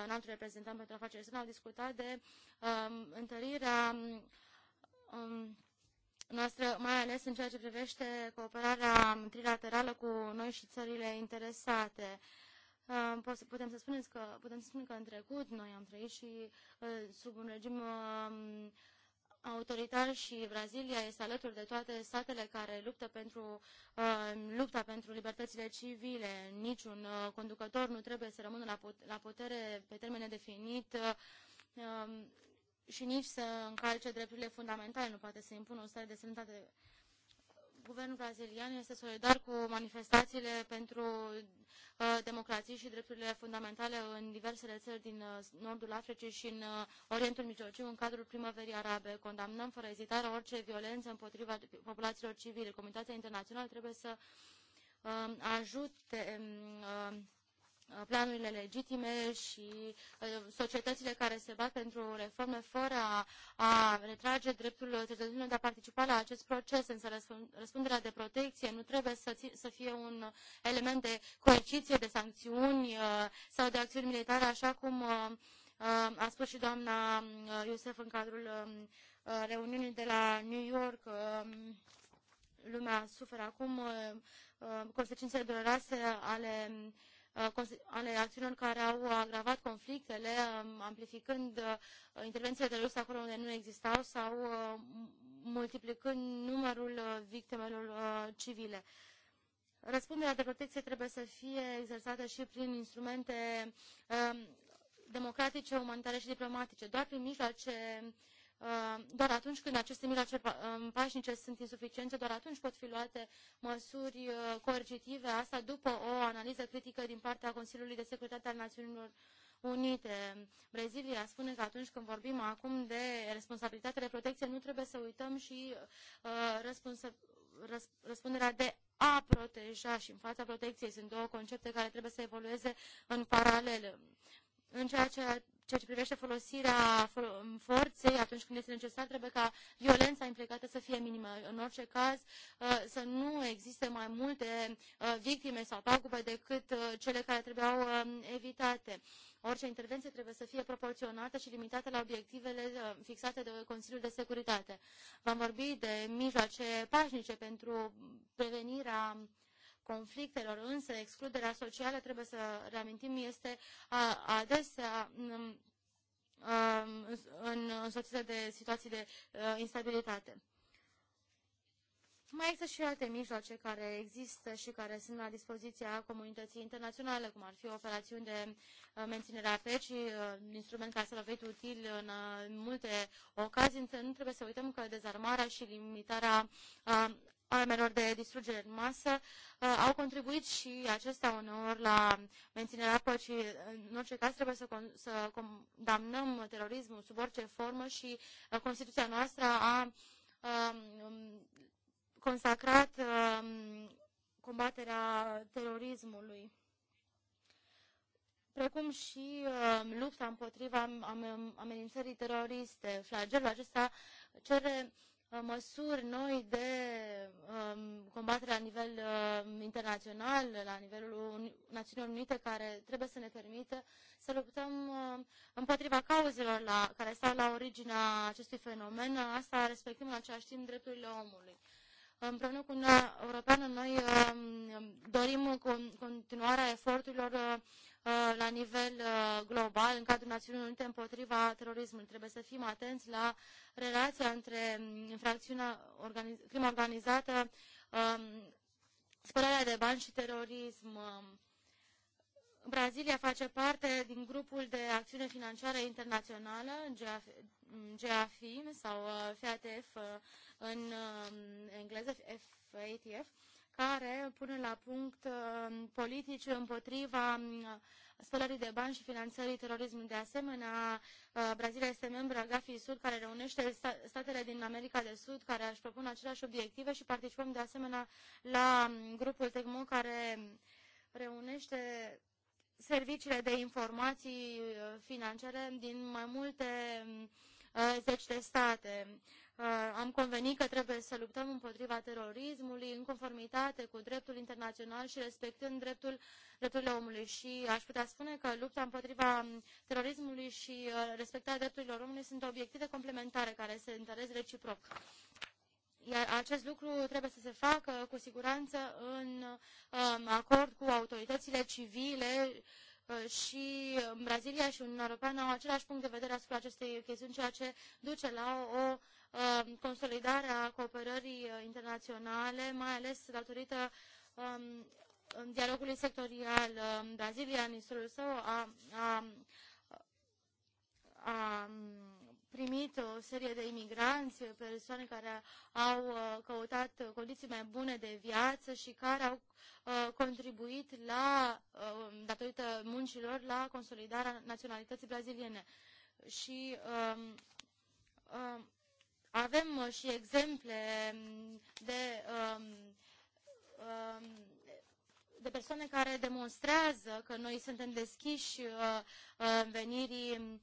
în uh, alt reprezentant pentru afaceri externe, au discutat de întărirea noastră, mai ales în ceea ce privește cooperarea trilaterală cu noi și țările interesate. Putem să, spuneți că, putem să spunem că în trecut noi am trăit și uh, sub un regim um, autoritar și Brazilia este alături de toate statele care luptă pentru um, lupta pentru libertățile civile. Niciun uh, conducător nu trebuie să rămână la putere pe termen definit uh, um, și nici să încalce drepturile fundamentale. Nu poate să impună un stare de sănătate. Guvernul brazilian este solidar cu manifestațiile pentru uh, democrație și drepturile fundamentale în diversele țări din uh, nordul Africii și în uh, Orientul Mijlociu, în cadrul primăverii arabe. Condamnăm fără ezitare orice violență împotriva populațiilor civile. Comunitatea internațională trebuie să uh, ajute um, uh, planurile legitime și uh, societățile care se bat pentru reforme fără a, a retrage dreptul cetățenilor de a participa la acest proces, însă răspunderea de protecție nu trebuie să, să fie un element de coerciție, de sancțiuni uh, sau de acțiuni militare, așa cum uh, a spus și doamna Iusef în cadrul um, reuniunii de la New York. Um, lumea suferă acum consecințele doloroase ale Uh, ale acțiunilor care au agravat conflictele, um, amplificând uh, intervențiile de rost acolo unde nu existau sau uh, multiplicând numărul victimelor civile. Răspunderea de protecție trebuie să fie exersată și prin instrumente um, democratice, umanitare și diplomatice. Doar prin mijloace Ehm, doar atunci când aceste mijloace ehm, pașnice sunt insuficiente, doar atunci pot fi luate măsuri ehm, coercitive, asta după o analiză critică din partea Consiliului de Securitate al Națiunilor Unite. Brazilia spune că atunci când vorbim acum de responsabilitate de protecție, nu trebuie să uităm și uh, răspunsă, răspunderea de a proteja și în fața protecției. Sunt două concepte care trebuie să evolueze în paralel. În ceea ce ceea ce privește folosirea forței atunci când este necesar, trebuie ca violența implicată să fie minimă. În orice caz, uh, să nu existe mai multe uh, victime sau pagube decât uh, cele care trebuiau um, evitate. Orice intervenție trebuie să fie proporționată și limitată la obiectivele fixate de Consiliul de Securitate. V-am vorbit de mijloace pașnice pentru prevenirea conflictelor, însă excluderea socială, trebuie să reamintim, este adesea mm, în însoțită de situații de uh, instabilitate. Mai există și alte mijloace care există și care sunt la dispoziția comunității internaționale, cum ar fi operațiuni de uh, menținere a pecii, uh, instrument care s-a lovit util în multe ocazii, însă nu trebuie să uităm că dezarmarea și limitarea armelor de distrugere în masă uh, au contribuit și acestea uneori la menținerea păcii. În orice caz trebuie să, con- să condamnăm terorismul sub orice formă și uh, Constituția noastră a um, consacrat um, combaterea terorismului precum și uh, lupta împotriva am, am, amenințării teroriste. Flagelul acesta cere uh, Uh, măsuri noi de um, combatere la nivel um, internațional, la nivelul Națiunilor Unite, care trebuie să ne permită să luptăm um, împotriva cauzelor la, care stau la originea acestui fenomen, asta respectăm în același timp drepturile omului. Împreună cu Uniunea Europeană, noi dorim continuarea eforturilor uh, Uh, la nivel uh, global în cadrul Națiunilor Unite împotriva terorismului. Trebuie să fim atenți la relația între um, infracțiunea organiz crimă organizată, um, spălarea de bani și terorism. Um, Brazilia face parte din grupul de acțiune financiară internațională, GAF, GAFI sau FATF uh, în engleză, FATF, care pune la punct uh, politici împotriva uh, spălării de bani și finanțării terorismului. De asemenea, uh, Brazilia este membră a GAFI Sud, care reunește statele din America de Sud, care își propun aceleași obiective și participăm de asemenea la um, grupul TECMO, care reunește serviciile de informații financiare din mai multe um, zeci de state. Uh, am convenit că trebuie să luptăm împotriva terorismului în conformitate cu dreptul internațional și respectând dreptul, drepturile omului. Și aș putea spune că lupta împotriva terorismului și uh, respectarea drepturilor omului sunt obiective complementare care se întăresc reciproc. Iar acest lucru trebuie să se facă cu siguranță în um, acord cu autoritățile civile uh, și Brazilia și Uniunea Europeană au același punct de vedere asupra acestei chestiuni, ceea ce duce la o Um, consolidarea cooperării uh, internaționale, mai ales datorită um, dialogului sectorial um, Brazilia ministrul său a, a, a primit o serie de imigranți, persoane care au uh, căutat condiții mai bune de viață și care au uh, contribuit la, datorită muncilor, la consolidarea naționalității braziliene. Și um, um, avem uh, și exemple mm, de, um, um, de persoane care demonstrează că noi suntem deschiși uh, uh, venirii mm,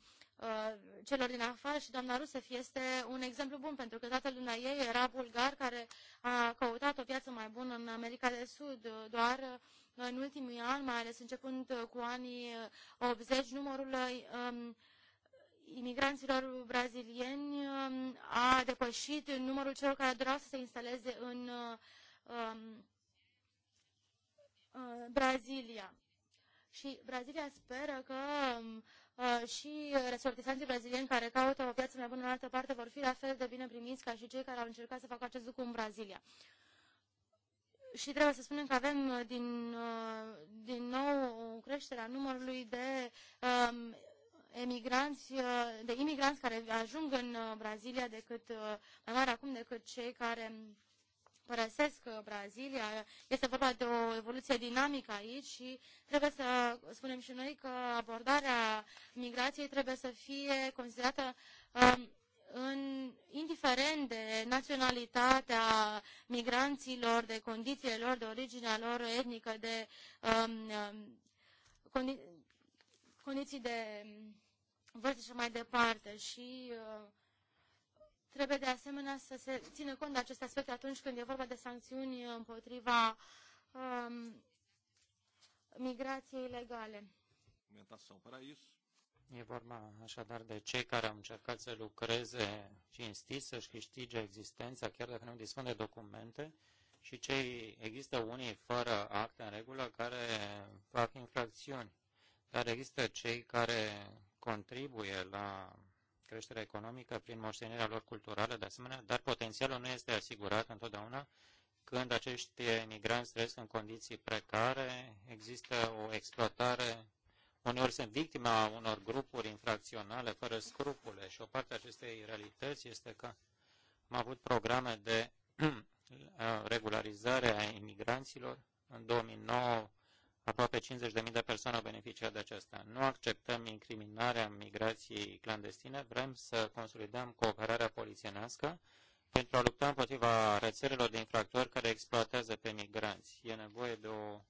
celor din afară și doamna Rusev este un exemplu bun, pentru că tatăl lumea ei era bulgar care a căutat o viață mai bună în America de Sud. Doar în ultimii ani, mai ales începând cu anii 80, numărul um, imigranților brazilieni um, a depășit numărul celor care doreau să se instaleze în um, uh, Brazilia. Și Brazilia speră că um, uh, și resortisanții brazilieni care caută o viață mai bună în altă parte vor fi la fel de bine primiți ca și cei care au încercat să facă acest lucru în Brazilia. Și trebuie să spunem că avem uh, din, uh, din nou o creștere a numărului de um, emigranți, uh, de imigranți care ajung în uh, Brazilia decât, uh, mai mare acum decât cei care părăsesc Brazilia. Este vorba de o evoluție dinamică aici și trebuie să spunem și noi că abordarea migrației trebuie să fie considerată um, în, indiferent de naționalitatea migranților, de condițiile lor, de originea lor etnică, de um, um condi- condiții de vârste și mai departe și uh, trebuie de asemenea să se țină cont de acest aspect atunci când e vorba de sancțiuni împotriva um, migrației ilegale. E vorba așadar de cei care au încercat să lucreze cinstit, să-și câștige existența, chiar dacă nu dispun de documente, și cei, există unii fără acte în regulă care fac infracțiuni, dar există cei care contribuie la creșterea economică prin moștenirea lor culturală, de asemenea, dar potențialul nu este asigurat întotdeauna când acești emigranți trăiesc în condiții precare, există o exploatare, uneori sunt victima unor grupuri infracționale fără scrupule și o parte a acestei realități este că am avut programe de *clears throat* regularizare a imigranților. În 2009 Aproape 50.000 de persoane au beneficiat de acesta. Nu acceptăm incriminarea migrației clandestine, vrem să consolidăm cooperarea polițienească pentru a lupta împotriva rețelelor de infractori care exploatează pe migranți. E nevoie de o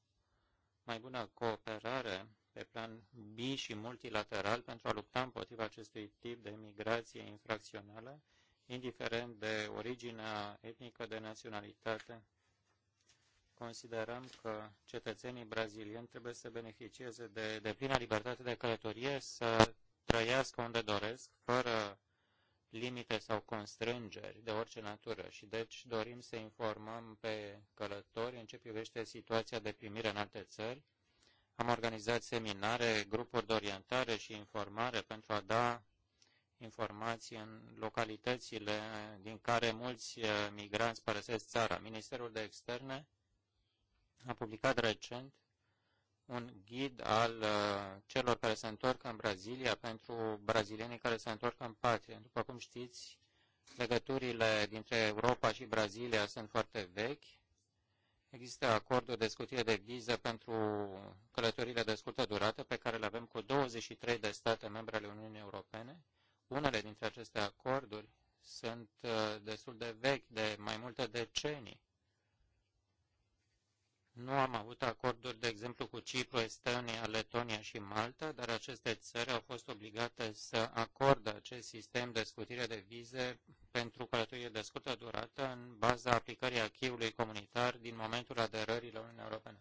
mai bună cooperare pe plan bi și multilateral pentru a lupta împotriva acestui tip de migrație infracțională, indiferent de originea etnică, de naționalitate Considerăm că cetățenii brazilieni trebuie să beneficieze de de plină libertate de călătorie, să trăiască unde doresc, fără limite sau constrângeri de orice natură și deci dorim să informăm pe călători în ce privește situația de primire în alte țări. Am organizat seminare, grupuri de orientare și informare pentru a da informații în localitățile din care mulți eh, migranți părăsesc țara. Ministerul de Externe a publicat recent un ghid al uh, celor care se întorc în Brazilia pentru brazilienii care se întorc în patrie. După cum știți, legăturile dintre Europa și Brazilia sunt foarte vechi. Există acordul de scutire de viză pentru călătorile de scurtă durată pe care le avem cu 23 de state membre ale Uniunii Europene. Unele dintre aceste acorduri sunt uh, destul de vechi, de mai multe decenii. Nu am avut acorduri, de exemplu, cu Cipru, Estonia, Letonia și Malta, dar aceste țări au fost obligate să acordă acest sistem de scutire de vize pentru călătorie de scurtă durată în baza aplicării acquis comunitar din momentul aderării la Uniunea Europeană.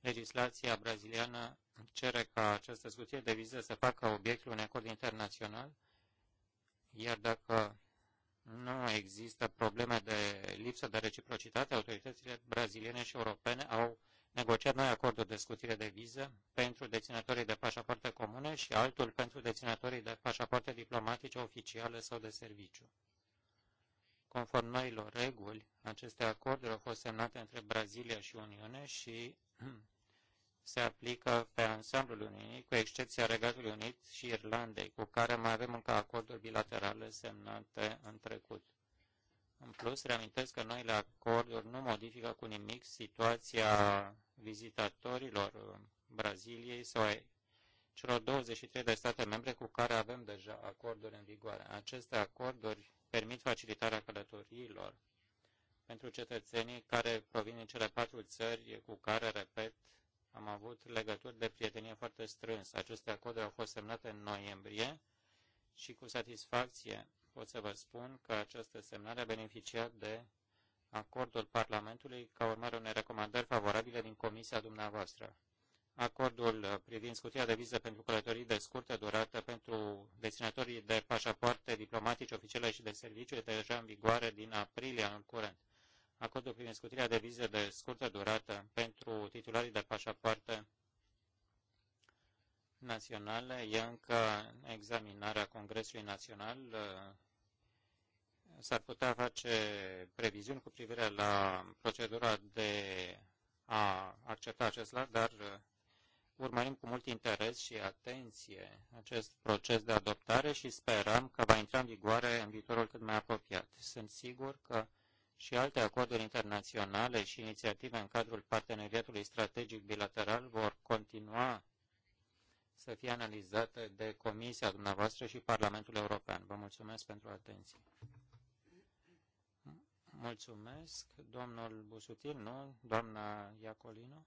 Legislația braziliană cere ca această scutire de vize să facă obiectul unui acord internațional, iar dacă nu există probleme de lipsă de reciprocitate. Autoritățile braziliene și europene au negociat noi acorduri de scutire de viză pentru deținătorii de pașapoarte comune și altul pentru deținătorii de pașapoarte diplomatice oficiale sau de serviciu. Conform noilor reguli, aceste acorduri au fost semnate între Brazilia și Uniune și *clears throat* se aplică pe ansamblul Uniunii, cu excepția Regatului Unit și Irlandei, cu care mai avem încă acorduri bilaterale semnate în trecut. În plus, reamintesc că noile acorduri nu modifică cu nimic situația vizitatorilor uh, Braziliei sau celor 23 de state membre cu care avem deja acorduri în vigoare. Aceste acorduri permit facilitarea călătoriilor pentru cetățenii care provin din cele patru țări cu care, repet, am avut legături de prietenie foarte strânsă. Aceste acorduri au fost semnate în noiembrie și cu satisfacție pot să vă spun că această semnare a beneficiat de acordul Parlamentului ca urmare unei recomandări favorabile din comisia dumneavoastră. Acordul uh, privind scutia de viză pentru călătorii de scurtă durată pentru deținătorii de pașapoarte diplomatici, oficiale și de serviciu este deja în vigoare din aprilie anul curent acordul privind scutirea de vize de scurtă durată pentru titularii de pașapoarte naționale e încă examinarea Congresului Național. S-ar putea face previziuni cu privire la procedura de a accepta acest lar, dar urmărim cu mult interes și atenție acest proces de adoptare și sperăm că va intra în vigoare în viitorul cât mai apropiat. Sunt sigur că și alte acorduri internaționale și inițiative în cadrul parteneriatului strategic bilateral vor continua să fie analizate de Comisia dumneavoastră și Parlamentul European. Vă mulțumesc pentru atenție. Mulțumesc. Domnul Busutil, nu? Doamna Iacolino?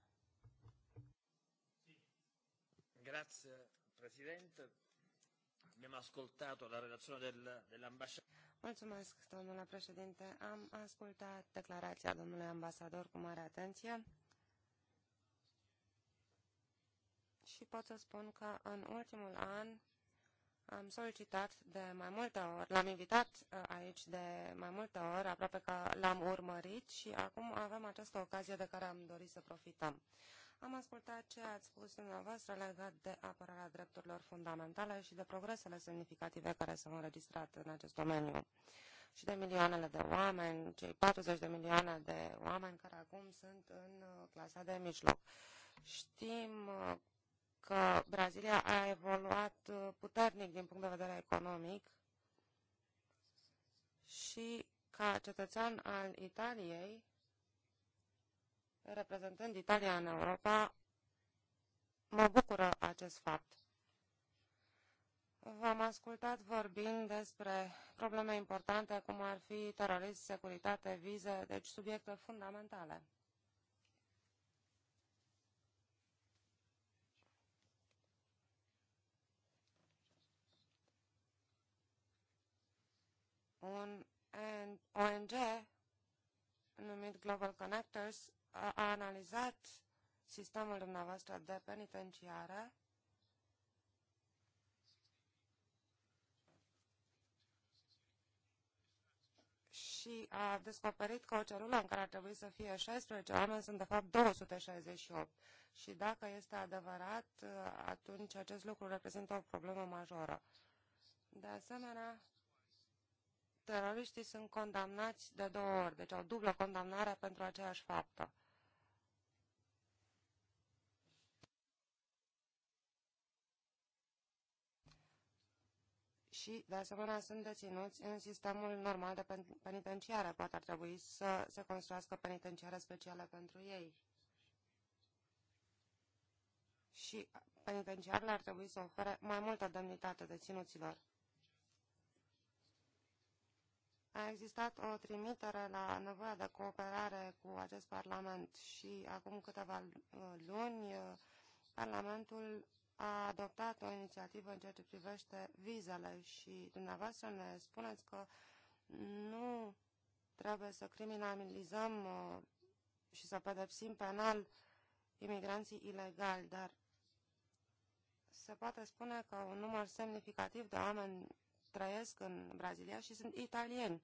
Grazie, Presidente. Abbiamo ascoltato la relazione del, dell'ambasciatore. Mulțumesc, domnule președinte. Am ascultat declarația domnului ambasador cu mare atenție și pot să spun că în ultimul an am solicitat de mai multe ori, l-am invitat uh, aici de mai multe ori, aproape că l-am urmărit și acum avem această ocazie de care am dorit să profităm. Am ascultat ce ați spus dumneavoastră legat de apărarea drepturilor fundamentale și de progresele semnificative care s-au înregistrat în acest domeniu și de milioanele de oameni, cei 40 de milioane de oameni care acum sunt în uh, clasa de mijloc. Știm uh, că Brazilia a evoluat uh, puternic din punct de vedere economic și ca cetățean al Italiei reprezentând Italia în Europa, mă bucură acest fapt. V-am ascultat vorbind despre probleme importante, cum ar fi terorism, securitate, vize, deci subiecte fundamentale. Un ONG numit Global Connectors a, a analizat sistemul dumneavoastră de penitenciară? și a descoperit că o celulă în care ar trebui să fie 16 oameni sunt de fapt 268. Și dacă este adevărat, atunci acest lucru reprezintă o problemă majoră. De asemenea, teroriștii sunt condamnați de două ori, deci au dublă condamnare pentru aceeași faptă. și, de asemenea, sunt deținuți în sistemul normal de penitenciară. Poate ar trebui să se construiască penitenciară specială pentru ei. Și penitenciarele ar trebui să ofere mai multă demnitate deținuților. A existat o trimitere la nevoia de cooperare cu acest Parlament și acum câteva uh, luni uh, Parlamentul a adoptat o inițiativă în ceea ce privește vizele și dumneavoastră ne spuneți că nu trebuie să criminalizăm uh, și să pedepsim penal imigranții ilegali, dar se poate spune că un număr semnificativ de oameni trăiesc în Brazilia și sunt italieni.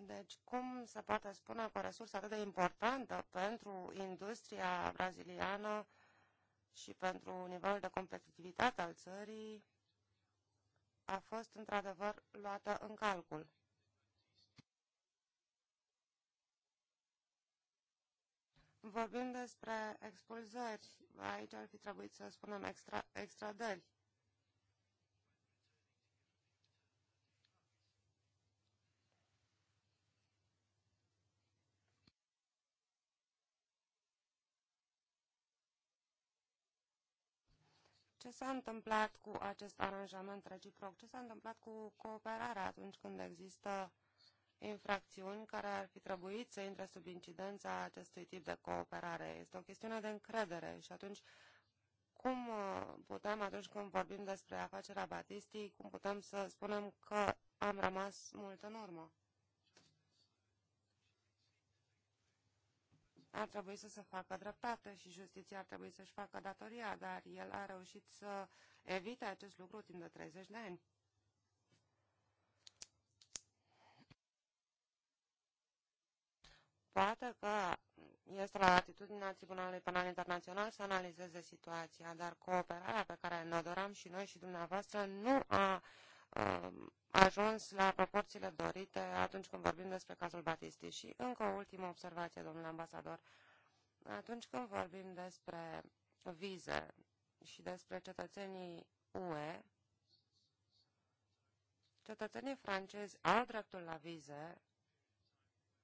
Deci, cum se poate spune că o resursă atât de importantă pentru industria braziliană și pentru nivelul de competitivitate al țării a fost într-adevăr luată în calcul? Vorbim despre expulzări. Aici ar fi trebuit să spunem extra, extradări. ce s-a întâmplat cu acest aranjament reciproc, ce s-a întâmplat cu cooperarea atunci când există infracțiuni care ar fi trebuit să intre sub incidența acestui tip de cooperare. Este o chestiune de încredere și atunci cum uh, putem, atunci când vorbim despre afacerea Batistii, cum putem să spunem că am rămas mult în urmă? ar trebui să se facă dreptate și justiția ar trebui să-și facă datoria, dar el a reușit să evite acest lucru timp de 30 de ani. Poate că este la atitudinea Tribunalului Penal Internațional să analizeze situația, dar cooperarea pe care ne doram și noi și dumneavoastră nu a uh, ajuns la proporțiile dorite atunci când vorbim despre cazul Batisti. Și încă o ultimă observație, domnule ambasador. Atunci când vorbim despre vize și despre cetățenii UE, cetățenii francezi au dreptul la vize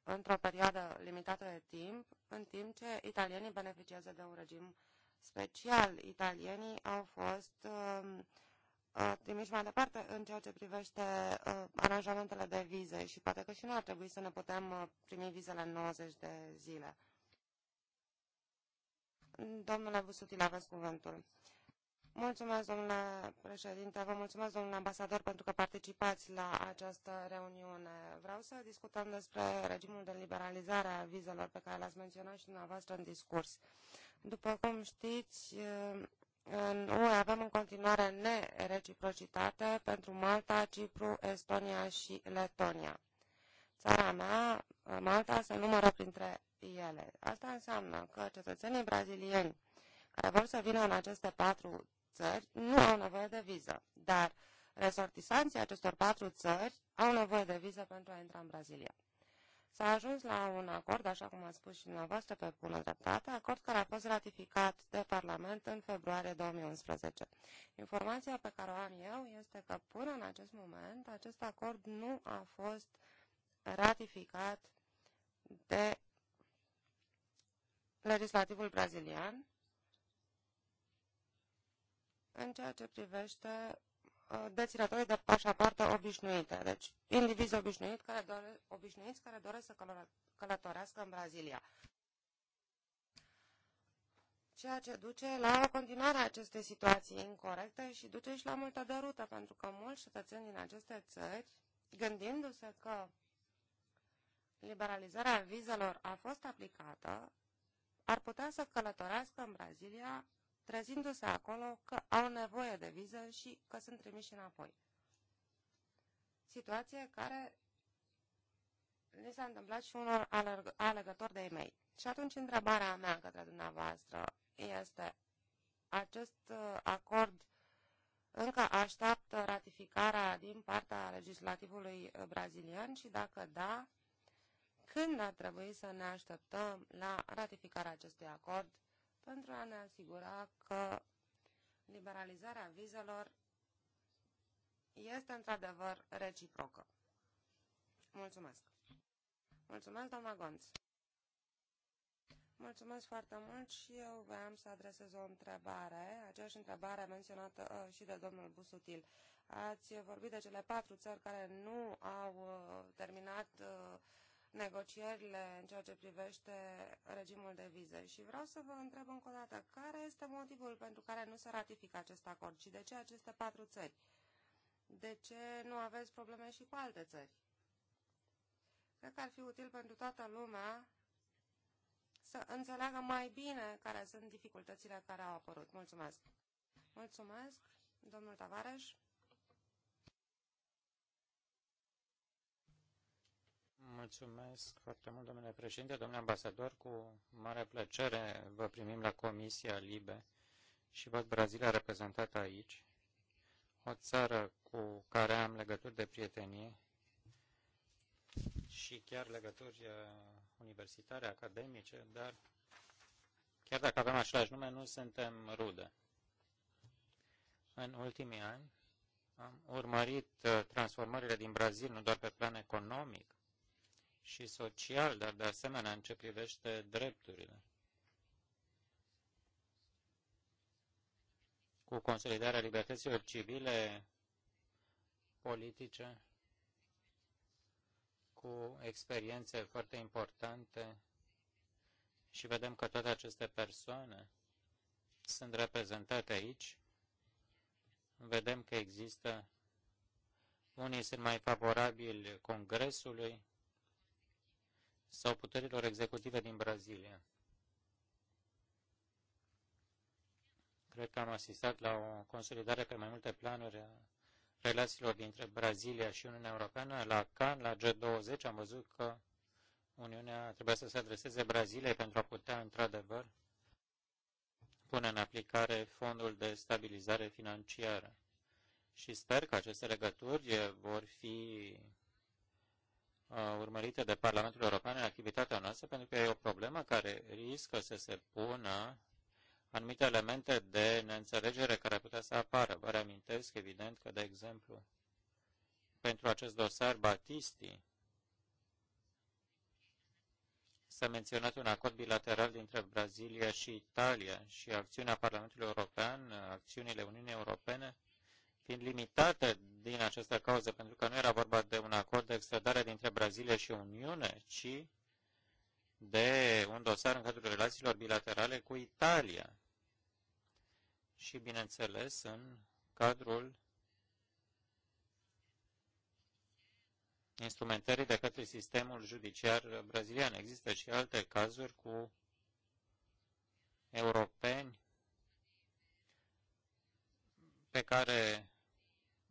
într-o perioadă limitată de timp, în timp ce italienii beneficiază de un regim special. Italienii au fost uh, Uh, trimiși mai departe în ceea ce privește uh, aranjamentele de vize și poate că și nu ar trebui să ne putem uh, primi vizele în 90 de zile. Domnule Vusutil, aveți cuvântul. Mulțumesc, domnule președinte, vă mulțumesc, domnule ambasador, pentru că participați la această reuniune. Vreau să discutăm despre regimul de liberalizare a vizelor pe care l-ați menționat și dumneavoastră în discurs. După cum știți, în UE avem în continuare nereciprocitate pentru Malta, Cipru, Estonia și Letonia. Țara mea, Malta, se numără printre ele. Asta înseamnă că cetățenii brazilieni care vor să vină în aceste patru țări nu au nevoie de viză, dar resortisanții acestor patru țări au nevoie de viză pentru a intra în Brazilia. S-a ajuns la un acord, așa cum ați spus și dumneavoastră pe bună dreptate, acord care a fost ratificat de Parlament în februarie 2011. Informația pe care o am eu este că până în acest moment acest acord nu a fost ratificat de legislativul brazilian în ceea ce privește deținători de pașapoarte obișnuite, deci indivizi obișnuit care dore, obișnuiți care doresc să călătorească în Brazilia. Ceea ce duce la continuarea acestei situații incorrecte și duce și la multă derută, pentru că mulți cetățeni din aceste țări, gândindu-se că liberalizarea vizelor a fost aplicată, ar putea să călătorească în Brazilia trezindu-se acolo că au nevoie de viză și că sunt trimiși înapoi. Situație care li s-a întâmplat și unor alegători de e-mail. Și atunci întrebarea mea către dumneavoastră este, acest uh, acord încă așteaptă ratificarea din partea legislativului uh, brazilian și dacă da, când ar trebui să ne așteptăm la ratificarea acestui acord pentru a ne asigura că liberalizarea vizelor este într-adevăr reciprocă. Mulțumesc! Mulțumesc, doamna Gonț! Mulțumesc foarte mult și eu voiam să adresez o întrebare, aceeași întrebare menționată uh, și de domnul Busutil. Ați vorbit de cele patru țări care nu au uh, terminat uh, negocierile în ceea ce privește regimul de vize. Și vreau să vă întreb încă o dată, care este motivul pentru care nu se ratifică acest acord și de ce aceste patru țări? De ce nu aveți probleme și cu alte țări? Cred că ar fi util pentru toată lumea să înțeleagă mai bine care sunt dificultățile care au apărut. Mulțumesc! Mulțumesc, domnul Tavares! Mulțumesc foarte mult, domnule președinte, domnule ambasador. Cu mare plăcere vă primim la Comisia Libe și văd Brazilia reprezentată aici, o țară cu care am legături de prietenie și chiar legături uh, universitare, academice, dar chiar dacă avem același nume, nu suntem rude. În ultimii ani am urmărit uh, transformările din Brazil, nu doar pe plan economic, și social, dar de asemenea în ce privește drepturile. Cu consolidarea libertăților civile, politice, cu experiențe foarte importante și vedem că toate aceste persoane sunt reprezentate aici. Vedem că există unii sunt mai favorabili Congresului, sau puterilor executive din Brazilia. Cred că am asistat la o consolidare pe mai multe planuri a relațiilor dintre Brazilia și Uniunea Europeană. La Cannes, la G20, am văzut că Uniunea trebuia să se adreseze Braziliei pentru a putea, într-adevăr, pune în aplicare fondul de stabilizare financiară. Și sper că aceste legături vor fi Uh, urmărite de Parlamentul European în activitatea noastră, pentru că e o problemă care riscă să se pună anumite elemente de neînțelegere care putea să apară. Vă reamintesc, evident, că, de exemplu, pentru acest dosar Batisti s-a menționat un acord bilateral dintre Brazilia și Italia și acțiunea Parlamentului European, uh, acțiunile Uniunii Europene, fiind limitată din această cauză, pentru că nu era vorba de un acord de extradare dintre Brazilia și Uniune, ci de un dosar în cadrul relațiilor bilaterale cu Italia și, bineînțeles, în cadrul instrumentării de către sistemul judiciar brazilian. Există și alte cazuri cu europeni pe care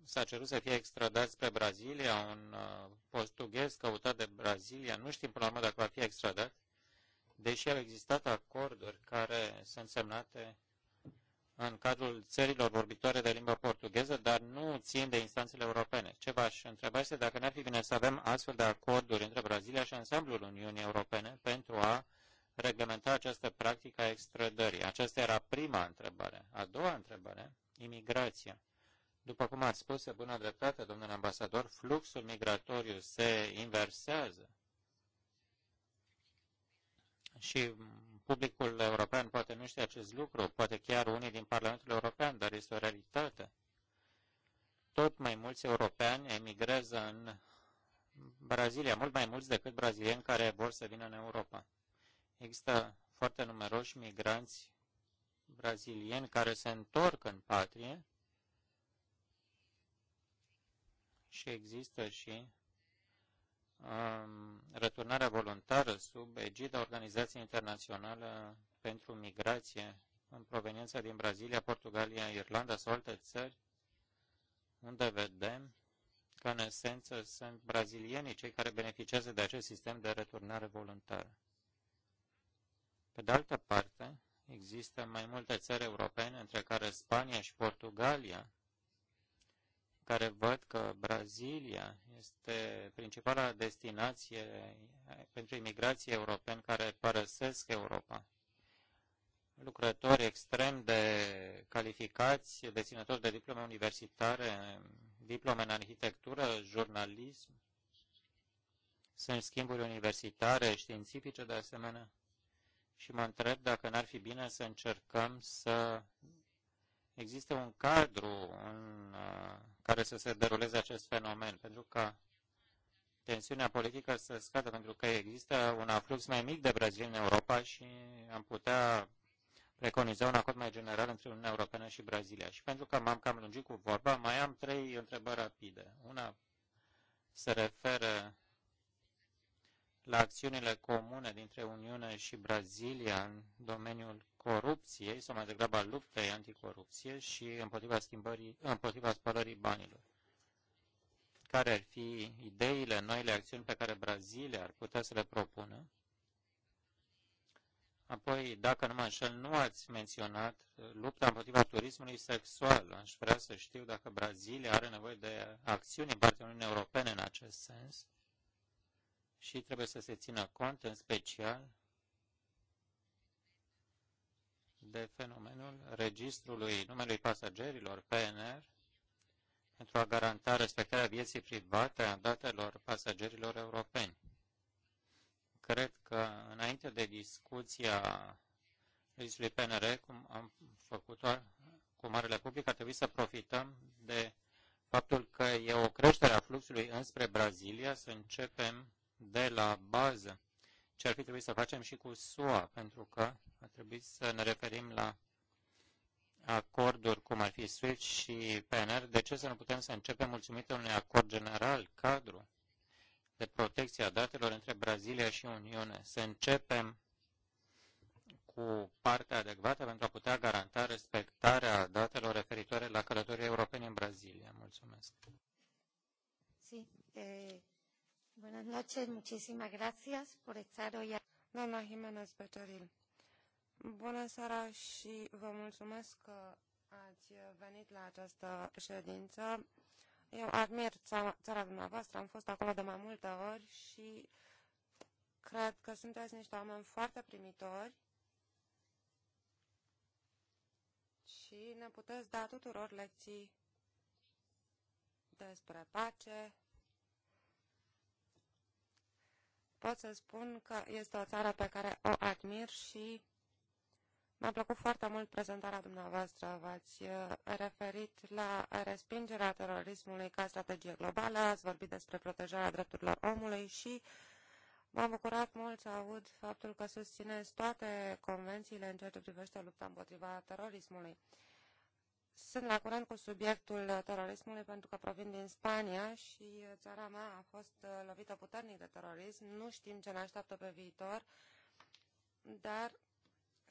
s-a cerut să fie extradat spre Brazilia, un uh, portughez căutat de Brazilia, nu știm până la urmă dacă va fi extradat, deși au existat acorduri care sunt semnate în cadrul țărilor vorbitoare de limba portugheză, dar nu țin de instanțele europene. Ce v-aș întreba este dacă n-ar fi bine să avem astfel de acorduri între Brazilia și ansamblul Uniunii Europene pentru a reglementa această practică a extrădării. Aceasta era prima întrebare. A doua întrebare, imigrația. După cum ați spus, pe bună dreptate, domnule ambasador, fluxul migratoriu se inversează și publicul european poate nu știe acest lucru, poate chiar unii din Parlamentul European, dar este o realitate. Tot mai mulți europeni emigrează în Brazilia, mult mai mulți decât brazilieni care vor să vină în Europa. Există foarte numeroși migranți brazilieni care se întorc în patrie și există și um, răturnarea voluntară sub egida Organizației Internaționale pentru Migrație în proveniență din Brazilia, Portugalia, Irlanda sau alte țări, unde vedem că în esență sunt brazilienii cei care beneficiază de acest sistem de returnare voluntară. Pe de altă parte, există mai multe țări europene, între care Spania și Portugalia, care văd că Brazilia este principala destinație pentru imigrații europeni care părăsesc Europa. Lucrători extrem de calificați, deținători de diplome universitare, diplome în arhitectură, jurnalism, sunt schimburi universitare, științifice de asemenea. Și mă întreb dacă n-ar fi bine să încercăm să există un cadru în uh, care să se deruleze acest fenomen, pentru că tensiunea politică să scadă, pentru că există un aflux mai mic de Brazilia în Europa și am putea preconiza un acord mai general între Uniunea Europeană și Brazilia. Și pentru că m-am cam lungit cu vorba, mai am trei întrebări rapide. Una se referă la acțiunile comune dintre Uniune și Brazilia în domeniul corupției, sau mai degrabă al luptei anticorupție și împotriva, schimbării, împotriva spălării banilor. Care ar fi ideile, noile acțiuni pe care Brazilia ar putea să le propună? Apoi, dacă nu mă înșel, nu ați menționat lupta împotriva turismului sexual. Aș vrea să știu dacă Brazilia are nevoie de acțiuni în partea Uniunii Europene în acest sens și trebuie să se țină cont în special de fenomenul registrului numelui pasagerilor PNR pentru a garanta respectarea vieții private a datelor pasagerilor europeni. Cred că înainte de discuția registrului PNR, cum am făcut-o cu Marele Public, ar trebui să profităm de faptul că e o creștere a fluxului înspre Brazilia, să începem de la bază ce ar fi trebuit să facem și cu SUA, pentru că ar trebui să ne referim la acorduri cum ar fi SWIFT și PNR, de ce să nu putem să începem mulțumită unui acord general, cadru, de protecție a datelor între Brazilia și Uniune? Să începem cu partea adecvată pentru a putea garanta respectarea datelor referitoare la călătorii europene în Brazilia. Mulțumesc. Sí, eh, Buenas noches, muchísimas gracias por estar hoy. aquí. Doamna Jimenez Becerril, bună seara și vă mulțumesc că ați venit la această ședință. Eu admir țara dumneavoastră, am fost acolo de mai multe ori și cred că sunteți niște oameni foarte primitori și ne puteți da tuturor lecții despre pace, pot să spun că este o țară pe care o admir și mi-a plăcut foarte mult prezentarea dumneavoastră. V-ați uh, referit la respingerea terorismului ca strategie globală, ați vorbit despre protejarea drepturilor omului și m-am bucurat mult să aud faptul că susțineți toate convențiile în ceea ce privește lupta împotriva terorismului sunt la curent cu subiectul uh, terorismului pentru că provin din Spania și uh, țara mea a fost uh, lovită puternic de terorism. Nu știm ce ne așteaptă pe viitor, dar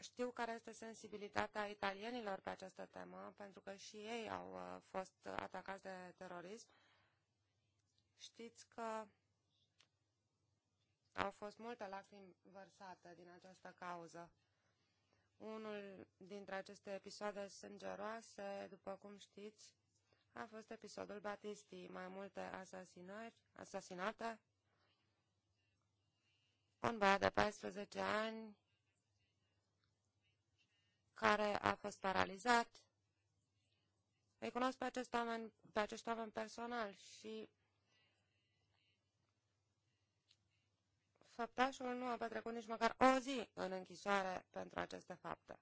știu care este sensibilitatea italienilor pe această temă, pentru că și ei au fost atacați de terorism. Știți că au fost multe lacrimi vărsate din această cauză. Unul dintre aceste episoade sângeroase, după cum știți, a fost episodul Batistii, mai multe asasinări, asasinate, un băiat de 14 ani care a fost paralizat. Îi cunosc pe acest oameni, pe acești oameni personal și făptașul nu a petrecut nici măcar o zi în închisoare pentru aceste fapte.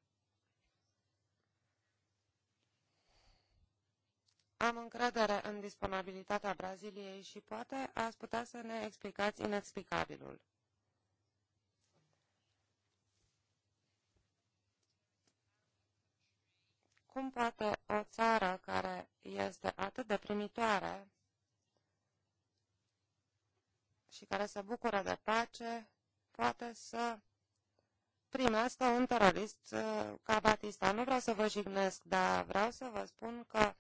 Am încredere în disponibilitatea Braziliei și poate ați putea să ne explicați inexplicabilul. Cum poate o țară care este atât de primitoare și care se bucură de pace poate să primească un terorist uh, ca Batista. Nu vreau să vă jignesc, dar vreau să vă spun că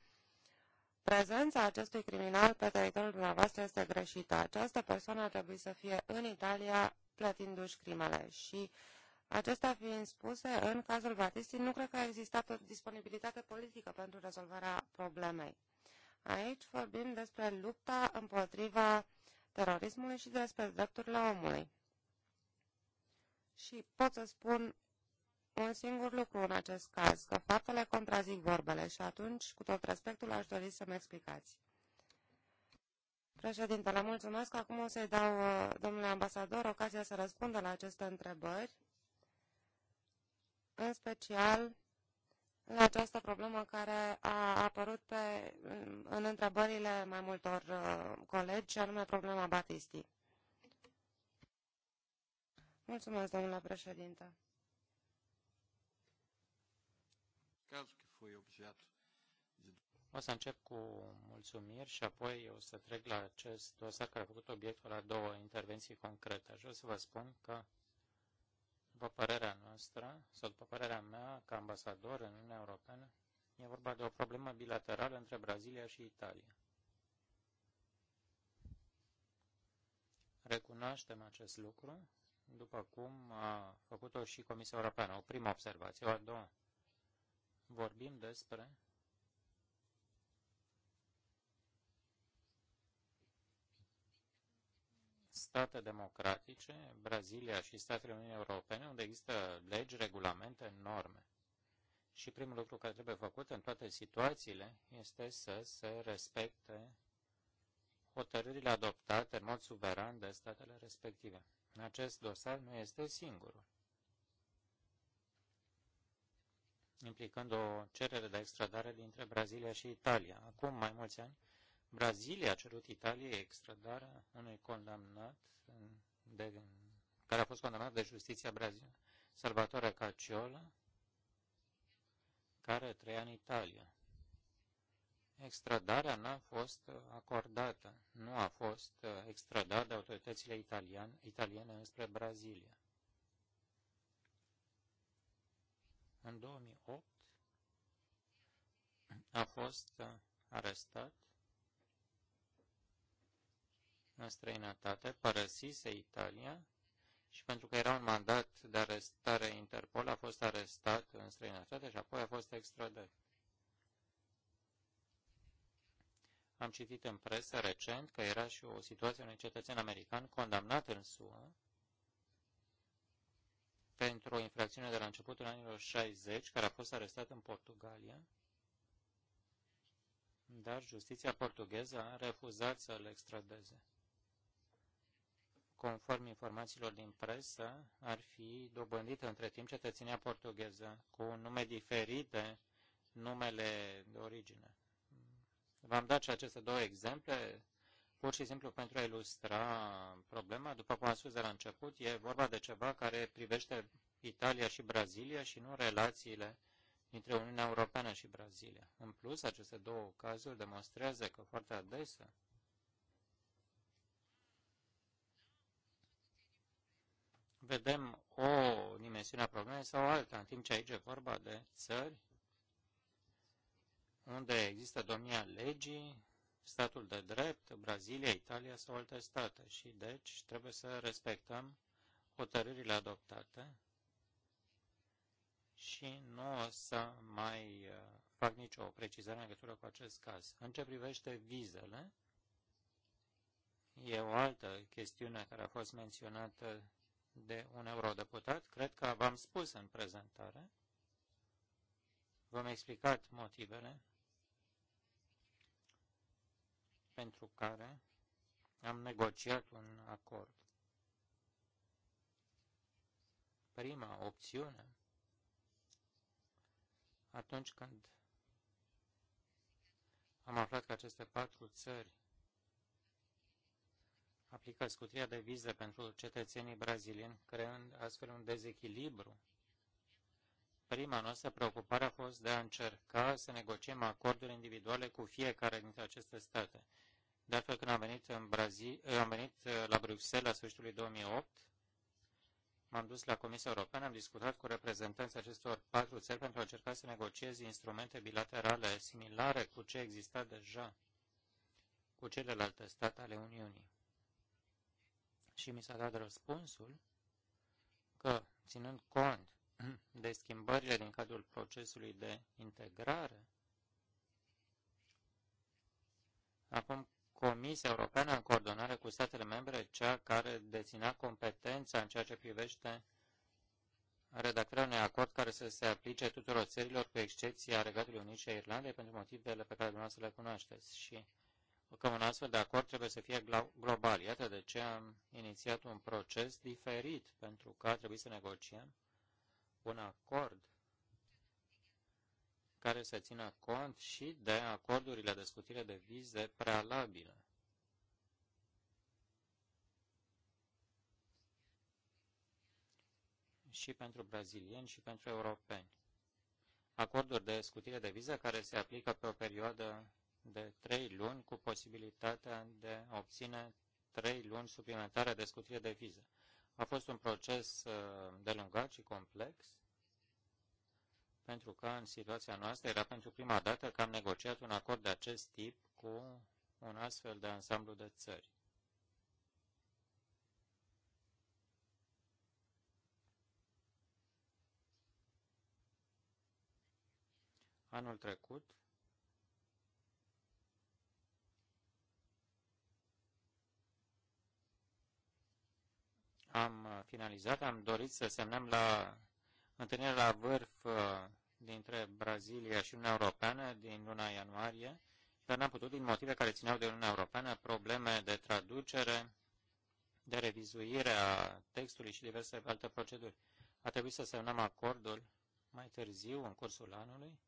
prezența acestui criminal pe teritoriul dumneavoastră este greșită. Această persoană ar trebui să fie în Italia plătindu-și crimele și Acestea fiind spuse, în cazul Batistii nu cred că a existat o disponibilitate politică pentru rezolvarea problemei. Aici vorbim despre lupta împotriva terorismului și despre drepturile omului. Și pot să spun un singur lucru în acest caz, că faptele contrazic vorbele și atunci, cu tot respectul, aș dori să-mi explicați. Președintele, mulțumesc. Acum o să-i dau, uh, domnule ambasador, ocazia să răspundă la aceste întrebări, în special la această problemă care a apărut pe, în întrebările mai multor uh, colegi, anume problema Batistii. Mulțumesc, domnule președinte. O să încep cu mulțumiri și apoi o să trec la acest dosar care a făcut obiectul la două intervenții concrete. Aș vrea să vă spun că după părerea noastră, sau după părerea mea, ca ambasador în Uniunea Europeană, e vorba de o problemă bilaterală între Brazilia și Italia. Recunoaștem acest lucru, după cum a făcut-o și Comisia Europeană. O primă observație, o a doua. Vorbim despre state democratice, Brazilia și Statele Uniunii Europene, unde există legi, regulamente, norme. Și primul lucru care trebuie făcut în toate situațiile este să se respecte hotărârile adoptate în mod suveran de statele respective. Acest dosar nu este singurul. implicând o cerere de extradare dintre Brazilia și Italia. Acum mai mulți ani, Brazilia a cerut Italiei extradarea unui condamnat de, care a fost condamnat de justiția braziliană, Salvatore Caciola, care trăia în Italia. Extradarea n-a fost acordată, nu a fost uh, extradat de autoritățile italian, italiene înspre Brazilia. În 2008 a fost uh, arestat în străinătate, părăsise Italia și pentru că era un mandat de arestare Interpol, a fost arestat în străinătate și apoi a fost extradat. Am citit în presă recent că era și o situație unui cetățen american condamnat în SUA pentru o infracțiune de la începutul anilor 60, care a fost arestat în Portugalia, dar justiția portugheză a refuzat să-l extradeze conform informațiilor din presă, ar fi dobândită între timp cetățenia portugheză cu un nume diferit de numele de origine. V-am dat și aceste două exemple pur și simplu pentru a ilustra problema. După cum am spus de la început, e vorba de ceva care privește Italia și Brazilia și nu relațiile dintre Uniunea Europeană și Brazilia. În plus, aceste două cazuri demonstrează că foarte adesea vedem o dimensiune a problemei sau alta, în timp ce aici e vorba de țări unde există domnia legii, statul de drept, Brazilia, Italia sau alte state și deci trebuie să respectăm hotărârile adoptate și nu o să mai uh, fac nicio precizare în legătură cu acest caz. În ce privește vizele, e o altă chestiune care a fost menționată de un eurodeputat, cred că v-am spus în prezentare, v-am explicat motivele pentru care am negociat un acord. Prima opțiune, atunci când am aflat că aceste patru țări aplică scutirea de viză pentru cetățenii brazilieni, creând astfel un dezechilibru. Prima noastră preocupare a fost de a încerca să negociem acorduri individuale cu fiecare dintre aceste state. De altfel, când am venit, în Brazil, am venit uh, la Bruxelles la sfârșitul 2008, m-am dus la Comisia Europeană, am discutat cu reprezentanții acestor patru țări pentru a încerca să negociez instrumente bilaterale similare cu ce exista deja cu celelalte state ale Uniunii și mi s-a dat răspunsul că, ținând cont de schimbările din cadrul procesului de integrare, acum Comisia Europeană, în coordonare cu statele membre, cea care deținea competența în ceea ce privește redactarea unui acord care să se aplice tuturor țărilor, cu excepția Regatului Unit și a Irlandei, pentru motivele pe care dumneavoastră le cunoașteți. Și că un astfel de acord trebuie să fie global. Iată de ce am inițiat un proces diferit, pentru că a trebuit să negociem un acord care să țină cont și de acordurile de scutire de vize prealabile. și pentru brazilieni și pentru europeni. Acorduri de scutire de viză care se aplică pe o perioadă de trei luni cu posibilitatea de a obține trei luni suplimentare de scutire de viză. A fost un proces uh, delungat și complex, pentru că în situația noastră era pentru prima dată că am negociat un acord de acest tip cu un astfel de ansamblu de țări. Anul trecut am uh, finalizat, am dorit să semnăm la întâlnire la vârf uh, dintre Brazilia și Uniunea Europeană din luna ianuarie, dar n-am putut din motive care țineau de Uniunea Europeană, probleme de traducere, de revizuire a textului și diverse alte proceduri. A trebuit să semnăm acordul mai târziu, în cursul anului,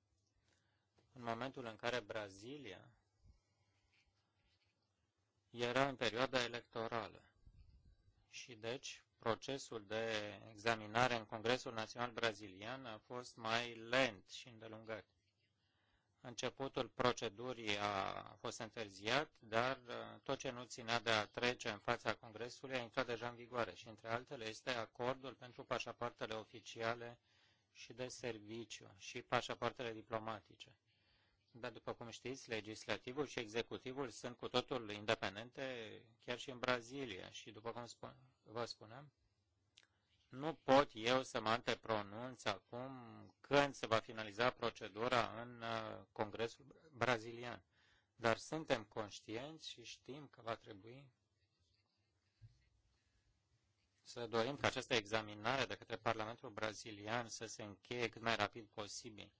în momentul în care Brazilia era în perioada electorală. Și deci procesul de examinare în Congresul Național Brazilian a fost mai lent și îndelungat. Începutul procedurii a fost întârziat, dar uh, tot ce nu ținea de a trece în fața Congresului a intrat deja în vigoare și, între altele, este acordul pentru pașapoartele oficiale și de serviciu și pașapoartele diplomatice. Dar, după cum știți, legislativul și executivul sunt cu totul independente, chiar și în Brazilia. Și, după cum spun, vă spuneam, nu pot eu să mă antepronunț acum când se va finaliza procedura în uh, Congresul brazilian. Dar suntem conștienți și știm că va trebui să dorim ca această examinare de către Parlamentul brazilian să se încheie cât mai rapid posibil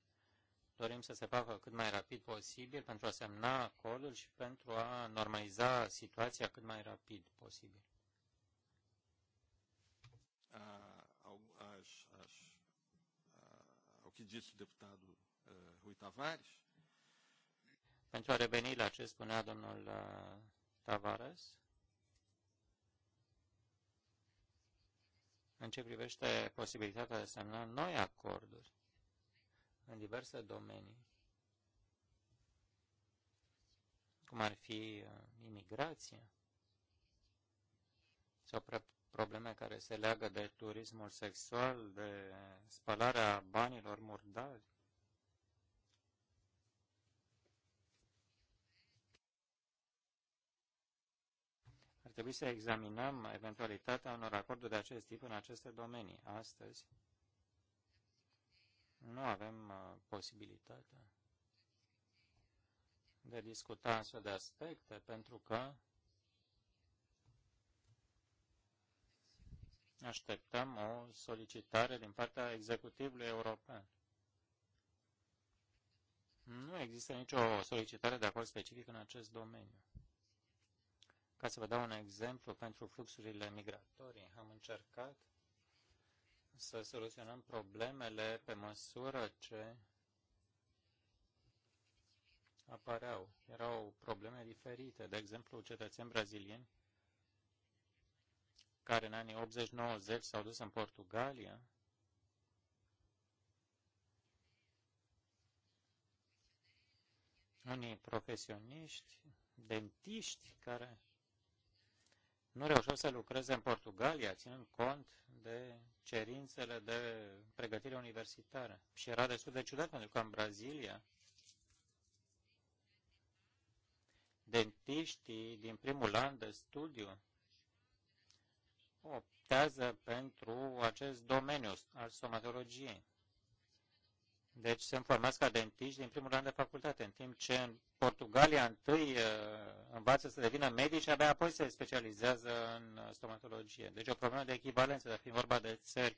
dorim să se facă cât mai rapid posibil pentru a semna acordul și pentru a normaliza situația cât mai rapid posibil. Ah, aș, aș. ao que disse o Rui Tavares. Pentru a reveni la ce spunea domnul ah, Tavares, în ce privește posibilitatea de a semna noi acorduri, în diverse domenii, cum ar fi uh, imigrația sau probleme care se leagă de turismul sexual, de spălarea banilor murdari. Ar trebui să examinăm eventualitatea unor acorduri de acest tip în aceste domenii. Astăzi, nu avem uh, posibilitatea de a discuta astfel de aspecte, pentru că așteptăm o solicitare din partea executivului european. Nu există nicio solicitare de acord specific în acest domeniu. Ca să vă dau un exemplu pentru fluxurile migratorii, am încercat să soluționăm problemele pe măsură ce apăreau. Erau probleme diferite. De exemplu, cetățeni brazilieni care în anii 80-90 s-au dus în Portugalia unii profesioniști, dentiști care nu reușeau să lucreze în Portugalia, ținând cont de cerințele de pregătire universitară. Și era destul de ciudat pentru că în Brazilia dentiștii din primul an de studiu optează pentru acest domeniu al stomatologiei. Deci sunt formați ca dentiști din primul an de facultate, în timp ce în Portugalia întâi uh, învață să devină medici, abia apoi se specializează în stomatologie. Deci o problemă de echivalență, dar fiind vorba de țări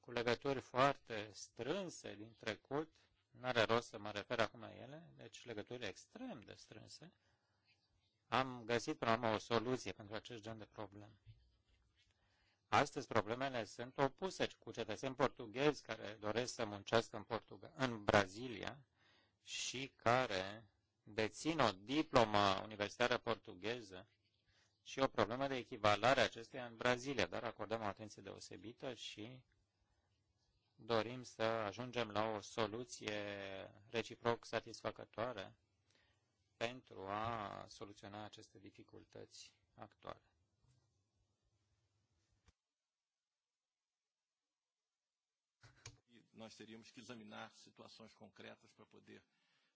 cu legături foarte strânse din trecut, nu are rost să mă refer acum la ele, deci legături extrem de strânse, am găsit până la urmă o soluție pentru acest gen de probleme. Astăzi problemele sunt opuse cu cetățeni portughezi care doresc să muncească în, Portug- în Brazilia și care dețin o diplomă universitară portugheză și o problemă de echivalare acesteia în Brazilia, dar acordăm o atenție deosebită și dorim să ajungem la o soluție reciproc satisfăcătoare pentru a soluționa aceste dificultăți actuale. nós teríamos que examinar situações concretas para poder,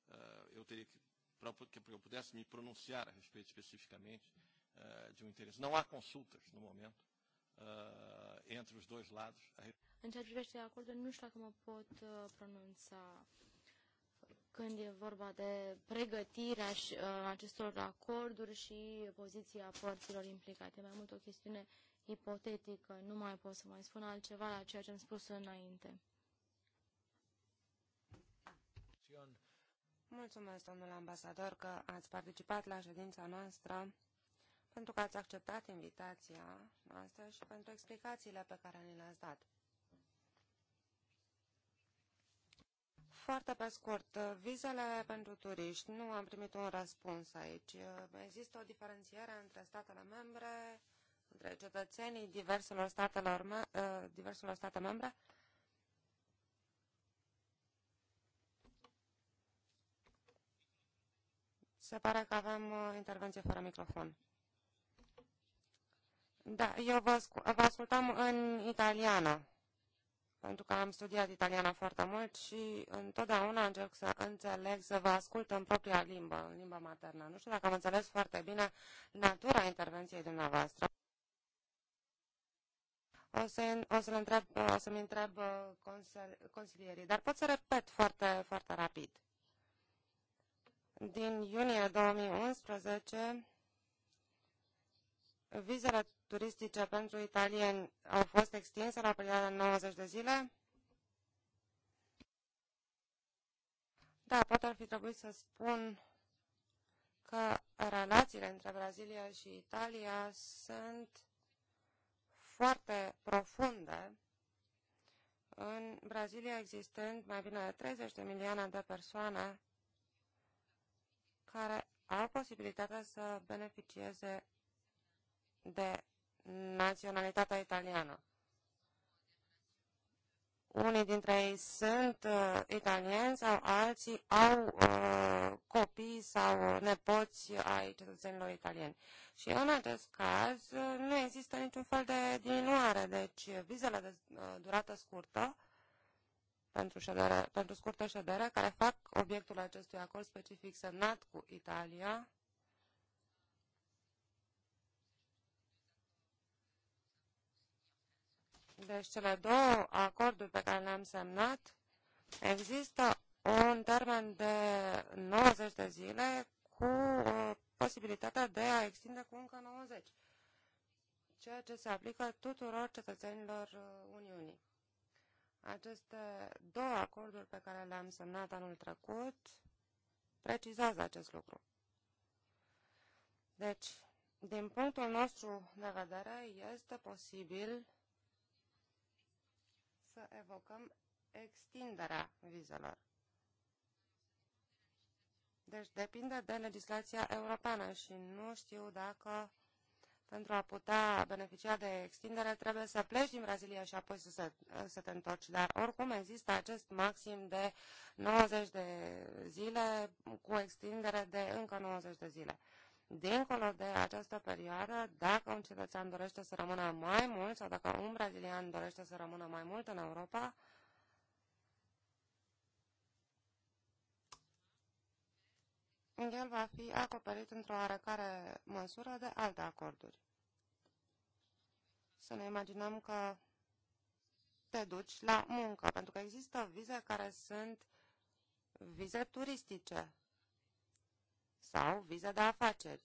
uh, eu teria que, para que eu pudesse me pronunciar a respeito especificamente uh, de um interesse. Não há consultas no momento uh, entre os dois lados. În ceea ce privește acordul, nu știu dacă mă pot uh, pronunța când e vorba de pregătirea și, uh, acestor acorduri și poziția părților implicate. Mai mult o chestiune ipotetică, nu mai pot să mai spun altceva la ceea ce am spus înainte. Mulțumesc, domnule ambasador, că ați participat la ședința noastră, pentru că ați acceptat invitația noastră și pentru explicațiile pe care ni le-ați dat. Foarte pe scurt, vizele pentru turiști. Nu am primit un răspuns aici. Există o diferențiere între statele membre, între cetățenii diverselor, statelor, diverselor state membre? Se pare că avem uh, intervenție fără microfon. Da, eu vă, vă ascultam în italiană, pentru că am studiat italiana foarte mult și întotdeauna încerc să înțeleg, să vă ascult în propria limbă, în limba maternă. Nu știu dacă am înțeles foarte bine natura intervenției dumneavoastră. O, să, o, să-l întreb, o să-mi întreb uh, consilierii, dar pot să repet foarte, foarte rapid din iunie 2011, vizele turistice pentru italieni au fost extinse la perioada 90 de zile. Da, poate ar fi trebuit să spun că relațiile între Brazilia și Italia sunt foarte profunde. În Brazilia existând mai bine de 30 de milioane de persoane care au posibilitatea să beneficieze de naționalitatea italiană. Unii dintre ei sunt uh, italieni sau alții au uh, copii sau nepoți ai cetățenilor italieni. Și în acest caz uh, nu există niciun fel de diminuare, deci uh, vizele de uh, durată scurtă pentru, ședere, pentru scurtă ședere, care fac obiectul acestui acord specific semnat cu Italia, Deci cele două acorduri pe care le-am semnat, există un termen de 90 de zile cu uh, posibilitatea de a extinde cu încă 90, ceea ce se aplică tuturor cetățenilor uh, Uniunii. Aceste două acorduri pe care le-am semnat anul trecut precizează acest lucru. Deci, din punctul nostru de vedere, este posibil să evocăm extinderea vizelor. Deci depinde de legislația europeană și nu știu dacă pentru a putea beneficia de extindere, trebuie să pleci din Brazilia și apoi să, se, să te întorci. Dar oricum există acest maxim de 90 de zile cu extindere de încă 90 de zile. Dincolo de această perioadă, dacă un cetățean dorește să rămână mai mult sau dacă un brazilian dorește să rămână mai mult în Europa, el va fi acoperit într-o oarecare măsură de alte acorduri să ne imaginăm că te duci la muncă, pentru că există vize care sunt vize turistice sau vize de afaceri.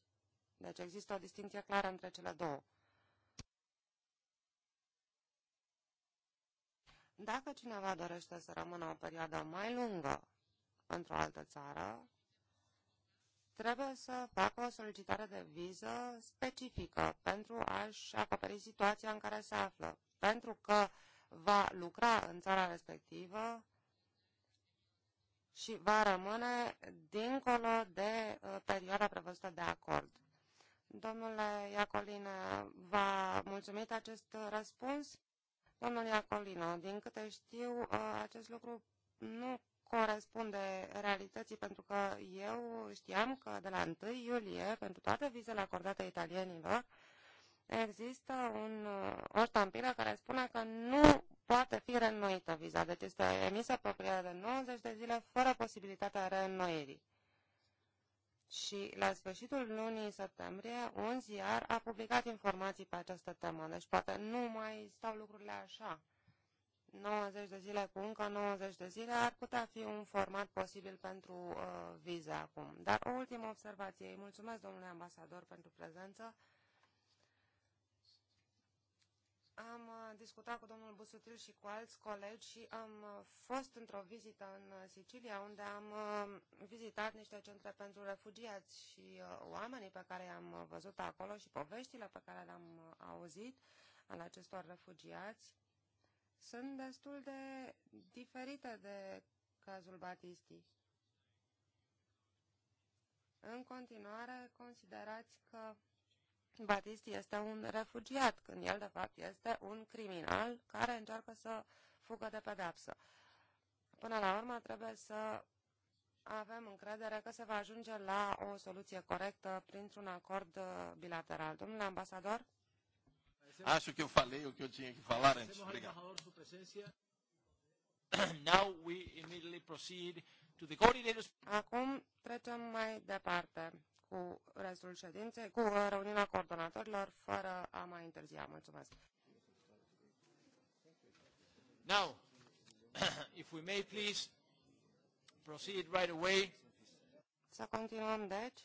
Deci există o distinție clară între cele două. Dacă cineva dorește să rămână o perioadă mai lungă într-o altă țară, trebuie să facă o solicitare de viză specifică pentru a-și acoperi situația în care se află, pentru că va lucra în țara respectivă și va rămâne dincolo de uh, perioada prevăzută de acord. Domnule Iacolino, v-a mulțumit acest răspuns? Domnul Iacolino, din câte știu, uh, acest lucru nu corespunde realității pentru că eu știam că de la 1 iulie, pentru toate vizele acordate italienilor, există un, o ștampilă care spune că nu poate fi reînnoită viza, deci este emisă pe o perioadă de 90 de zile fără posibilitatea reînnoirii. Și la sfârșitul lunii septembrie, un ziar a publicat informații pe această temă, deci poate nu mai stau lucrurile așa. 90 de zile cu încă 90 de zile ar putea fi un format posibil pentru uh, vize acum. Dar o ultimă observație. Îi mulțumesc, domnule ambasador, pentru prezență. Am uh, discutat cu domnul Busutil și cu alți colegi și am uh, fost într-o vizită în uh, Sicilia, unde am vizitat niște centre pentru refugiați și oamenii pe care i-am văzut acolo și poveștile pe care le-am auzit ale acestor refugiați sunt destul de diferite de cazul Batisti. În continuare, considerați că Batisti este un refugiat, când el, de fapt, este un criminal care încearcă să fugă de pedapsă. Până la urmă, trebuie să avem încredere că se va ajunge la o soluție corectă printr-un acord uh, bilateral. Domnule ambasador? Acho que eu falei o que eu tinha que falar antes. Obrigado. *clears throat* Now we immediately proceed to the coordinators. Acum trecem mai departe cu restul ședinței, cu reuniunea coordonatorilor, fără a mai întârzia. Mulțumesc. Now, *clears throat* if we may please proceed right away. Să continuăm, deci.